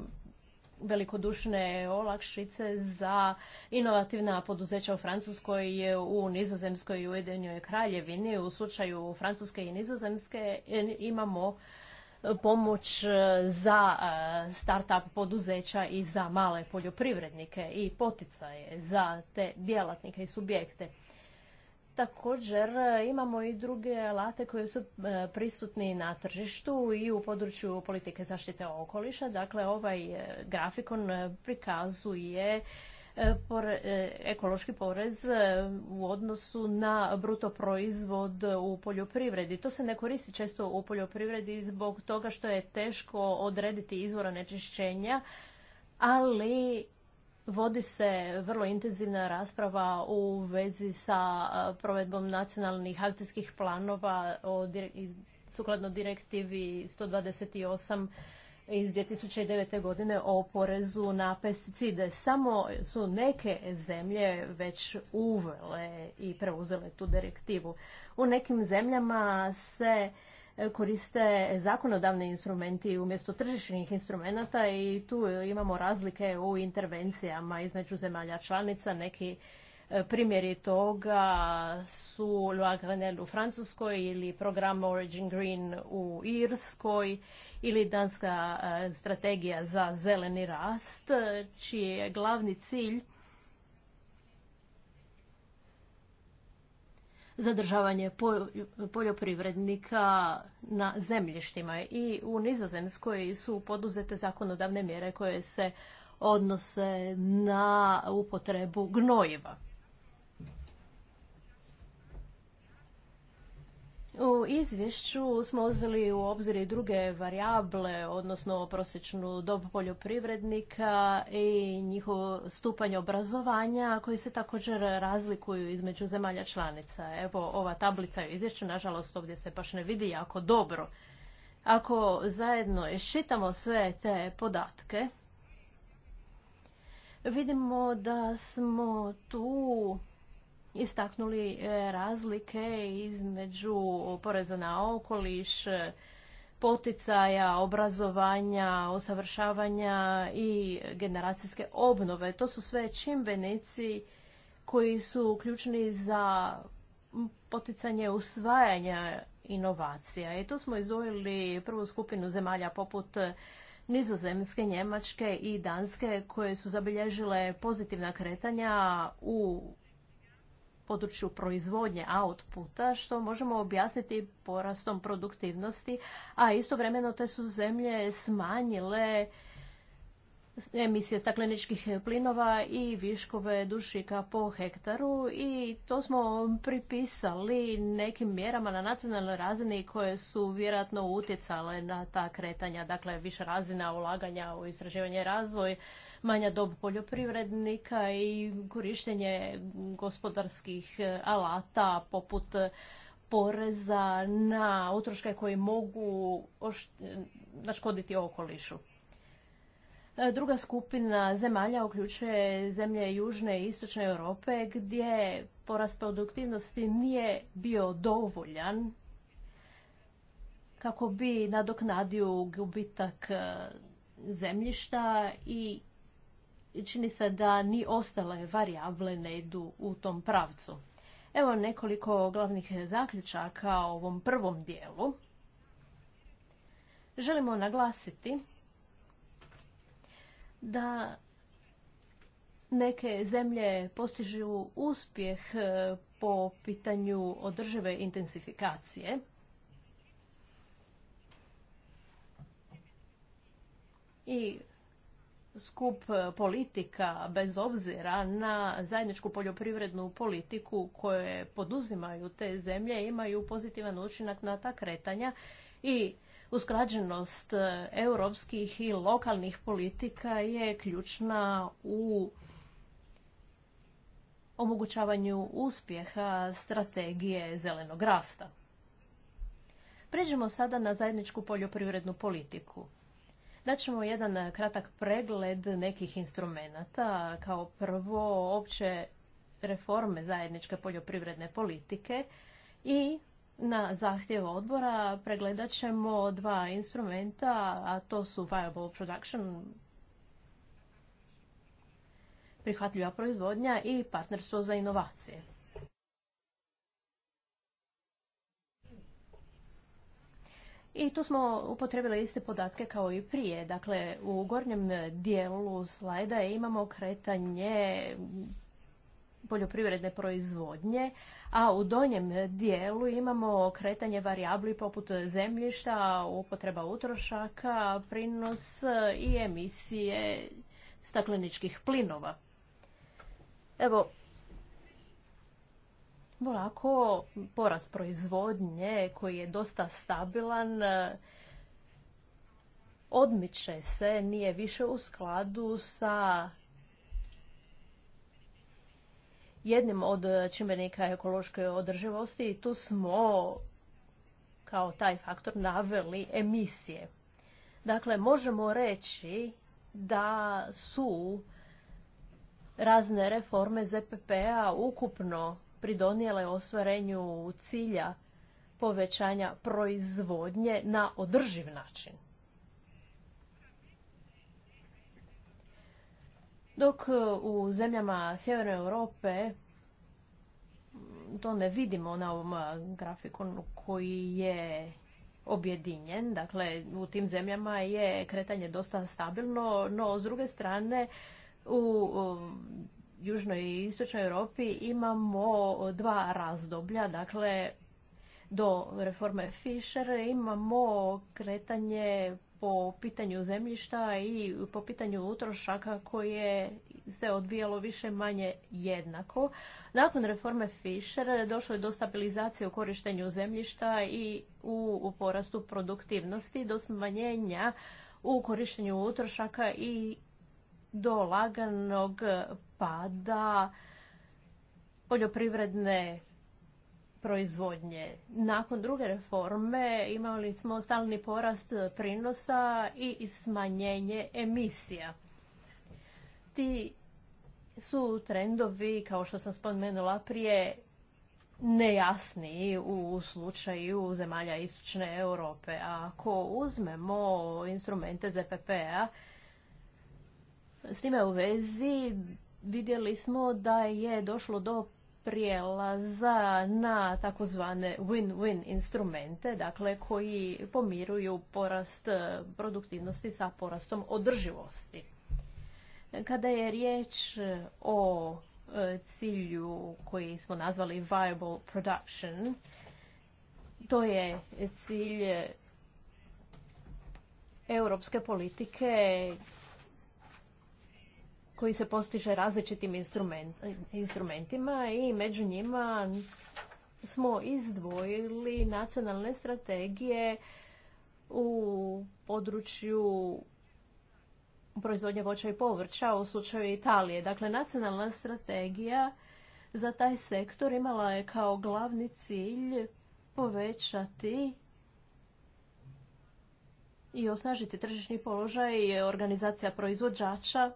velikodušne olakšice za inovativna poduzeća u Francuskoj, u Nizozemskoj i u Kraljevini. U slučaju Francuske i Nizozemske e, imamo e, pomoć e, za start poduzeća i za male poljoprivrednike i poticaje za te djelatnike i subjekte. Također e, imamo i druge alate koje su e, prisutni na tržištu i u području politike zaštite okoliša. Dakle, ovaj e, grafikon prikazuje ekološki porez u odnosu na bruto proizvod u poljoprivredi. To se ne koristi često u poljoprivredi zbog toga što je teško odrediti izvor onečišćenja, ali Vodi se vrlo intenzivna rasprava u vezi sa provedbom nacionalnih akcijskih planova sukladno direktivi 128 iz 2009. godine o porezu na pesticide. Samo su neke zemlje već uvele i preuzele tu direktivu. U nekim zemljama se koriste zakonodavni instrumenti umjesto tržišnih instrumenata i tu imamo razlike u intervencijama između zemalja članica. Neki e, primjeri toga su Grenelle u Francuskoj ili program Origin Green u Irskoj ili danska e, strategija za zeleni rast, čiji je glavni cilj zadržavanje poljoprivrednika na zemljištima. I u Nizozemskoj su poduzete zakonodavne mjere koje se odnose na upotrebu gnojiva. U izvješću smo uzeli u obzir i druge varijable, odnosno prosječnu dob poljoprivrednika i njihov stupanj obrazovanja koji se također razlikuju između zemalja članica. Evo ova tablica u izvješću, nažalost ovdje se baš ne vidi jako dobro. Ako zajedno iščitamo sve te podatke, vidimo da smo tu istaknuli e, razlike između poreza na okoliš, poticaja, obrazovanja, usavršavanja i generacijske obnove. To su sve čimbenici koji su ključni za poticanje usvajanja inovacija. I tu smo izvojili prvu skupinu zemalja poput Nizozemske, Njemačke i Danske koje su zabilježile pozitivna kretanja u području proizvodnje outputa, što možemo objasniti porastom produktivnosti, a istovremeno te su zemlje smanjile emisije stakleničkih plinova i viškove dušika po hektaru i to smo pripisali nekim mjerama na nacionalnoj razini koje su vjerojatno utjecale na ta kretanja, dakle više razina ulaganja u istraživanje i razvoj, manja dob poljoprivrednika i korištenje gospodarskih e, alata poput e, poreza na utroške koji mogu e, naškoditi okolišu. Druga skupina zemalja uključuje zemlje Južne i Istočne Europe gdje porast produktivnosti nije bio dovoljan kako bi nadoknadio gubitak zemljišta i čini se da ni ostale varijable ne idu u tom pravcu. Evo nekoliko glavnih zaključaka o ovom prvom dijelu. Želimo naglasiti da neke zemlje postižu uspjeh e, po pitanju održive intensifikacije. I skup e, politika bez obzira na zajedničku poljoprivrednu politiku koje poduzimaju te zemlje imaju pozitivan učinak na ta kretanja i uskrađenost e, europskih i lokalnih politika je ključna u omogućavanju uspjeha strategije zelenog rasta. Pređemo sada na zajedničku poljoprivrednu politiku. Daćemo jedan e, kratak pregled nekih instrumenata. Kao prvo, opće reforme zajedničke poljoprivredne politike i na zahtjev odbora pregledat ćemo dva instrumenta, a to su viable production, prihvatljiva proizvodnja i partnerstvo za inovacije. I tu smo upotrebili iste podatke kao i prije. Dakle, u gornjem dijelu slajda imamo kretanje poljoprivredne proizvodnje, a u donjem dijelu imamo kretanje varijabli poput zemljišta, upotreba utrošaka, prinos i emisije stakleničkih plinova. Evo, Ovako, porast proizvodnje koji je dosta stabilan e, odmiče se, nije više u skladu sa jednim od čimbenika ekološke održivosti i tu smo kao taj faktor naveli emisije. Dakle, možemo reći da su razne reforme ZPP-a ukupno pridonijele ostvarenju cilja povećanja proizvodnje na održiv način. Dok e, u zemljama Sjeverne Europe to ne vidimo na ovom e, grafikonu koji je objedinjen. Dakle, u tim zemljama je kretanje dosta stabilno, no s druge strane u južnoj i istočnoj Europi imamo dva razdoblja, dakle do reforme Fischer imamo kretanje po pitanju zemljišta i po pitanju utrošaka koje se odvijalo više manje jednako. Nakon reforme Fischer došlo je do stabilizacije u korištenju zemljišta i u porastu produktivnosti, do smanjenja u korištenju utrošaka i do laganog pada poljoprivredne proizvodnje. Nakon druge reforme imali smo stalni porast prinosa i smanjenje emisija. Ti su trendovi, kao što sam spomenula prije, nejasni u slučaju zemalja istočne Europe. A ako uzmemo instrumente ZPP-a, s time u vezi vidjeli smo da je došlo do prijelaza na takozvane win-win instrumente, dakle koji pomiruju porast produktivnosti sa porastom održivosti. Kada je riječ o e, cilju koji smo nazvali viable production, to je cilj europske politike koji se postiže različitim instrumentima i među njima smo izdvojili nacionalne strategije u području proizvodnje voća i povrća u slučaju Italije. Dakle, nacionalna strategija za taj sektor imala je kao glavni cilj povećati i osnažiti tržišni položaj organizacija proizvođača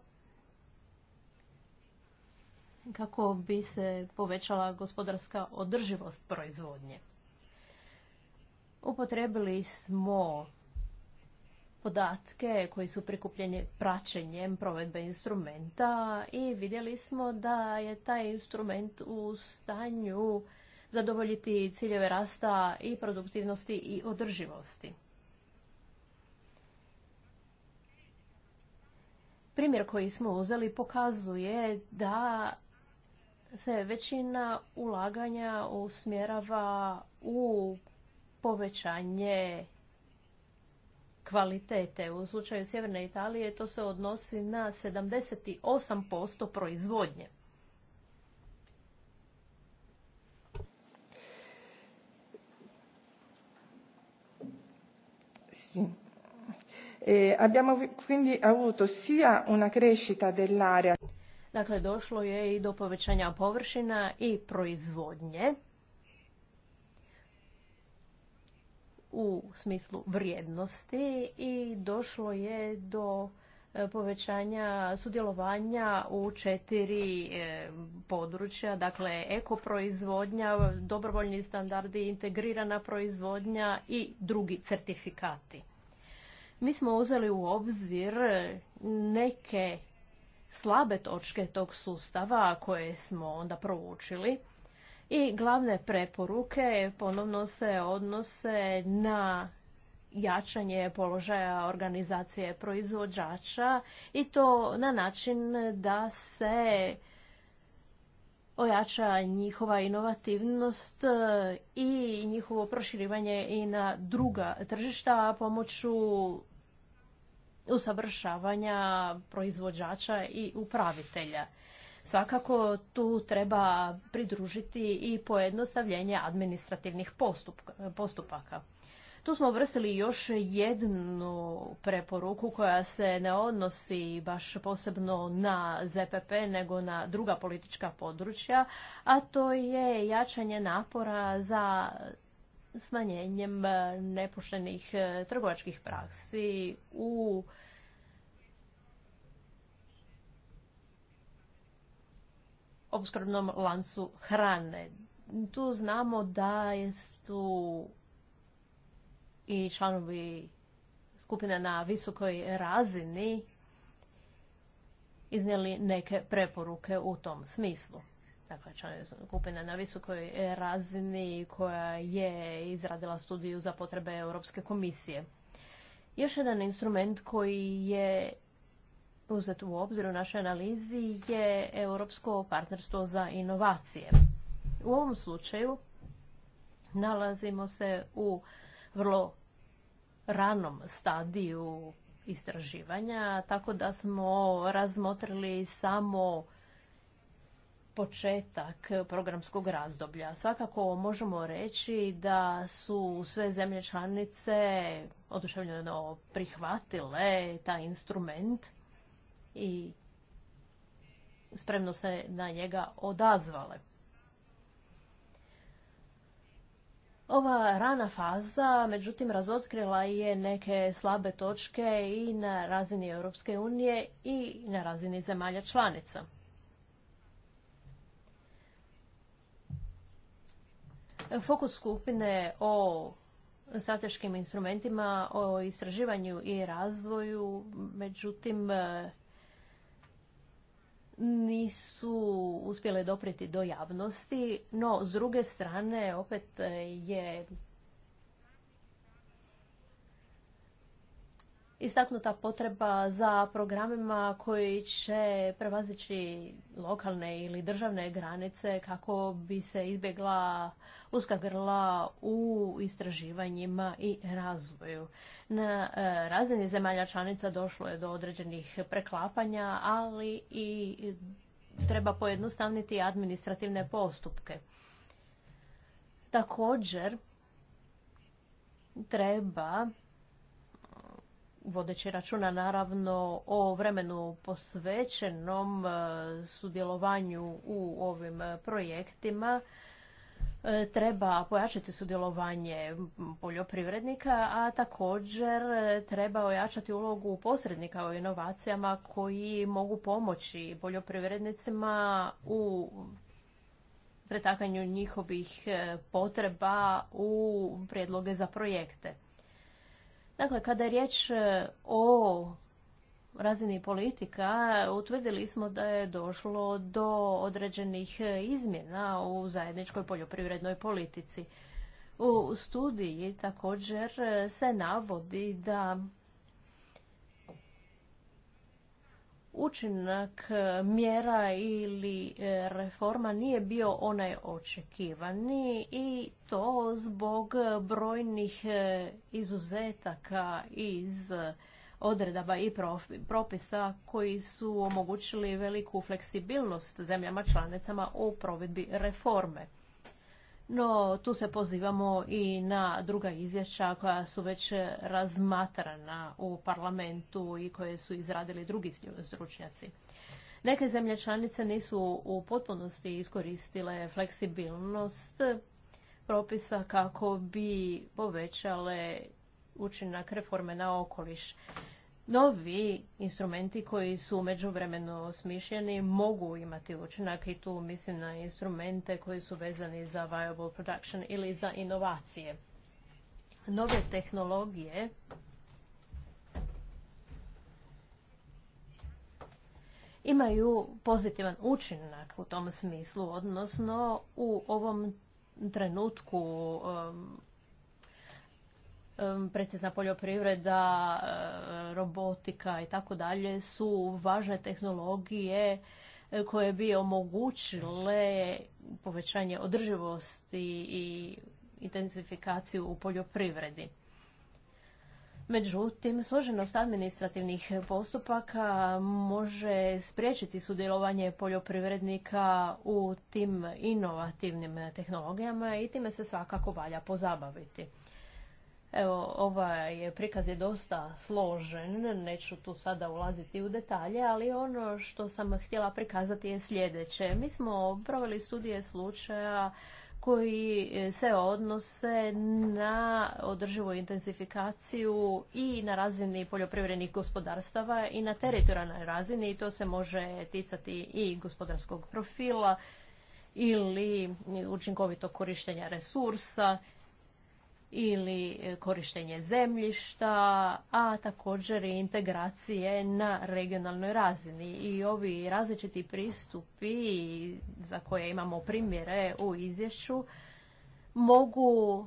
kako bi se povećala gospodarska održivost proizvodnje. Upotrebili smo podatke koji su prikupljeni praćenjem provedbe instrumenta i vidjeli smo da je taj instrument u stanju zadovoljiti ciljeve rasta i produktivnosti i održivosti. Primjer koji smo uzeli pokazuje da se većina ulaganja usmjerava u povećanje kvalitete. U slučaju Sjeverne Italije to se odnosi na 78% proizvodnje. Sì. E abbiamo quindi avuto sia una crescita dell'area Dakle, došlo je i do povećanja površina i proizvodnje u smislu vrijednosti i došlo je do e, povećanja sudjelovanja u četiri e, područja, dakle ekoproizvodnja, dobrovoljni standardi, integrirana proizvodnja i drugi certifikati. Mi smo uzeli u obzir neke slabe točke tog sustava koje smo onda proučili. I glavne preporuke ponovno se odnose na jačanje položaja organizacije proizvođača i to na način da se ojača njihova inovativnost e, i njihovo proširivanje i na druga tržišta pomoću usavršavanja proizvođača i upravitelja. Svakako tu treba pridružiti i pojednostavljenje administrativnih postupaka. Tu smo uvrstili još jednu preporuku koja se ne odnosi baš posebno na ZPP nego na druga politička područja, a to je jačanje napora za smanjenjem e, nepoštenih e, trgovačkih praksi u opskrbnom lancu hrane. Tu znamo da su i članovi skupine na visokoj razini iznijeli neke preporuke u tom smislu dakle skupine na visokoj razini koja je izradila studiju za potrebe Europske komisije. Još jedan instrument koji je uzet u obzir u našoj analizi je Europsko partnerstvo za inovacije. U ovom slučaju nalazimo se u vrlo ranom stadiju istraživanja, tako da smo razmotrili samo početak programskog razdoblja. Svakako možemo reći da su sve zemlje članice oduševljeno prihvatile taj instrument i spremno se na njega odazvale. Ova rana faza, međutim, razotkrila je neke slabe točke i na razini Europske unije i na razini zemalja članica. Fokus skupine o strateškim instrumentima, o istraživanju i razvoju, međutim, e, nisu uspjele dopriti do javnosti, no s druge strane opet je istaknuta potreba za programima koji će prevazići lokalne ili državne granice kako bi se izbjegla uska grla u istraživanjima i razvoju. Na e, razini zemalja članica došlo je do određenih preklapanja, ali i treba pojednostavniti administrativne postupke. Također, treba vodeći računa naravno o vremenu posvećenom e, sudjelovanju u ovim projektima e, treba pojačati sudjelovanje poljoprivrednika, a također e, treba ojačati ulogu posrednika u inovacijama koji mogu pomoći poljoprivrednicima u pretakanju njihovih potreba u prijedloge za projekte. Dakle, kada je riječ e, o razini politika, utvrdili smo da je došlo do određenih e, izmjena u zajedničkoj poljoprivrednoj politici. U studiji također e, se navodi da učinak e, mjera ili e, reforma nije bio onaj očekivani i to zbog brojnih e, izuzetaka iz odredaba i propisa koji su omogućili veliku fleksibilnost zemljama članicama u provedbi reforme no tu se pozivamo i na druga izvješća koja su već razmatrana u parlamentu i koje su izradili drugi stručnjaci. Neke zemlje članice nisu u potpunosti iskoristile fleksibilnost propisa kako bi povećale učinak reforme na okoliš novi instrumenti koji su međuvremeno vremenu osmišljeni mogu imati učinak i tu mislim na instrumente koji su vezani za viable production ili za inovacije. Nove tehnologije imaju pozitivan učinak u tom smislu, odnosno u ovom trenutku um, precizna poljoprivreda, e, robotika i tako dalje su važne tehnologije e, koje bi omogućile povećanje održivosti i intenzifikaciju u poljoprivredi. Međutim, složenost administrativnih postupaka može spriječiti sudjelovanje poljoprivrednika u tim inovativnim tehnologijama i time se svakako valja pozabaviti. Evo, ovaj prikaz je dosta složen, neću tu sada ulaziti u detalje, ali ono što sam htjela prikazati je sljedeće. Mi smo proveli studije slučaja koji e, se odnose na održivu intenzifikaciju i na razini poljoprivrednih gospodarstava i na teritorijalnoj razini i to se može ticati i gospodarskog profila ili učinkovitog korištenja resursa ili e, korištenje zemljišta, a također i integracije na regionalnoj razini. I ovi različiti pristupi za koje imamo primjere u izvješću mogu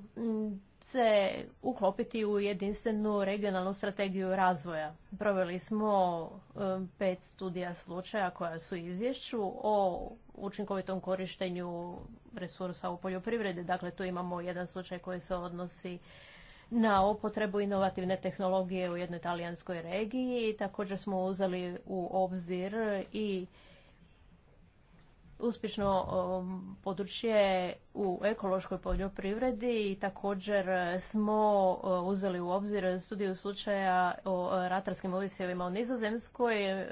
se uklopiti u jedinstvenu regionalnu strategiju razvoja. Proveli smo um, pet studija slučaja koja su izvješću o učinkovitom korištenju resursa u poljoprivredi. Dakle, tu imamo jedan slučaj koji se odnosi na opotrebu inovativne tehnologije u jednoj talijanskoj regiji. Također smo uzeli u obzir i uspješno područje u ekološkoj poljoprivredi i također smo uzeli u obzir studiju slučaja o ratarskim ovisjevima u Nizozemskoj, e,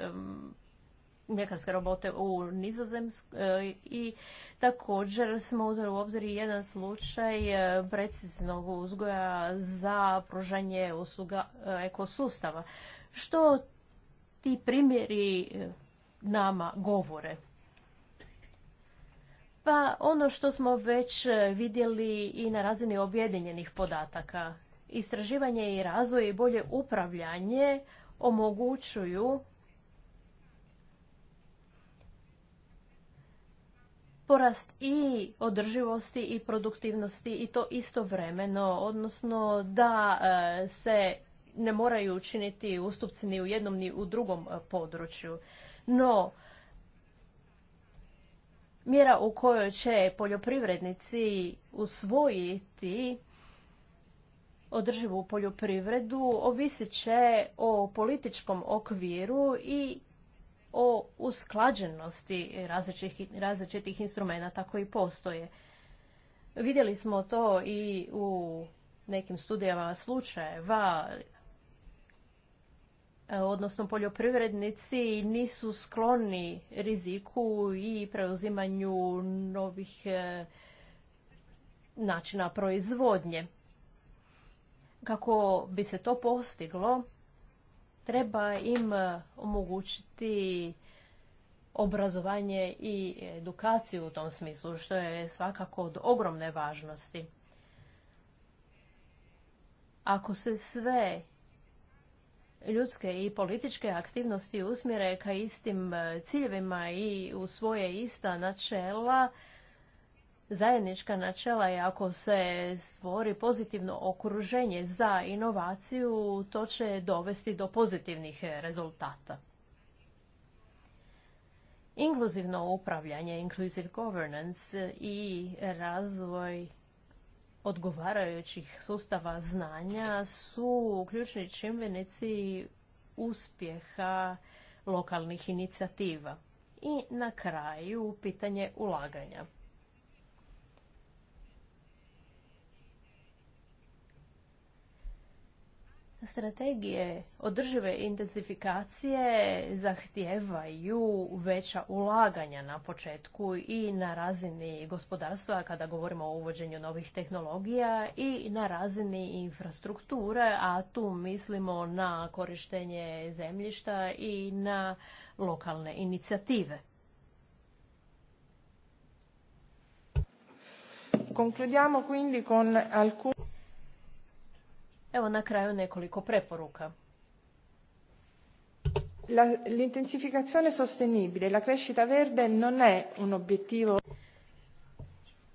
mjekarske robote u Nizozemskoj e, i također smo uzeli u obzir jedan slučaj e, preciznog uzgoja za pružanje usluga ekosustava. Što ti primjeri nama govore? Pa ono što smo već e, vidjeli i na razini objedinjenih podataka. Istraživanje i razvoj i bolje upravljanje omogućuju porast i održivosti i produktivnosti i to istovremeno, odnosno da e, se ne moraju učiniti ustupci ni u jednom ni u drugom e, području. No, mjera u kojoj će poljoprivrednici usvojiti održivu poljoprivredu ovisit će o političkom okviru i o usklađenosti različitih, različitih instrumenta koji postoje. Vidjeli smo to i u nekim studijama slučajeva E, odnosno poljoprivrednici nisu skloni riziku i preuzimanju novih e, načina proizvodnje. Kako bi se to postiglo, treba im e, omogućiti obrazovanje i edukaciju u tom smislu, što je svakako od ogromne važnosti. Ako se sve ljudske i političke aktivnosti usmjere ka istim e, ciljevima i u svoje ista načela, zajednička načela je ako se stvori pozitivno okruženje za inovaciju, to će dovesti do pozitivnih rezultata. Inkluzivno upravljanje, inclusive governance i razvoj odgovarajućih sustava znanja su ključni čimbenici uspjeha lokalnih inicijativa. I na kraju pitanje ulaganja. strategije održive intenzifikacije zahtijevaju veća ulaganja na početku i na razini gospodarstva kada govorimo o uvođenju novih tehnologija i na razini infrastrukture, a tu mislimo na korištenje zemljišta i na lokalne inicijative. Concludiamo quindi con Evo na kraju nekoliko preporuka. L'intensificazione sostenibile, la crescita verde non è un obiettivo.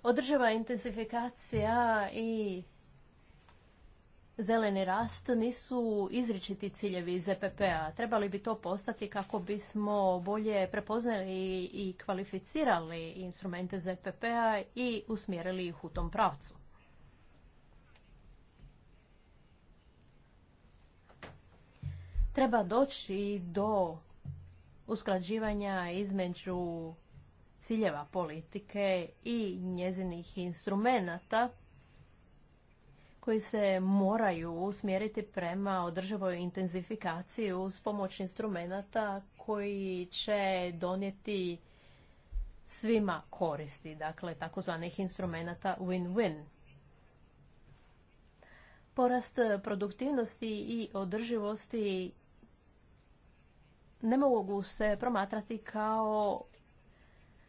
Održiva intenzifikacija i zeleni rast nisu izričiti ciljevi zpp e a p-a. Trebali bi to postati kako bismo bolje prepoznali i kvalificirali instrumente zpp e a p-a i usmjerili ih u tom pravcu. treba doći do usklađivanja između ciljeva politike i njezinih instrumenata koji se moraju usmjeriti prema održivoj intenzifikaciji uz pomoć instrumenata koji će donijeti svima koristi, dakle takozvanih instrumenata win-win. Porast produktivnosti i održivosti ne mogu se promatrati kao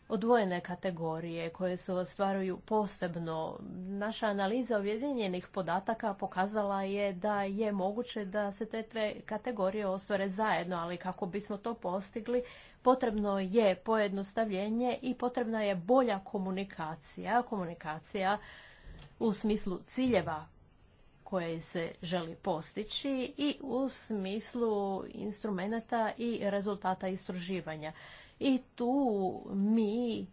odvojene kategorije koje se ostvaruju posebno. Naša analiza objedinjenih podataka pokazala je da je moguće da se te kategorije ostvare zajedno, ali kako bismo to postigli potrebno je pojednostavljenje i potrebna je bolja komunikacija, komunikacija u smislu ciljeva koje se želi postići i u smislu instrumenata i rezultata istraživanja. I tu mi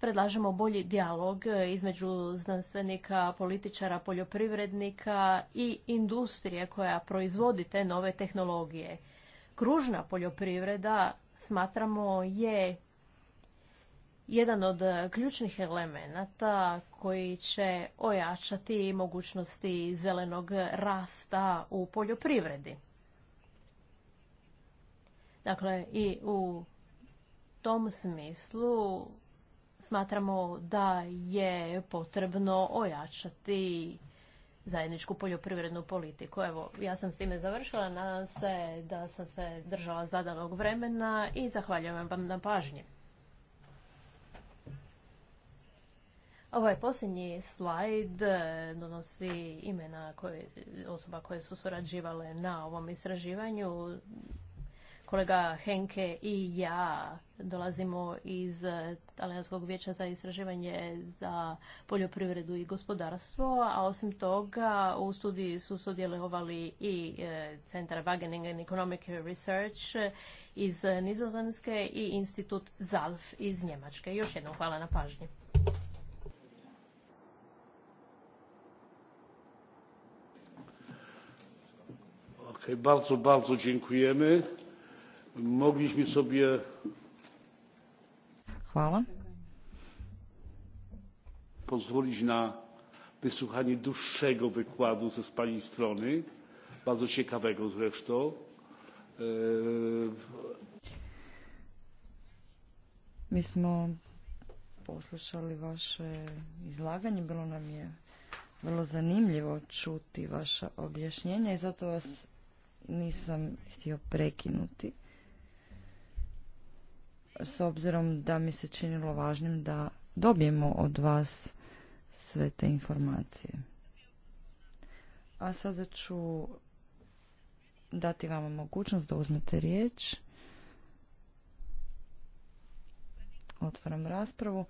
predlažemo bolji dijalog između znanstvenika, političara, poljoprivrednika i industrije koja proizvodi te nove tehnologije. Kružna poljoprivreda smatramo je jedan od e, ključnih elemenata koji će ojačati mogućnosti zelenog rasta u poljoprivredi. Dakle, i u tom smislu smatramo da je potrebno ojačati zajedničku poljoprivrednu politiku. Evo, ja sam s time završila. Nadam se da sam se držala zadanog vremena i zahvaljujem vam na pažnje. Ovaj posljednji slajd e, donosi imena osoba koje su surađivale na ovom istraživanju. Kolega Henke i ja dolazimo iz e, Talijanskog vijeća za istraživanje za poljoprivredu i gospodarstvo, a osim toga u studiji su sudjelovali i e, Centar Wageningen and Economic Research iz Nizozemske i Institut ZALF iz Njemačke. Još jednom hvala na pažnji. bardzo bardzo dziękujemy. mogliśmy sobie. Hvala. pozwolić na wysłuchanie dłuższego wykładu ze pani strony bardzo ciekawego zresztą. E, Mi smo poslušali vaše izlaganje, bilo nam je vrlo zanimljivo čuti vaša objašnjenja i zato vas nisam htio prekinuti s obzirom da mi se činilo važnim da dobijemo od vas sve te informacije. A sada ću dati vama mogućnost da uzmete riječ. Otvaram raspravu.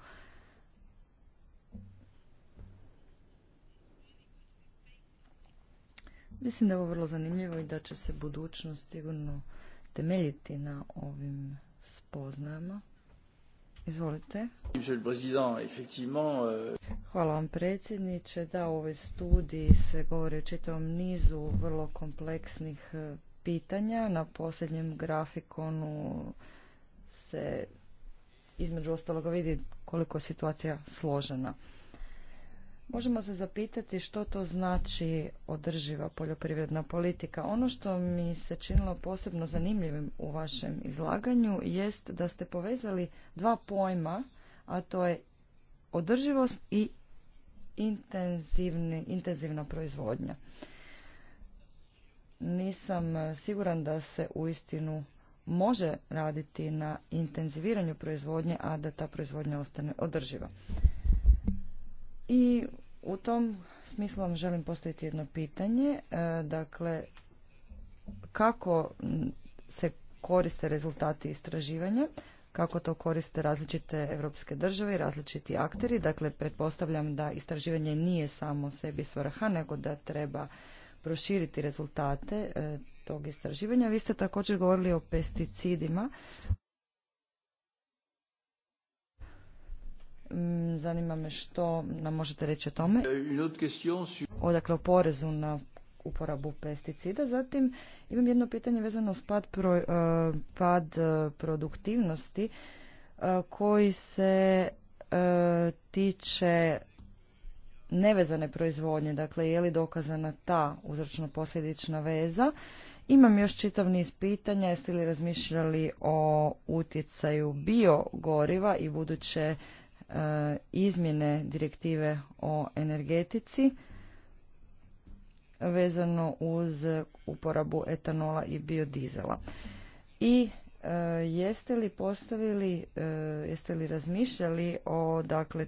Mislim da je ovo vrlo zanimljivo i da će se budućnost sigurno temeljiti na ovim spoznajama. Izvolite. Euh, Hvala vam predsjedniče. Da, u ovoj studiji se govori o čitavom nizu vrlo kompleksnih e, pitanja. Na posljednjem grafikonu se između ostaloga vidi koliko je situacija složena. Možemo se zapitati što to znači održiva poljoprivredna politika. Ono što mi se činilo posebno zanimljivim u vašem izlaganju jest da ste povezali dva pojma, a to je održivost i intenzivni, intenzivna proizvodnja. Nisam siguran da se uistinu može raditi na intenziviranju proizvodnje, a da ta proizvodnja ostane održiva. I u tom smislu vam želim postaviti jedno pitanje. E, dakle, kako se koriste rezultati istraživanja, kako to koriste različite evropske države i različiti akteri. Dakle, pretpostavljam da istraživanje nije samo sebi svrha, nego da treba proširiti rezultate e, tog istraživanja. Vi ste također govorili o pesticidima. Mm, zanima me što nam možete reći o tome. Euh, Odakle o porezu na uporabu pesticida. Zatim imam jedno pitanje vezano uz pad, e, pad e, produktivnosti e, koji se tiče nevezane proizvodnje, dakle je li dokazana ta uzročno-posljedična veza. Imam još čitav niz pitanja, jeste li razmišljali o utjecaju biogoriva i buduće E, izmjene direktive o energetici vezano uz uporabu etanola i biodizela. I e, jeste li postavili, e, jeste li razmišljali o dakle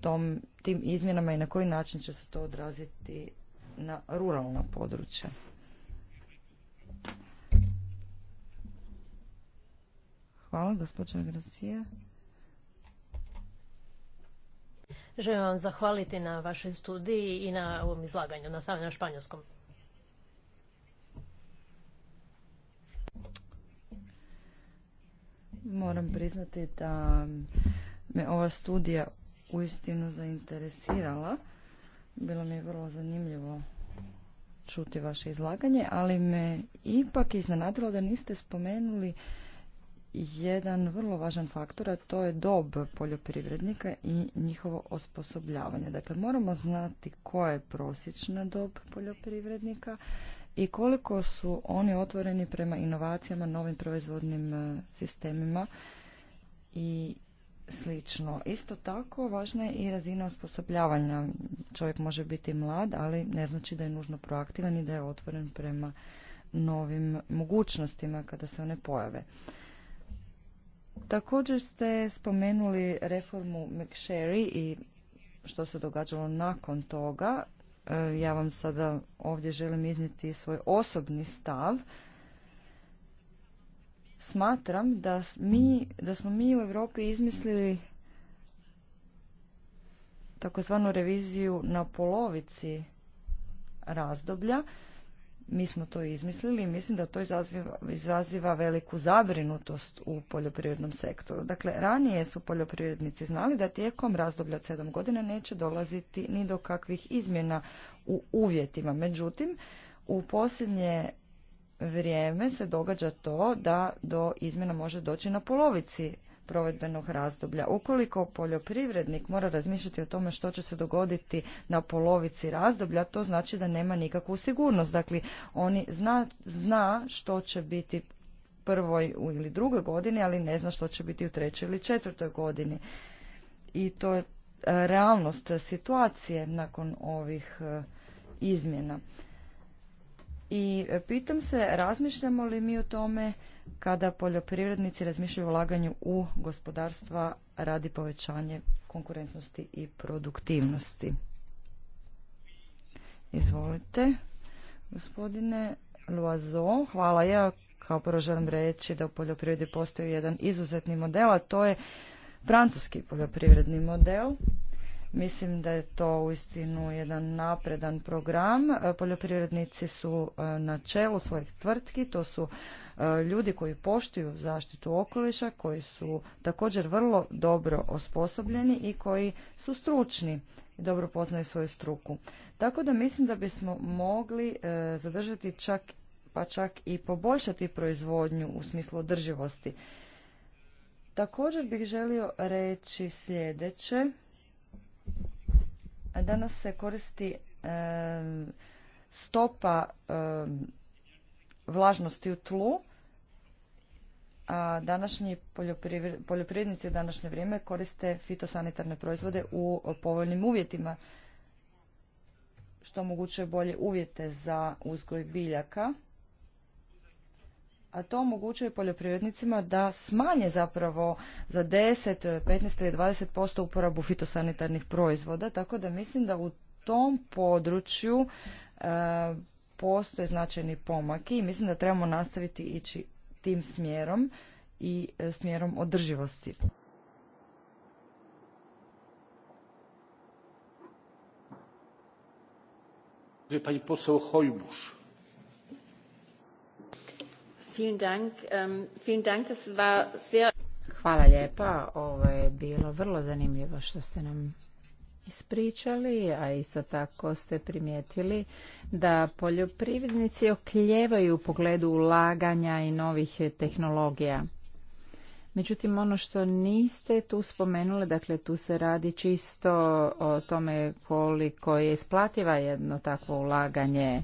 tom, tim izmjenama i na koji način će se to odraziti na ruralna područja? Hvala, gospođa Gracija. Želim vam zahvaliti na vašoj studiji i na ovom izlaganju na na španjolskom. Moram priznati da me ova studija uistinu zainteresirala. Bilo mi je vrlo zanimljivo čuti vaše izlaganje, ali me ipak iznenadilo da niste spomenuli jedan vrlo važan faktor, a to je dob poljoprivrednika i njihovo osposobljavanje. Dakle, moramo znati koja je prosječna dob poljoprivrednika i koliko su oni otvoreni prema inovacijama, novim proizvodnim e, sistemima i slično. Isto tako, važna je i razina osposobljavanja. Čovjek može biti mlad, ali ne znači da je nužno proaktivan i da je otvoren prema novim mogućnostima kada se one pojave. Također ste spomenuli reformu McSherry i što se događalo nakon toga. E, ja vam sada ovdje želim iznijeti svoj osobni stav. Smatram da, mi, da smo mi u Europi izmislili takozvanu reviziju na polovici razdoblja mi smo to izmislili i mislim da to izaziva, izaziva veliku zabrinutost u poljoprivrednom sektoru. Dakle, ranije su poljoprivrednici znali da tijekom razdoblja od sedam godina neće dolaziti ni do kakvih izmjena u uvjetima. Međutim, u posljednje vrijeme se događa to da do izmjena može doći na polovici provedbenog razdoblja. Ukoliko poljoprivrednik mora razmišljati o tome što će se dogoditi na polovici razdoblja, to znači da nema nikakvu sigurnost. Dakle, oni zna, zna što će biti prvoj ili drugoj godini, ali ne zna što će biti u trećoj ili četvrtoj godini. I to je e, realnost situacije nakon ovih e, izmjena. I e, pitam se, razmišljamo li mi o tome kada poljoprivrednici razmišljaju o ulaganju u gospodarstva radi povećanje konkurentnosti i produktivnosti? Izvolite, gospodine Loazo. Hvala ja. Kao prvo želim reći da u poljoprivredi postoji jedan izuzetni model, a to je francuski poljoprivredni model Mislim da je to uistinu jedan napredan program. E, Poljoprivrednici su e, na čelu svojih tvrtki, to su e, ljudi koji poštuju zaštitu okoliša, koji su također vrlo dobro osposobljeni i koji su stručni i dobro poznaju svoju struku. Tako da mislim da bismo mogli zadržati čak pa čak i poboljšati proizvodnju u smislu održivosti. Također bih želio reći sljedeće Danas se koristi e, stopa e, vlažnosti u tlu, a današnji poljoprivrednici u današnje vrijeme koriste fitosanitarne proizvode u povoljnim uvjetima, što omogućuje bolje uvjete za uzgoj biljaka a to omogućuje poljoprivrednicima da smanje zapravo za 10, 15 ili 20% uporabu fitosanitarnih proizvoda, tako da mislim da u tom području e, postoje značajni pomaki i mislim da trebamo nastaviti ići tim smjerom i e, smjerom održivosti. Pani poseł Hojbusz. Ähm, Hvala lijepa, ovo je bilo vrlo zanimljivo što ste nam ispričali, a isto tako ste primijetili da poljoprivrednici okljevaju u pogledu ulaganja i novih tehnologija. Međutim, ono što niste tu spomenuli, dakle tu se radi čisto o tome koliko je isplativa jedno takvo ulaganje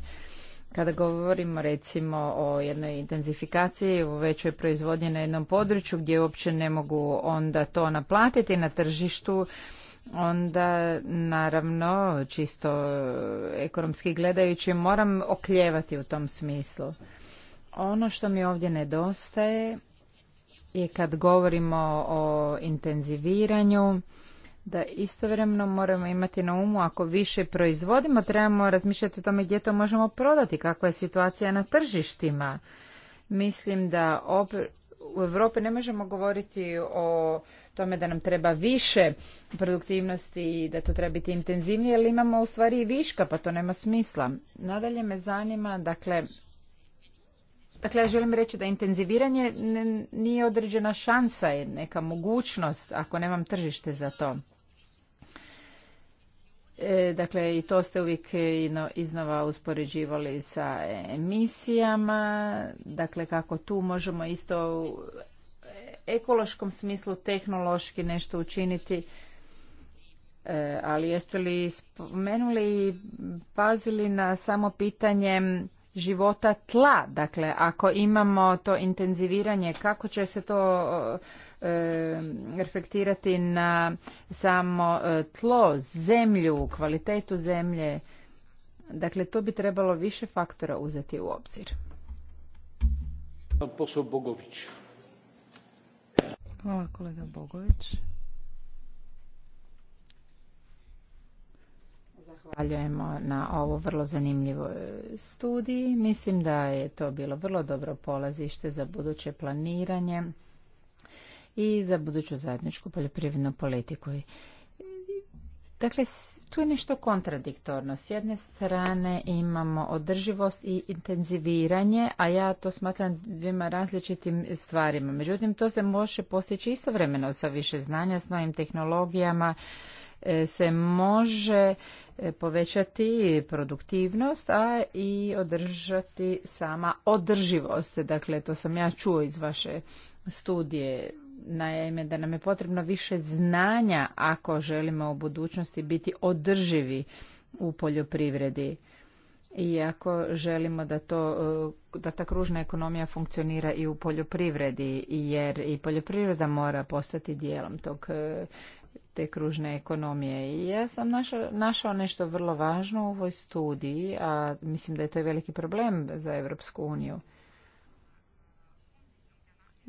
kada govorimo recimo o jednoj intenzifikaciji u većoj proizvodnji na jednom području gdje uopće ne mogu onda to naplatiti na tržištu, onda naravno čisto ekonomski gledajući moram okljevati u tom smislu. Ono što mi ovdje nedostaje je kad govorimo o intenziviranju, da istovremeno moramo imati na umu ako više proizvodimo, trebamo razmišljati o tome gdje to možemo prodati, kakva je situacija na tržištima. Mislim da u Europi ne možemo govoriti o tome da nam treba više produktivnosti i da to treba biti intenzivnije, jer imamo u stvari i viška, pa to nema smisla. Nadalje me zanima, dakle, Dakle, ja želim reći da intenziviranje nije određena šansa, je neka mogućnost ako nemam tržište za to. E, dakle, i to ste uvijek iznova uspoređivali sa emisijama. Dakle, kako tu možemo isto u ekološkom smislu tehnološki nešto učiniti. E, ali jeste li spomenuli i pazili na samo pitanje života tla. Dakle, ako imamo to intenziviranje, kako će se to e, reflektirati na samo e, tlo, zemlju, kvalitetu zemlje? Dakle, to bi trebalo više faktora uzeti u obzir. Hvala kolega Bogović. Zahvaljujemo na ovo vrlo zanimljivoj e, studiji. Mislim da je to bilo vrlo dobro polazište za buduće planiranje i za buduću zajedničku poljoprivrednu politiku. Dakle, tu je nešto kontradiktorno. S jedne strane imamo održivost i intenziviranje, a ja to smatram dvima različitim stvarima. Međutim, to se može postići istovremeno sa više znanja, s novim tehnologijama E, se može e, povećati produktivnost, a i održati sama održivost. Dakle, to sam ja čuo iz vaše studije. Naime, da nam je potrebno više znanja ako želimo u budućnosti biti održivi u poljoprivredi. I ako želimo da, to, e, da ta kružna ekonomija funkcionira i u poljoprivredi, jer i poljoprivreda mora postati dijelom tog te kružne ekonomije. I ja sam našao, našao nešto vrlo važno u ovoj studiji, a mislim da je to veliki problem za Europsku uniju.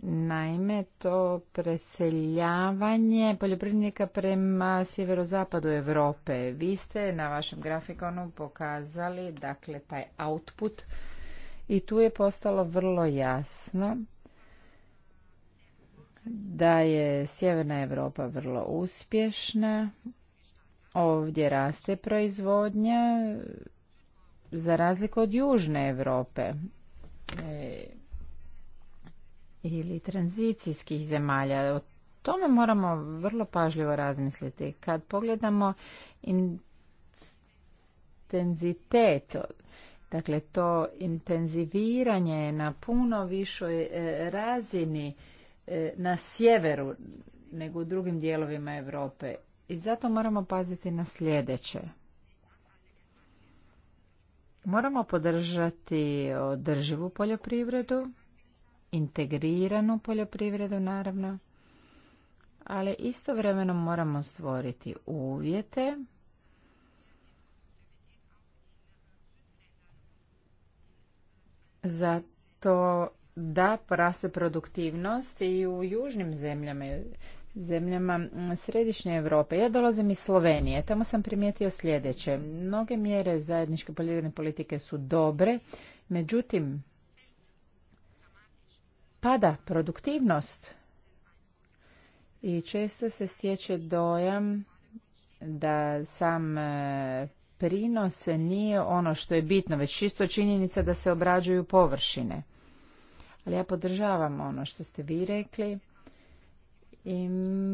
Naime, to preseljavanje poljoprivrednika prema sjeverozapadu Europe. Vi ste na vašem grafikonu pokazali dakle, taj output i tu je postalo vrlo jasno da je Sjeverna Europa vrlo uspješna. Ovdje raste proizvodnja za razliku od Južne Europe e, ili tranzicijskih zemalja. O tome moramo vrlo pažljivo razmisliti. Kad pogledamo intenzitet, dakle to intenziviranje na puno višoj e, razini E, na sjeveru nego u drugim dijelovima Europe. I zato moramo paziti na sljedeće. Moramo podržati održivu poljoprivredu, integriranu poljoprivredu naravno, ali istovremeno moramo stvoriti uvjete za to da poraste produktivnost i u južnim zemljama, zemljama središnje Europe. Ja dolazim iz Slovenije, tamo sam primijetio sljedeće. Mnoge mjere zajedničke poljoprivredne politike su dobre, međutim, pada produktivnost i često se stječe dojam da sam e, prinos nije ono što je bitno, već čisto činjenica da se obrađuju površine. Ali ja podržavam ono što ste vi rekli i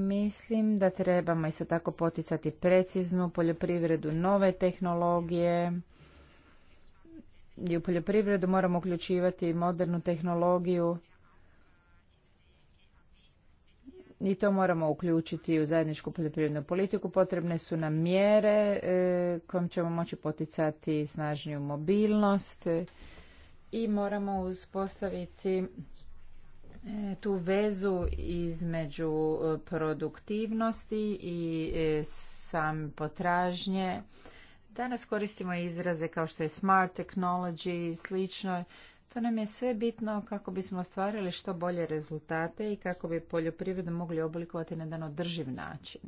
mislim da trebamo isto tako poticati preciznu poljoprivredu, nove tehnologije i u poljoprivredu moramo uključivati modernu tehnologiju i to moramo uključiti u zajedničku poljoprivrednu politiku. Potrebne su nam mjere eh, kojom ćemo moći poticati snažniju mobilnost i moramo uspostaviti e, tu vezu između e, produktivnosti i e, sam potražnje. Danas koristimo izraze kao što je smart technology i slično. To nam je sve bitno kako bismo ostvarili što bolje rezultate i kako bi poljoprivredu mogli oblikovati na jedan održiv način.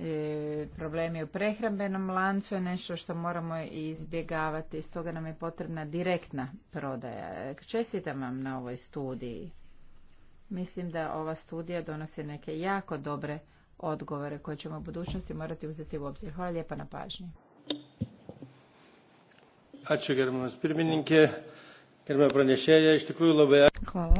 E, problemi u prehrambenom lancu je nešto što moramo izbjegavati, stoga nam je potrebna direktna prodaja. Čestitam vam na ovoj studiji. Mislim da ova studija donosi neke jako dobre odgovore koje ćemo u budućnosti morati uzeti u obzir. Hvala lijepa na Hvala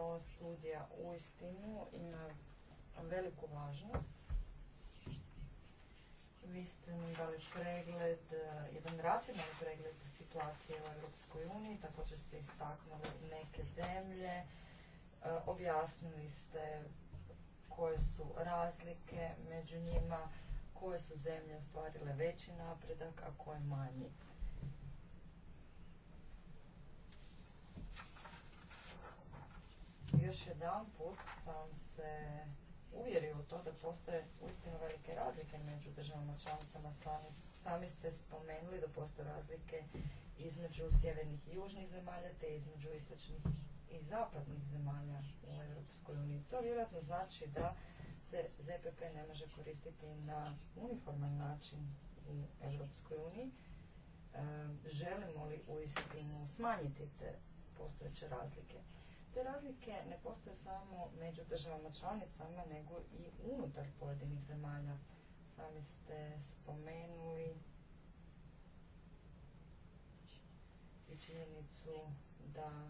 ova studija istinu ima veliku važnost. Vi ste nam dali pregled, e, jedan racionalni pregled situacije u Europskoj uniji, također ste istaknuli neke zemlje, e, objasnili ste koje su razlike među njima, koje su zemlje ostvarile veći napredak, a koje manji. još jedan put sam se uvjerio u to da postoje uistinu velike razlike među državama članicama. Sami, ste spomenuli da postoje razlike između sjevernih i južnih zemalja te između istočnih i zapadnih zemalja u Europskoj uniji. To vjerojatno znači da se ZPP ne može koristiti na uniforman način u Europskoj uniji. Ehm, želimo li uistinu smanjiti te postojeće razlike? Te razlike ne postoje samo među državama članicama, nego i unutar pojedinih zemalja. Sami ste spomenuli i činjenicu da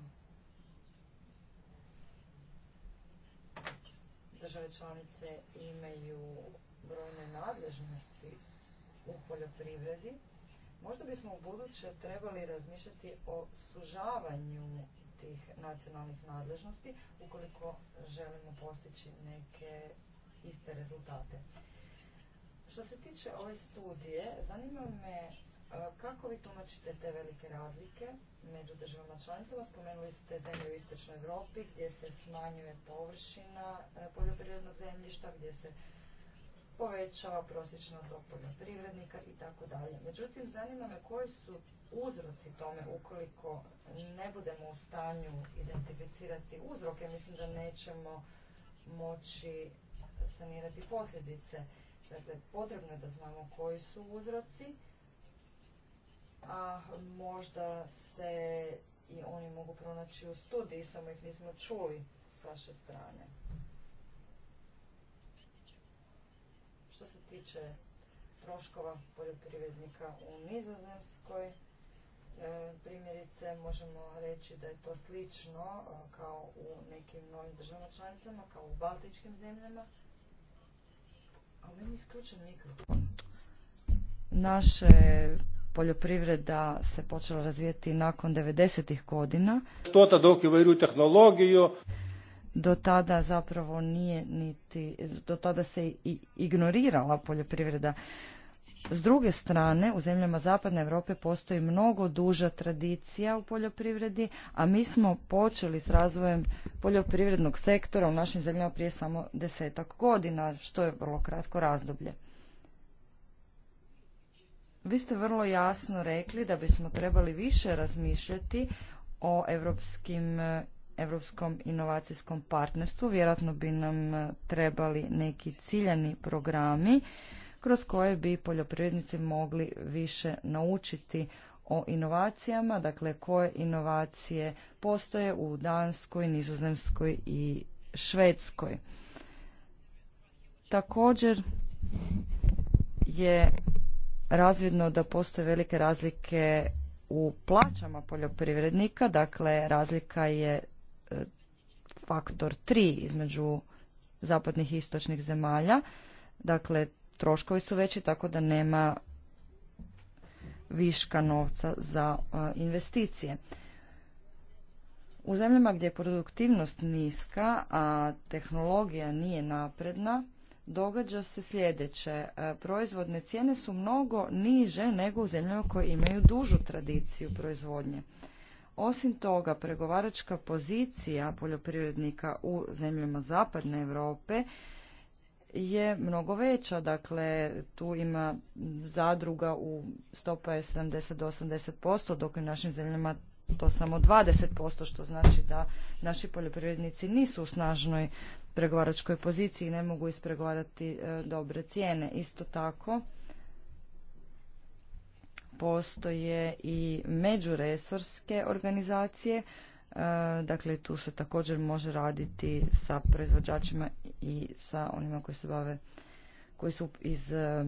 države članice imaju brojne nadležnosti u poljoprivredi, možda bismo u buduće trebali razmišljati o sužavanju tih nacionalnih nadležnosti ukoliko želimo postići neke iste rezultate. Što se tiče ove studije, zanima me e, kako vi tumačite te velike razlike među državama članicama? Spomenuli ste zemlje u Istočnoj Europi gdje se smanjuje površina e, poljoprivrednog zemljišta, gdje se povećava prosječna dob poljoprivrednika i tako dalje. Međutim, zanima me koji su uzroci tome ukoliko ne budemo u stanju identificirati uzroke. Mislim da nećemo moći sanirati posljedice. Dakle, potrebno je da znamo koji su uzroci, a možda se i oni mogu pronaći u studiji, samo ih nismo čuli s vaše strane. tiče troškova poljoprivrednika u Nizozemskoj, e, primjerice možemo reći da je to slično e, kao u nekim novim državama članicama, kao u baltičkim zemljama. A meni mikrofon. Naše poljoprivreda se počela razvijeti nakon 90-ih godina. Stota dok tehnologiju do tada zapravo nije niti, do tada se i ignorirala poljoprivreda. S druge strane, u zemljama Zapadne Europe postoji mnogo duža tradicija u poljoprivredi, a mi smo počeli s razvojem poljoprivrednog sektora u našim zemljama prije samo desetak godina, što je vrlo kratko razdoblje. Vi ste vrlo jasno rekli da bismo trebali više razmišljati o europskim europskom inovacijskom partnerstvu. Vjerojatno bi nam e, trebali neki ciljani programi kroz koje bi poljoprivrednici mogli više naučiti o inovacijama, dakle koje inovacije postoje u Danskoj, Nizozemskoj i Švedskoj. Također je razvidno da postoje velike razlike u plaćama poljoprivrednika, dakle razlika je faktor 3 između zapadnih i istočnih zemalja. Dakle, troškovi su veći tako da nema viška novca za e, investicije. U zemljama gdje je produktivnost niska, a tehnologija nije napredna, događa se sljedeće. E, proizvodne cijene su mnogo niže nego u zemljama koje imaju dužu tradiciju proizvodnje. Osim toga, pregovaračka pozicija poljoprivrednika u zemljama zapadne Europe je mnogo veća. Dakle, tu ima zadruga u stopa je 70 80%, dok u našim zemljama to samo 20%, što znači da naši poljoprivrednici nisu u snažnoj pregovaračkoj poziciji i ne mogu ispregovarati e, dobre cijene. Isto tako, postoje i međuresorske organizacije, e, dakle tu se također može raditi sa proizvođačima i sa onima koji se bave, koji su iz e,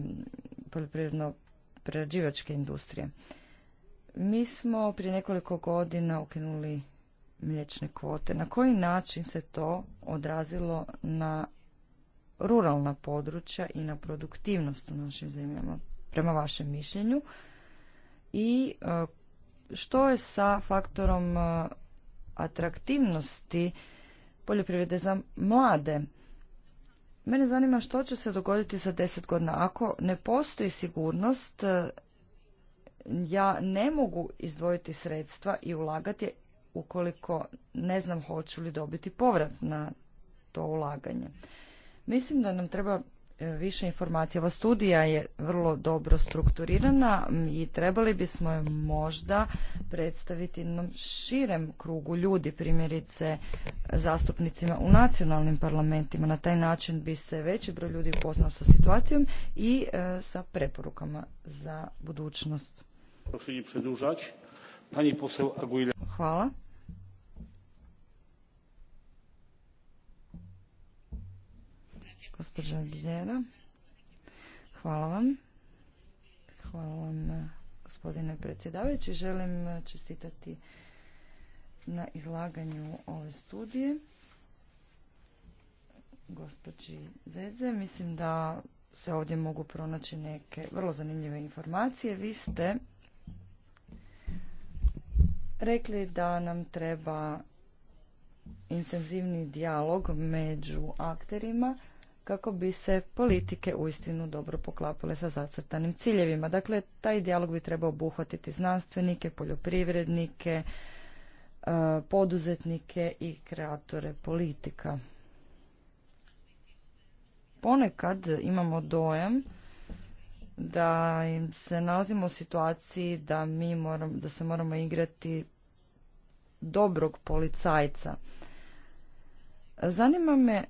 poljoprivredno-prerađivačke industrije. Mi smo prije nekoliko godina ukinuli mliječne kvote. Na koji način se to odrazilo na ruralna područja i na produktivnost u našim zemljama? Prema vašem mišljenju, i e, što je sa faktorom e, atraktivnosti poljoprivrede za mlade. Mene zanima što će se dogoditi za deset godina. Ako ne postoji sigurnost, e, ja ne mogu izdvojiti sredstva i ulagati ukoliko ne znam hoću li dobiti povrat na to ulaganje. Mislim da nam treba više informacija. Ova studija je vrlo dobro strukturirana i trebali bismo je možda predstaviti jednom širem krugu ljudi, primjerice zastupnicima u nacionalnim parlamentima. Na taj način bi se veći broj ljudi upoznao sa situacijom i e, sa preporukama za budućnost. Hvala. gospođa Giljera. Hvala vam. Hvala vam, gospodine predsjedavajući. Želim čestitati na izlaganju ove studije gospođi Zeze. Mislim da se ovdje mogu pronaći neke vrlo zanimljive informacije. Vi ste rekli da nam treba intenzivni dijalog među akterima kako bi se politike uistinu dobro poklapale sa zacrtanim ciljevima. Dakle, taj dijalog bi trebao obuhvatiti znanstvenike, poljoprivrednike, e, poduzetnike i kreatore politika. Ponekad imamo dojam da se nalazimo u situaciji da mi moram, da se moramo igrati dobrog policajca. Zanima me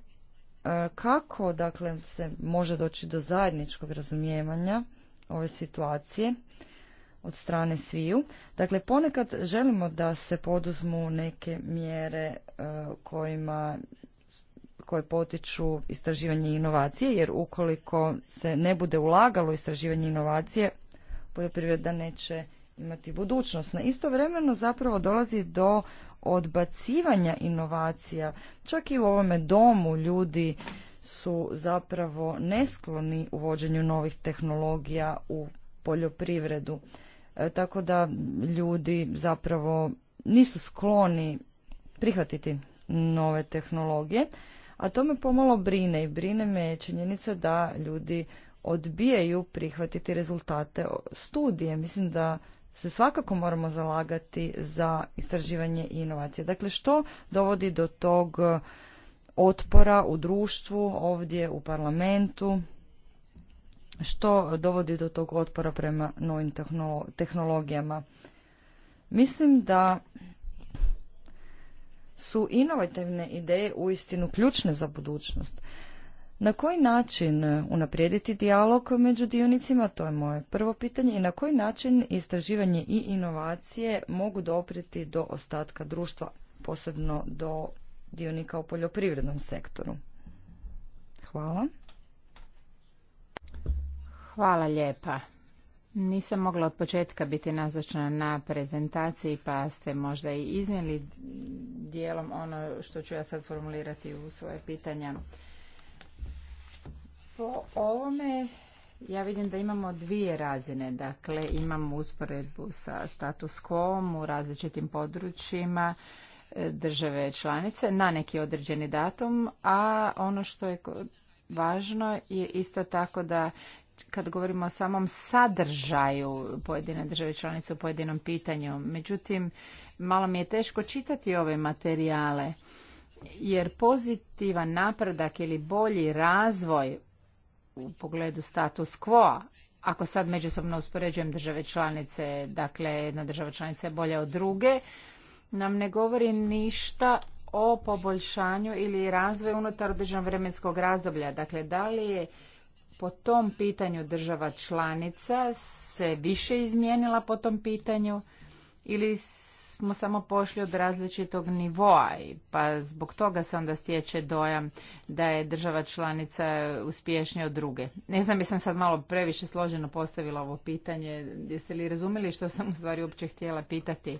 E, kako dakle se može doći do zajedničkog razumijevanja ove situacije od strane sviju? Dakle, ponekad želimo da se poduzmu neke mjere e, kojima koje potiču istraživanje i inovacije, jer ukoliko se ne bude ulagalo istraživanje inovacije, poljoprivreda neće imati budućnost. Na istovremeno zapravo dolazi do odbacivanja inovacija. Čak i u ovome domu ljudi su zapravo neskloni uvođenju novih tehnologija u poljoprivredu. E, tako da ljudi zapravo nisu skloni prihvatiti nove tehnologije, a to me pomalo brine i brine me činjenica da ljudi odbijaju prihvatiti rezultate studije. Mislim da se svakako moramo zalagati za istraživanje i inovacije. Dakle, što dovodi do tog e, otpora u društvu, ovdje u parlamentu, što dovodi do tog otpora prema novim tehnologijama. Mislim da su inovativne ideje uistinu ključne za budućnost. Na koji način e, unaprijediti dijalog među dionicima, to je moje prvo pitanje, i na koji način istraživanje i inovacije mogu dopriti do ostatka društva, posebno do dionika u poljoprivrednom sektoru? Hvala. Hvala lijepa. Nisam mogla od početka biti nazočna na prezentaciji, pa ste možda i iznijeli dijelom ono što ću ja sad formulirati u svoje pitanja po ovome ja vidim da imamo dvije razine. Dakle, imamo usporedbu sa status quo u različitim područjima e, države članice na neki određeni datum, a ono što je važno je isto tako da kad govorimo o samom sadržaju pojedine države članice u pojedinom pitanju. Međutim, malo mi je teško čitati ove materijale jer pozitivan napredak ili bolji razvoj u pogledu status quo. Ako sad međusobno uspoređujem države članice, dakle jedna država članica je bolja od druge, nam ne govori ništa o poboljšanju ili razvoju unutar određenog vremenskog razdoblja. Dakle, da li je po tom pitanju država članica se više izmijenila po tom pitanju ili smo samo pošli od različitog nivoa i pa zbog toga se onda stječe dojam da je država članica uspješnija od druge. Ne znam, jesam sad malo previše složeno postavila ovo pitanje. Jeste li razumjeli što sam u stvari uopće htjela pitati?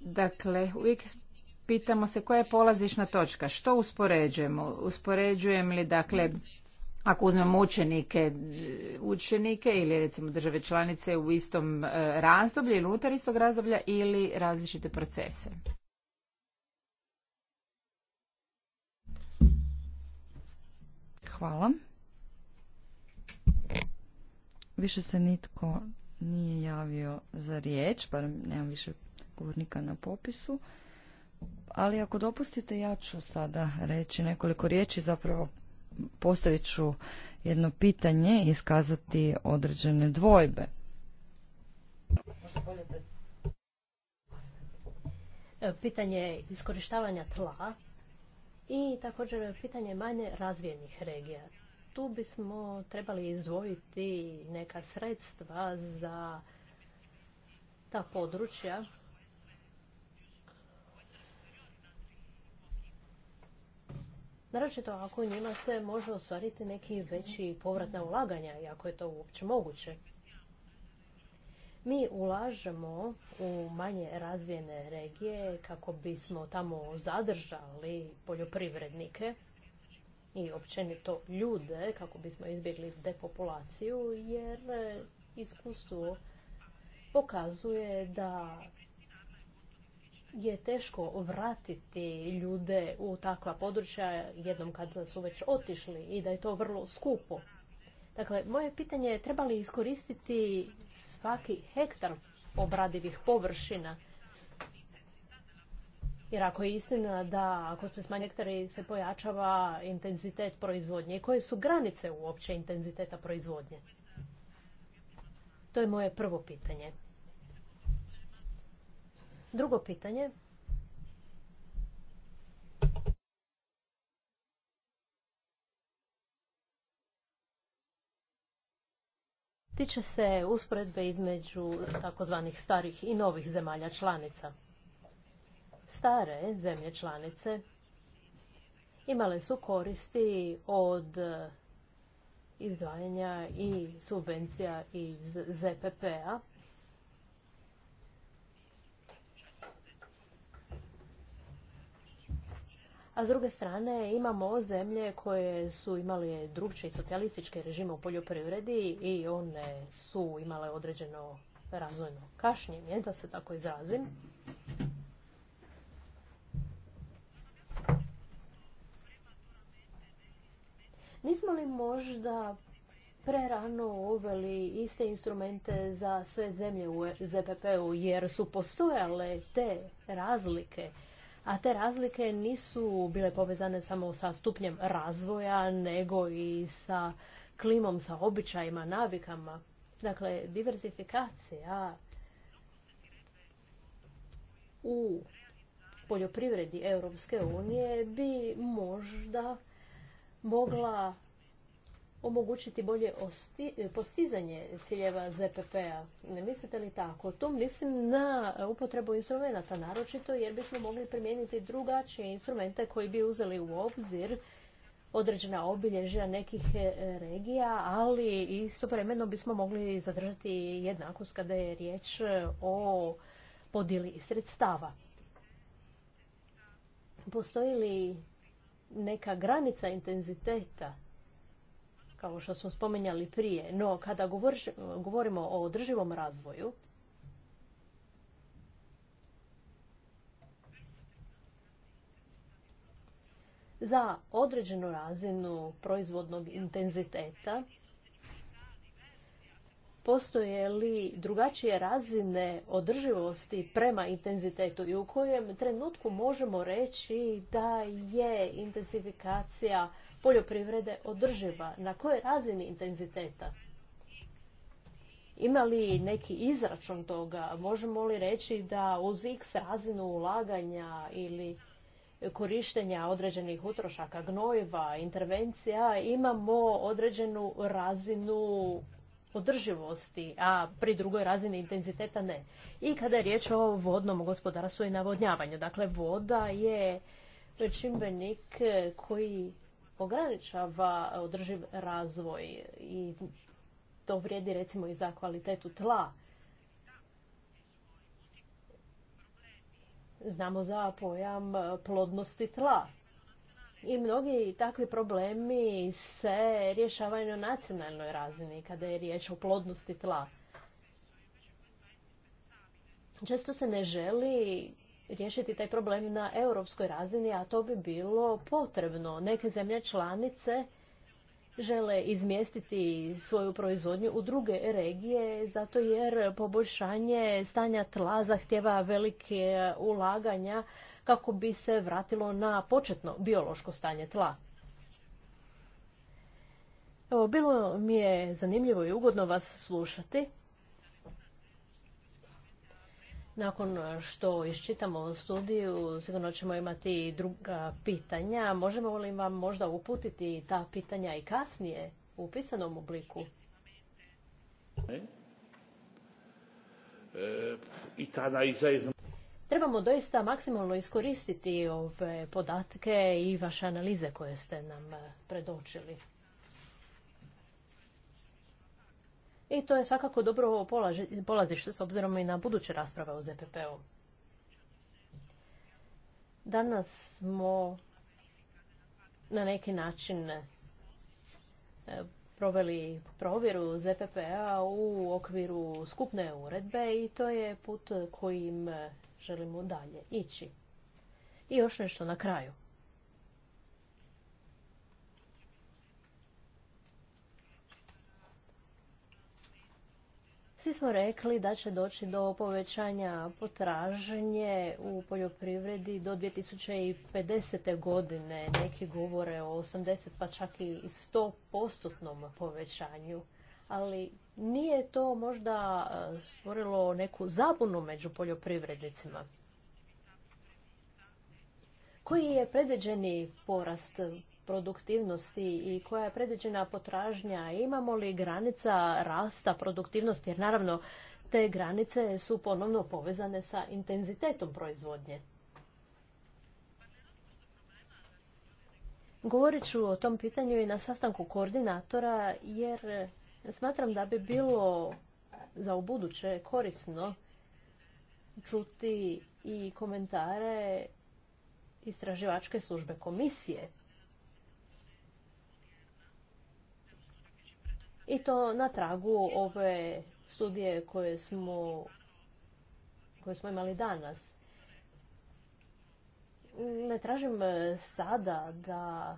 Dakle, uvijek pitamo se koja je polazišna točka. Što uspoređujemo? Uspoređujem li, dakle, ako uzmemo učenike, učenike ili recimo države članice u istom e, razdoblju ili unutar istog razdoblja ili različite procese. Hvala. Više se nitko nije javio za riječ, bar nemam više govornika na popisu. Ali ako dopustite, ja ću sada reći nekoliko riječi, zapravo postavit ću jedno pitanje i iskazati određene dvojbe. E, pitanje iskorištavanja tla i također pitanje manje razvijenih regija. Tu bismo trebali izdvojiti neka sredstva za ta područja naročito ako njima se može ostvariti neki veći povrat na ulaganja iako je to uopće moguće. Mi ulažemo u manje razvijene regije kako bismo tamo zadržali poljoprivrednike i općenito ljude kako bismo izbjegli depopulaciju jer iskustvo pokazuje da je teško vratiti ljude u takva područja jednom kad su već otišli i da je to vrlo skupo. Dakle, moje pitanje je treba li iskoristiti svaki hektar obradivih površina? Jer ako je istina da ako se smanje hektari se pojačava intenzitet proizvodnje, koje su granice uopće intenziteta proizvodnje? To je moje prvo pitanje. Drugo pitanje. Tiče se usporedbe između takozvanih starih i novih zemalja članica. Stare zemlje članice imale su koristi od izdvajanja i subvencija iz ZPP-a a s druge strane imamo zemlje koje su imale drugčije socijalističke režime u poljoprivredi i one su imale određeno razvojno kašnjenje, da se tako izrazim. Nismo li možda prerano uveli iste instrumente za sve zemlje u e-, ZPP-u jer su postojale te razlike a te razlike nisu bile povezane samo sa stupnjem razvoja, nego i sa klimom, sa običajima, navikama. Dakle, diversifikacija u poljoprivredi Europske unije bi možda mogla omogućiti bolje postizanje ciljeva ZPP-a. Ne mislite li tako? To mislim na upotrebu instrumenta naročito jer bismo mogli primijeniti drugačije instrumente koji bi uzeli u obzir određena obilježja nekih e, regija, ali istovremeno bismo mogli zadržati jednakost kada je riječ e, o podjeli sredstava. Postoji li neka granica intenziteta kao što smo spominjali prije. No, kada govorimo o održivom razvoju, za određenu razinu proizvodnog intenziteta postoje li drugačije razine održivosti prema intenzitetu i u kojem trenutku možemo reći da je intensifikacija poljoprivrede održiva? Na kojoj razini intenziteta? Ima li neki izračun toga? Možemo li reći da uz x razinu ulaganja ili korištenja određenih utrošaka gnojiva, intervencija, imamo određenu razinu održivosti, a pri drugoj razini intenziteta ne. I kada je riječ o vodnom gospodarstvu i navodnjavanju, dakle voda je čimbenik koji ograničava održiv razvoj i to vrijedi recimo i za kvalitetu tla. Znamo za pojam plodnosti tla. I mnogi takvi problemi se rješavaju na nacionalnoj razini kada je riječ o plodnosti tla. Često se ne želi riješiti taj problem na europskoj razini, a to bi bilo potrebno. Neke zemlje članice žele izmjestiti svoju proizvodnju u druge regije zato jer poboljšanje stanja tla zahtjeva velike ulaganja kako bi se vratilo na početno biološko stanje tla. Evo, bilo mi je zanimljivo i ugodno vas slušati. Nakon što iščitamo studiju, sigurno ćemo imati druga pitanja. Možemo li vam možda uputiti ta pitanja i kasnije u pisanom obliku? E, Trebamo doista maksimalno iskoristiti ove podatke i vaše analize koje ste nam predočili. I to je svakako dobro polazište s obzirom i na buduće rasprave o ZPP-u. Danas smo na neki način e, proveli provjeru ZPP-a u okviru skupne uredbe i to je put kojim želimo dalje ići. I još nešto na kraju. Svi smo rekli da će doći do povećanja potražnje u poljoprivredi do 2050. godine. Neki govore o 80 pa čak i 100 postotnom povećanju. Ali nije to možda e, stvorilo neku zabunu među poljoprivrednicima. Koji je predviđeni porast produktivnosti i koja je predviđena potražnja? Imamo li granica rasta produktivnosti? Jer naravno te granice su ponovno povezane sa intenzitetom proizvodnje. Govorit ću o tom pitanju i na sastanku koordinatora jer smatram da bi bilo za ubuduće korisno čuti i komentare istraživačke službe komisije I to na tragu ove studije koje smo, koje smo imali danas. Ne tražim e, sada da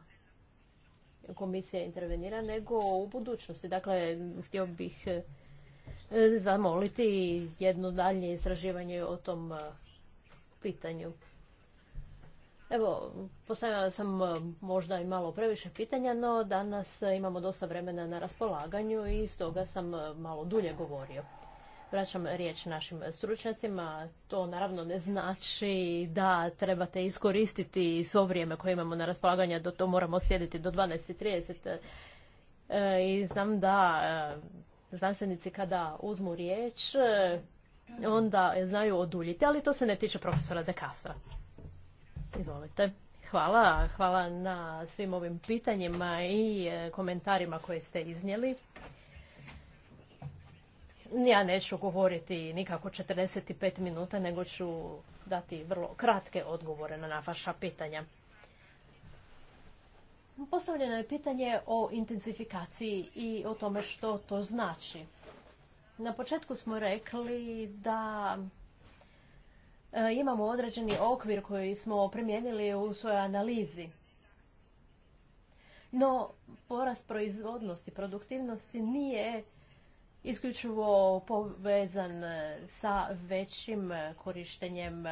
komisija intervenira, nego u budućnosti. Dakle, htio bih e, zamoliti jedno dalje istraživanje o tom e, pitanju. Evo, postavljala sam e, možda i malo previše pitanja, no danas e, imamo dosta vremena na raspolaganju i stoga sam e, malo dulje govorio. Vraćam riječ našim stručnjacima. To naravno ne znači da trebate iskoristiti svo vrijeme koje imamo na raspolaganju, do to moramo sjediti do 12.30. I znam da znanstvenici kada uzmu riječ, onda znaju oduljiti, ali to se ne tiče profesora De Izvolite. Hvala. Hvala na svim ovim pitanjima i e, komentarima koje ste iznijeli. Ja neću govoriti nikako 45 minuta, nego ću dati vrlo kratke odgovore na vaša pitanja. Postavljeno je pitanje o intenzifikaciji i o tome što to znači. Na početku smo rekli da E, imamo određeni okvir koji smo primijenili u svojoj analizi. No, porast proizvodnosti, produktivnosti nije isključivo povezan e, sa većim e, korištenjem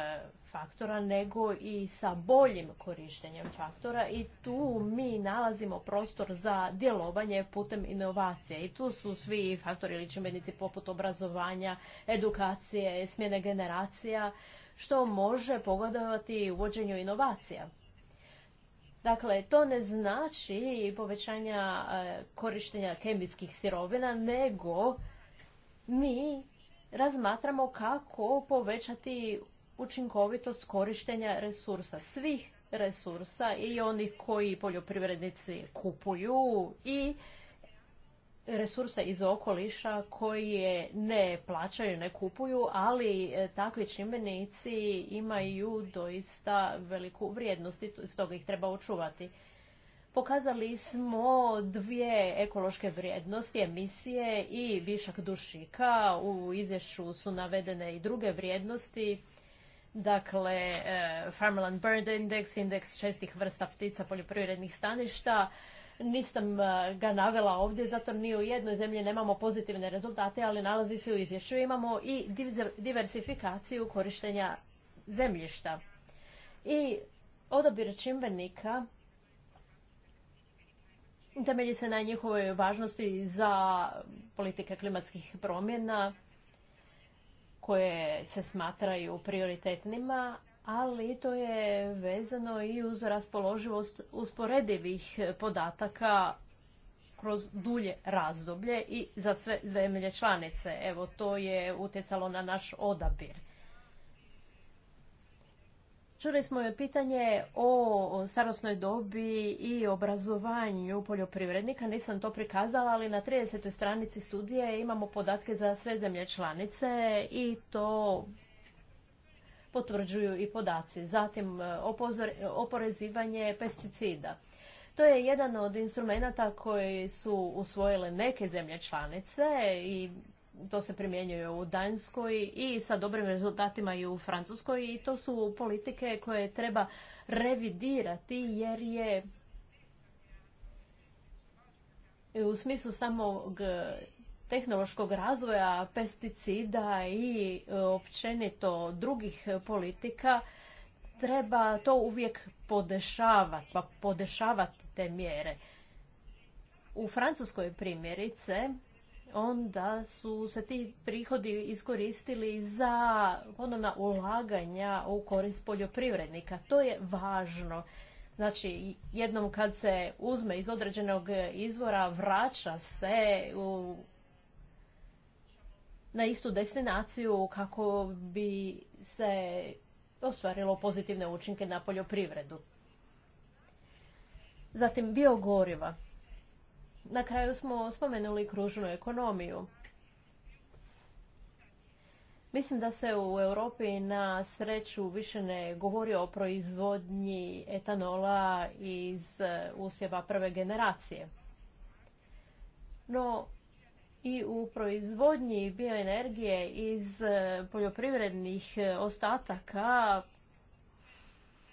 faktora, nego i sa boljim korištenjem faktora i tu mi nalazimo prostor za djelovanje putem inovacije. i tu su svi faktori ili čimbenici poput obrazovanja, edukacije, smjene generacija što može pogodovati uvođenju inovacija. Dakle, to ne znači povećanja e, korištenja kemijskih sirovina, nego mi razmatramo kako povećati učinkovitost korištenja resursa, svih resursa i onih koji poljoprivrednici kupuju i resurse iz okoliša koje ne plaćaju, ne kupuju, ali e, takvi čimbenici imaju doista veliku vrijednost i stoga ih treba očuvati. Pokazali smo dvije ekološke vrijednosti, emisije i višak dušika. U izvješću su navedene i druge vrijednosti, dakle e, Farmland Bird Index, indeks čestih vrsta ptica poljoprivrednih staništa, nisam e, ga navela ovdje, zato ni u jednoj zemlji nemamo pozitivne rezultate, ali nalazi se u izvješću. Imamo i diversifikaciju korištenja zemljišta. I odabir čimbenika temelji se na njihovoj važnosti za politike klimatskih promjena koje se smatraju prioritetnima, ali to je vezano i uz raspoloživost usporedivih podataka kroz dulje razdoblje i za sve zemlje članice. Evo, to je utjecalo na naš odabir. Čuli smo je pitanje o starosnoj dobi i obrazovanju poljoprivrednika. Nisam to prikazala, ali na 30. stranici studije imamo podatke za sve zemlje članice i to potvrđuju i podaci. Zatim e, oporezivanje pesticida. To je jedan od instrumenata koji su usvojile neke zemlje članice i to se primjenjuje u Danskoj i sa dobrim rezultatima i u Francuskoj i to su politike koje treba revidirati jer je u smislu samog tehnološkog razvoja pesticida i e, općenito drugih politika treba to uvijek podešavati, pa podešavati te mjere. U Francuskoj primjerice onda su se ti prihodi iskoristili za ponovna ulaganja u korist poljoprivrednika. To je važno. Znači, jednom kad se uzme iz određenog izvora, vraća se u na istu destinaciju kako bi se ostvarilo pozitivne učinke na poljoprivredu. Zatim biogoriva. Na kraju smo spomenuli kružnu ekonomiju. Mislim da se u Europi na sreću više ne govori o proizvodnji etanola iz usjeva prve generacije. No, i u proizvodnji bioenergije iz e, poljoprivrednih e, ostataka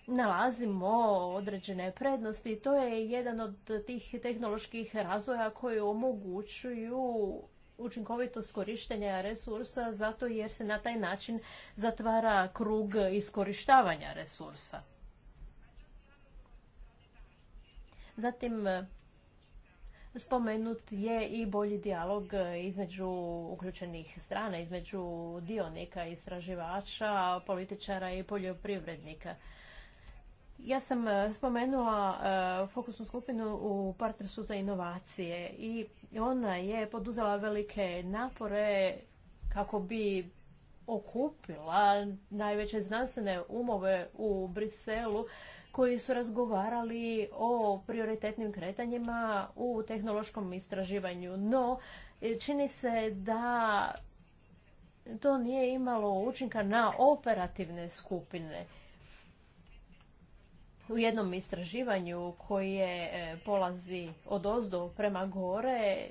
nalazimo određene prednosti. To je jedan od tih tehnoloških razvoja koji omogućuju učinkovitost korištenja resursa zato jer se na taj način zatvara krug iskorištavanja resursa. Zatim, spomenut je i bolji dijalog između uključenih strana, između dionika, istraživača, političara i poljoprivrednika. Ja sam e, spomenula e, fokusnu skupinu u partnersu za inovacije i ona je poduzela velike napore kako bi okupila najveće znanstvene umove u Briselu koji su razgovarali o prioritetnim kretanjima u tehnološkom istraživanju. No, e, čini se da to nije imalo učinka na operativne skupine. U jednom istraživanju koje e, polazi od ozdo prema gore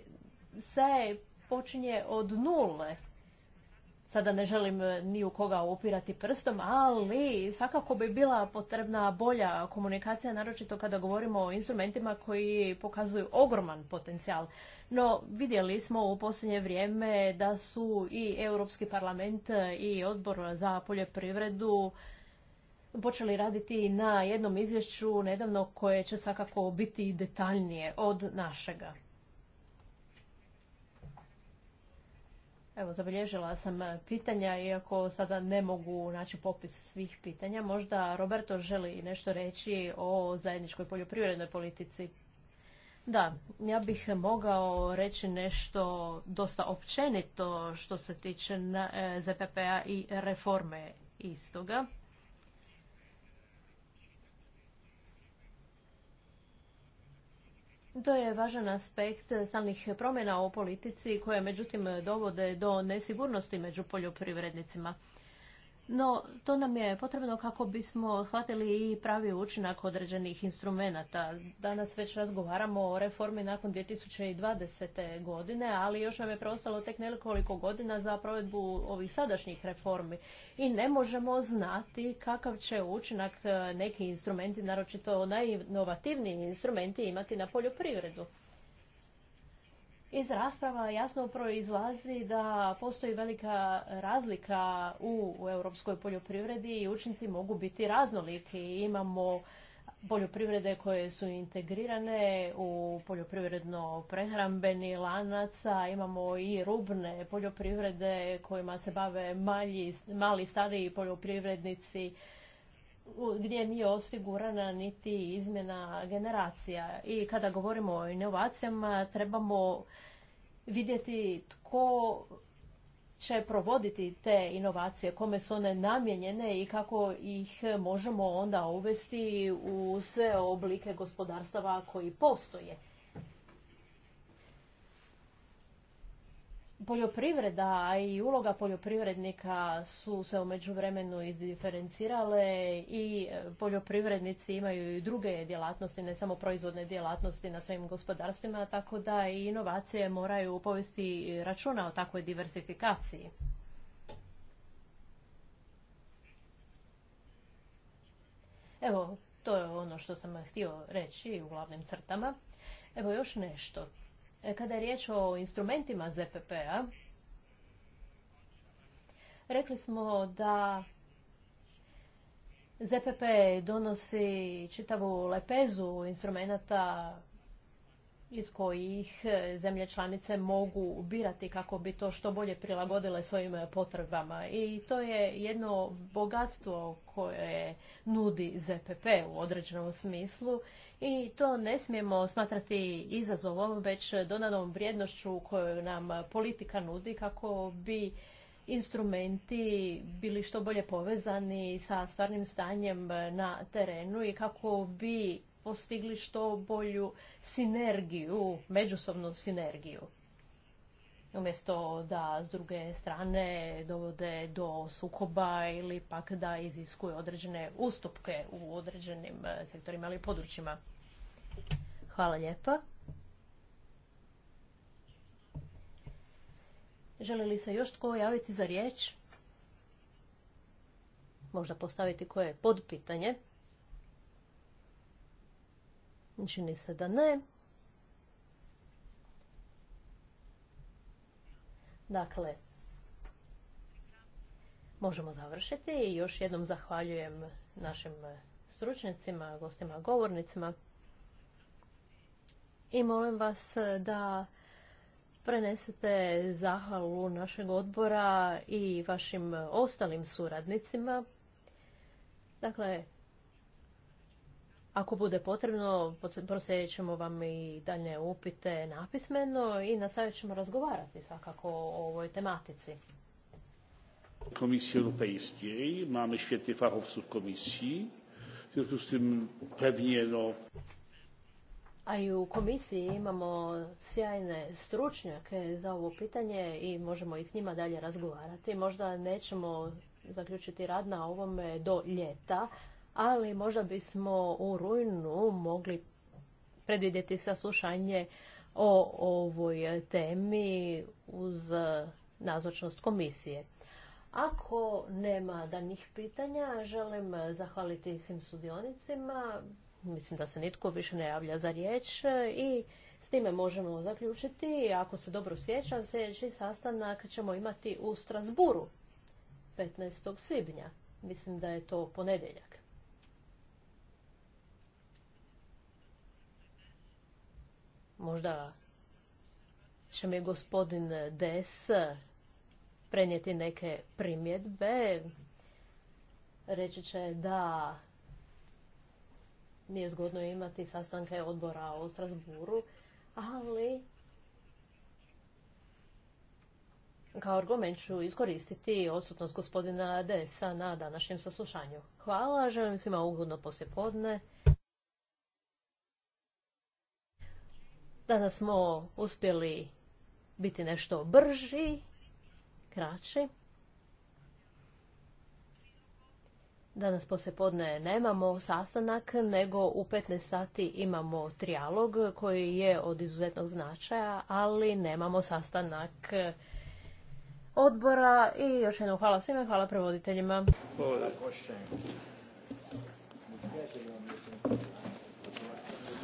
se počinje od nule Sada ne želim e, ni u koga upirati prstom, ali svakako bi bila potrebna bolja komunikacija, naročito kada govorimo o instrumentima koji pokazuju ogroman potencijal. No, vidjeli smo u posljednje vrijeme da su i Europski parlament i odbor za poljoprivredu počeli raditi na jednom izvješću nedavno koje će svakako biti detaljnije od našega. Evo, zabilježila sam e, pitanja, iako sada ne mogu naći popis svih pitanja. Možda Roberto želi nešto reći o zajedničkoj poljoprivrednoj politici. Da, ja bih mogao reći nešto dosta općenito što se tiče e, ZPP-a i reforme istoga. To je važan aspekt samih promjena u politici koje međutim dovode do nesigurnosti među poljoprivrednicima. No, to nam je potrebno kako bismo shvatili i pravi učinak određenih instrumenata. Danas već razgovaramo o reformi nakon 2020. godine, ali još nam je preostalo tek nekoliko godina za provedbu ovih sadašnjih reformi. I ne možemo znati kakav će učinak e, neki instrumenti, naročito najinovativniji instrumenti, imati na poljoprivredu. Iz rasprava jasno proizlazi da postoji velika razlika u, europskoj poljoprivredi i učinci mogu biti raznoliki. Imamo poljoprivrede koje su integrirane u poljoprivredno prehrambeni lanaca, imamo i rubne poljoprivrede kojima se bave mali mali stariji poljoprivrednici gdje nije osigurana niti izmjena generacija. I kada govorimo o inovacijama, trebamo vidjeti tko će provoditi te inovacije, kome su one namjenjene i kako ih možemo onda uvesti u sve oblike gospodarstava koji postoje. poljoprivreda i uloga poljoprivrednika su se u međuvremenu izdiferencirale i e, poljoprivrednici imaju i druge djelatnosti, ne samo proizvodne djelatnosti na svojim gospodarstvima, tako da i inovacije moraju povesti računa o takvoj diversifikaciji. Evo, to je ono što sam htio reći u glavnim crtama. Evo još nešto. E, kada je riječ o instrumentima ZPP-a, rekli smo da ZPP donosi čitavu lepezu instrumenta iz kojih e, zemlje članice mogu birati kako bi to što bolje prilagodile svojim potrebama. I to je jedno bogatstvo koje nudi ZPP u određenom smislu i to ne smijemo smatrati izazovom, već dodanom vrijednošću koju nam politika nudi kako bi instrumenti bili što bolje povezani sa stvarnim stanjem na terenu i kako bi postigli što bolju sinergiju, međusobnu sinergiju. Umjesto da s druge strane dovode do sukoba ili pak da iziskuje određene ustupke u određenim eh, sektorima ili područjima. Hvala lijepa. Želi li se još tko javiti za riječ? Možda postaviti koje podpitanje. Čini se da ne. Dakle, možemo završiti i još jednom zahvaljujem našim stručnicima, gostima, govornicima. I molim vas da prenesete zahvalu našeg odbora i vašim ostalim suradnicima. Dakle, ako bude potrebno, proslijedit ćemo vam i dalje upite napismeno i na savjet ćemo razgovarati svakako o ovoj tematici. fachowców w no... A i u komisiji imamo sjajne stručnjake za ovo pitanje i možemo i s njima dalje razgovarati. Možda nećemo zaključiti rad na ovome do ljeta, ali možda bismo u rujnu mogli predvidjeti saslušanje o ovoj temi uz nazočnost komisije. Ako nema danih pitanja, želim zahvaliti svim sudionicima. Mislim da se nitko više ne javlja za riječ i s time možemo zaključiti. Ako se dobro sjećam, sljedeći sastanak ćemo imati u Strasburu 15. svibnja. Mislim da je to ponedjeljak. Možda će mi gospodin Des prenijeti neke primjedbe. Reći će da nije zgodno imati sastanke odbora o Strasburu, ali kao argument ću iskoristiti odsutnost gospodina Desa na današnjem saslušanju. Hvala, želim svima ugodno poslijepodne. Danas smo uspjeli biti nešto brži, kraći. Danas poslije podne nemamo sastanak, nego u 15 sati imamo trijalog koji je od izuzetnog značaja, ali nemamo sastanak odbora. I još jednom hvala svima, hvala prevoditeljima. Hvala.